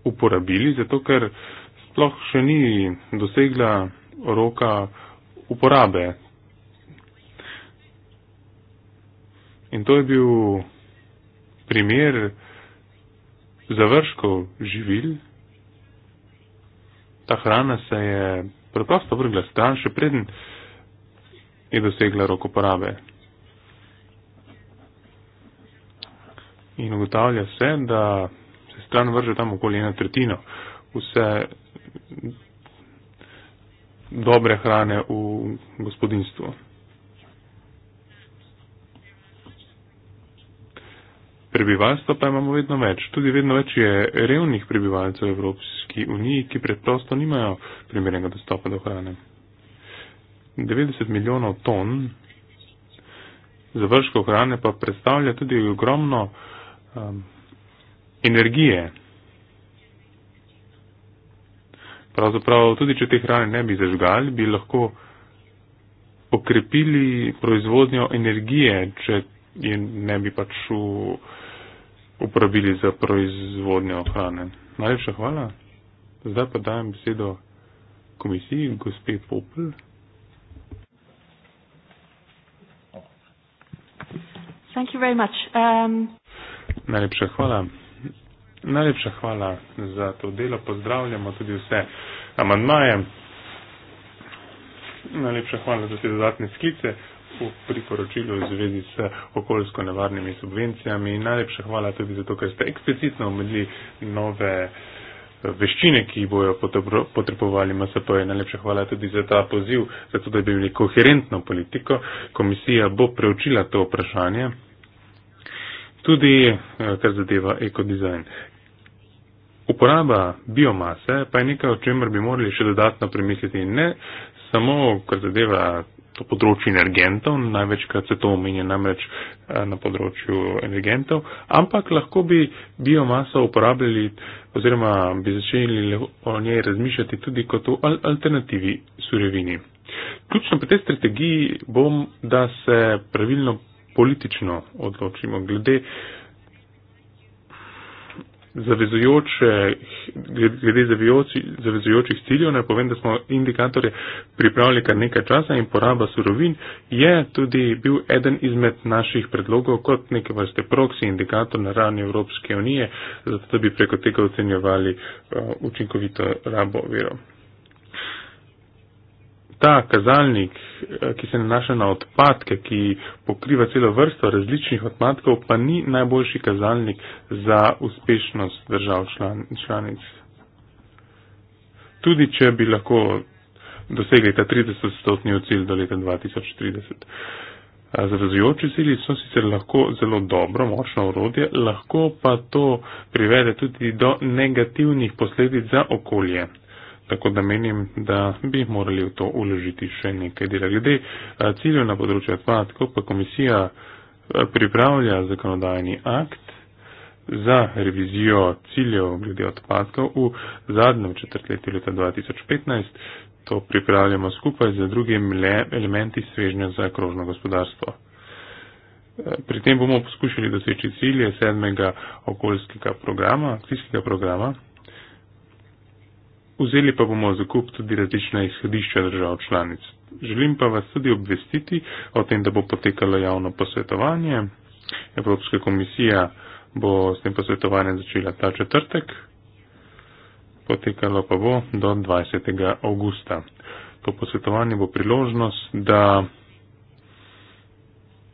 Speaker 1: uporabili, zato ker sploh še ni dosegla roka uporabe. In to je bil primer završkov živil, ta hrana se je preprosto vrgla stran, še preden je dosegla rok uporabe. In ugotavlja se, da se stran vrže tam okoli ena tretjina vse dobre hrane v gospodinstvu. prebivalstva pa imamo vedno več. Tudi vedno več je revnih prebivalcev v Evropski uniji, ki preprosto nimajo primernega dostopa do hrane. 90 milijonov ton završkov hrane pa predstavlja tudi ogromno um, energije. Pravzaprav, tudi če te hrane ne bi zažgali, bi lahko okrepili proizvodnjo energije, če je ne bi pač v uporabili za proizvodnjo hrane. Najlepša hvala. Zdaj pa dajem besedo komisiji, gospe Popl.
Speaker 3: Thank you very much.
Speaker 2: Um...
Speaker 1: Najlepša hvala. Najlepša hvala za to delo. Pozdravljamo tudi vse amandmaje. Najlepša hvala za te dodatne sklice priporočilu v zvezi s okoljsko nevarnimi subvencijami. Najlepša hvala tudi zato, ker ste eksplicitno omedli nove eh, veščine, ki bojo potrebovali MSP. Najlepša hvala tudi za ta poziv, zato da bi imeli koherentno politiko. Komisija bo preučila to vprašanje, tudi eh, kar zadeva ekodizajn. Uporaba biomase pa je nekaj, o čemer bi morali še dodatno premisliti. Ne samo, kar zadeva to področje energentov, največkrat se to omenja namreč eh, na področju energentov, ampak lahko bi biomaso uporabljali oziroma bi začeli o njej razmišljati tudi kot o alternativi surevini. Ključno pri tej strategiji bom, da se pravilno politično odločimo glede uh, zavezujoče, glede zavezujoči, zavezujočih ciljev, ne povem, da smo indikatorje pripravili kar nekaj časa in poraba surovin je tudi bil eden izmed naših predlogov kot neke vrste proksi indikator na ravni Evropske unije, zato da bi preko tega ocenjevali uh, učinkovito rabo verov ta kazalnik, eh, ki se nanaša na odpadke, ki pokriva celo vrsto različnih odpadkov, pa ni najboljši kazalnik za uspešnost držav član, članic. Tudi, če bi lahko dosegli ta 30-stotni cilj do leta 2030. Zavezujoči cilji so sicer lahko zelo dobro, močno urodje, lahko pa to privede tudi do negativnih posledic za okolje. Tako da menim, da bi morali v to uložiti še nekaj dela. Glede eh, ciljev na področju odpadkov, pa komisija eh, pripravlja zakonodajni akt za revizijo ciljev glede odpadkov v zadnjem četrtletju leta 2015. To pripravljamo skupaj z drugimi elementi svežnja za krožno gospodarstvo. Eh, pri tem bomo poskušali doseči cilje sedmega okoljskega programa, akcijskega programa, Vzeli pa bomo zakup tudi različna izhodišča držav članic. Želim pa vas tudi obvestiti o tem, da bo potekalo javno posvetovanje. Evropska komisija bo s tem posvetovanjem začela ta četrtek, potekalo pa bo do 20. augusta. To posvetovanje bo priložnost, da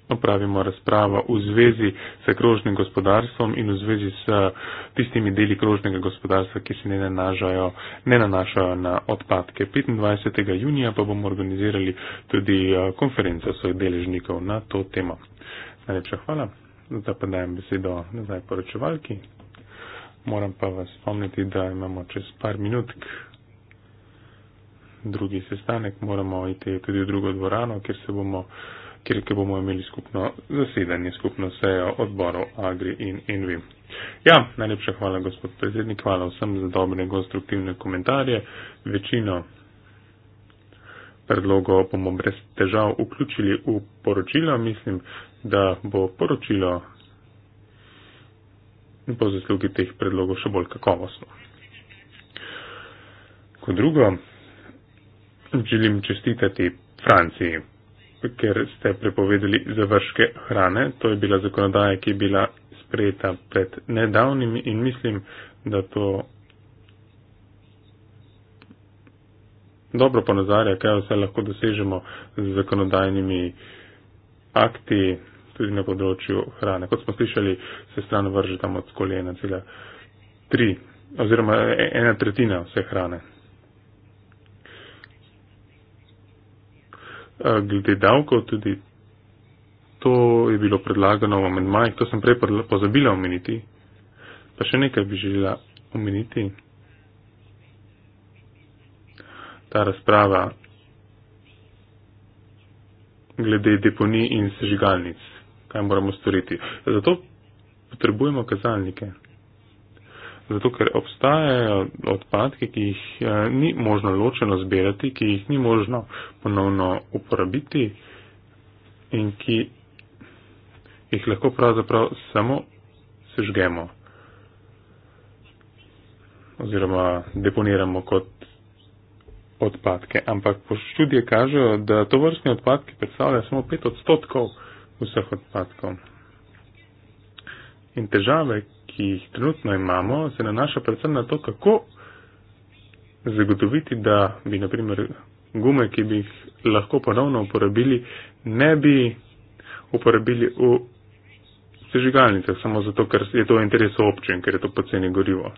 Speaker 1: opravimo razpravo v zvezi s krožnim gospodarstvom in v zvezi s eh, tistimi deli krožnega gospodarstva, ki se ne nanašajo, ne nanašajo na odpadke. 25. junija pa bomo organizirali tudi eh, konferenco svojih deležnikov na to temo. Najlepša hvala. Zdaj pa dajem besedo nazaj poročevalki. Moram pa vas spomniti, da imamo čez par minut drugi sestanek. Moramo iti tudi v drugo dvorano, kjer se bomo kjer bomo imeli skupno zasedanje, skupno sejo odborov Agri in Envi. Ja, najlepša hvala, gospod predsednik, hvala vsem za dobre in konstruktivne komentarje. Večino predlogov bomo brez težav vključili v poročilo. Mislim, da bo poročilo po zaslugi teh predlogov še bolj kakovostno. Kot drugo, želim čestitati Franciji ker ste prepovedali završke hrane. To je bila zakonodaja, ki je bila sprejeta pred nedavnim in mislim, da to dobro ponazarja, kaj vse lahko dosežemo z zakonodajnimi akti tudi na področju hrane. Kot smo slišali, se stran vrže tam od skolje 1,3 oziroma e- ena tretjina vse hrane. Eh, glede davkov tudi. To je bilo predlagano v amendmajih, to sem prej pozabila omeniti. Pa še nekaj bi želela omeniti. Ta razprava glede deponij in sežigalnic. Kaj moramo storiti? Zato potrebujemo kazalnike zato ker obstajajo odpadke, ki jih eh, ni možno ločeno zbirati, ki jih ni možno ponovno uporabiti in ki jih lahko pravzaprav samo sežgemo oziroma deponiramo kot odpadke. Ampak študije kažejo, da to vrstne odpadke predstavljajo samo 5 odstotkov vseh odpadkov. In težave, ki jih trenutno imamo, se nanaša predvsem na to, kako zagotoviti, da bi naprimer gume, ki bi jih lahko ponovno uporabili, ne bi uporabili v sežigalnicah, samo zato, ker je to interes občin, ker je to poceni gorivo.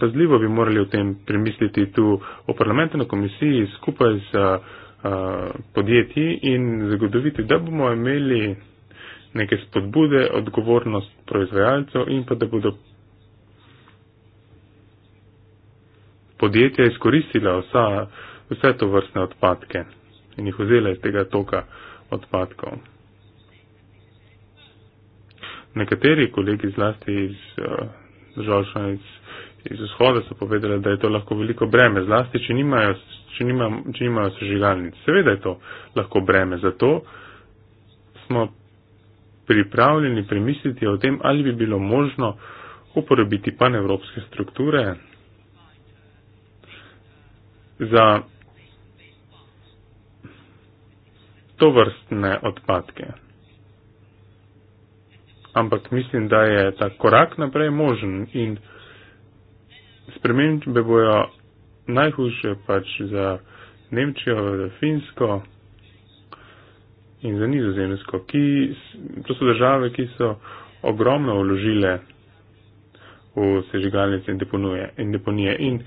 Speaker 1: Pazljivo bi morali o tem premisliti tu o parlamentarni komisiji skupaj z eh, podjetji in zagotoviti, da bomo imeli neke spodbude, odgovornost proizvajalcev in pa da bodo podjetja izkoristila vsa, vse to vrstne odpadke in jih vzela iz tega toka odpadkov. Nekateri kolegi zlasti iz držav eh, članic iz vzhoda so povedali, da je to lahko veliko breme, zlasti, če nimajo, če nima, če nimajo sežigalnic. Seveda je to lahko breme, zato smo pripravljeni premisliti o tem, ali bi bilo možno uporabiti panevropske strukture za to vrstne odpadke. Ampak mislim, da je ta korak naprej možen in spremenitve bojo najhujše pač za Nemčijo, za Finsko in za nizozemsko, ki to so države, ki so ogromno vložile v sežigalnice in, in deponije. In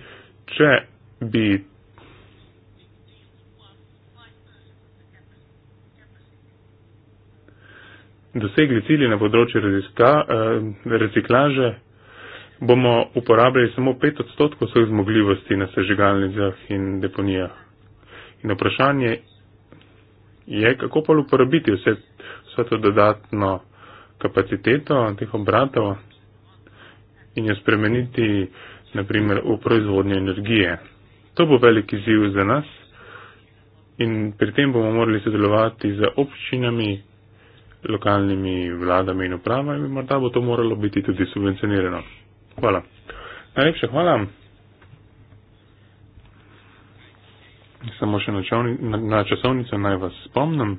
Speaker 1: če bi. dosegli cilje na področju reziska, eh, reciklaže, bomo uporabljali samo 5 odstotkov vseh zmogljivosti na sežigalnicah in deponijah. In vprašanje je, kako pa uporabiti vse, vse to dodatno kapaciteto teh obratov in jo spremeniti, naprimer, v proizvodnjo energije. To bo veliki ziv za nas in pri tem bomo morali sodelovati z občinami, lokalnimi vladami in upravami. Morda bo to moralo biti tudi subvencionirano. Hvala. Najlepša hvala. Samo še na časovnico naj vas spomnim.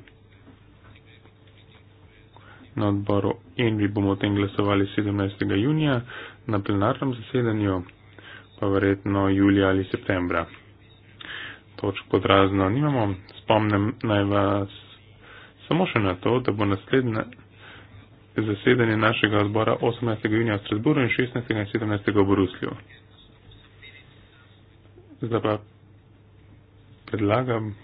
Speaker 1: Na odboru Envi bomo o tem glasovali 17. junija, na plenarnem zasedanju pa verjetno julija ali septembra. Točk pod razno nimamo. Spomnim naj vas samo še na to, da bo naslednje zasedanje našega odbora 18. junija v Strasburu in 16. in 17. v Bruslju. Zdaj pa predlagam,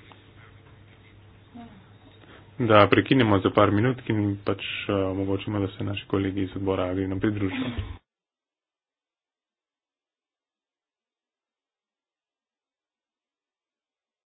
Speaker 1: da prekinemo za par minut in pač eh, omogočimo, da se naši kolegi iz odbora agri nam pridružijo.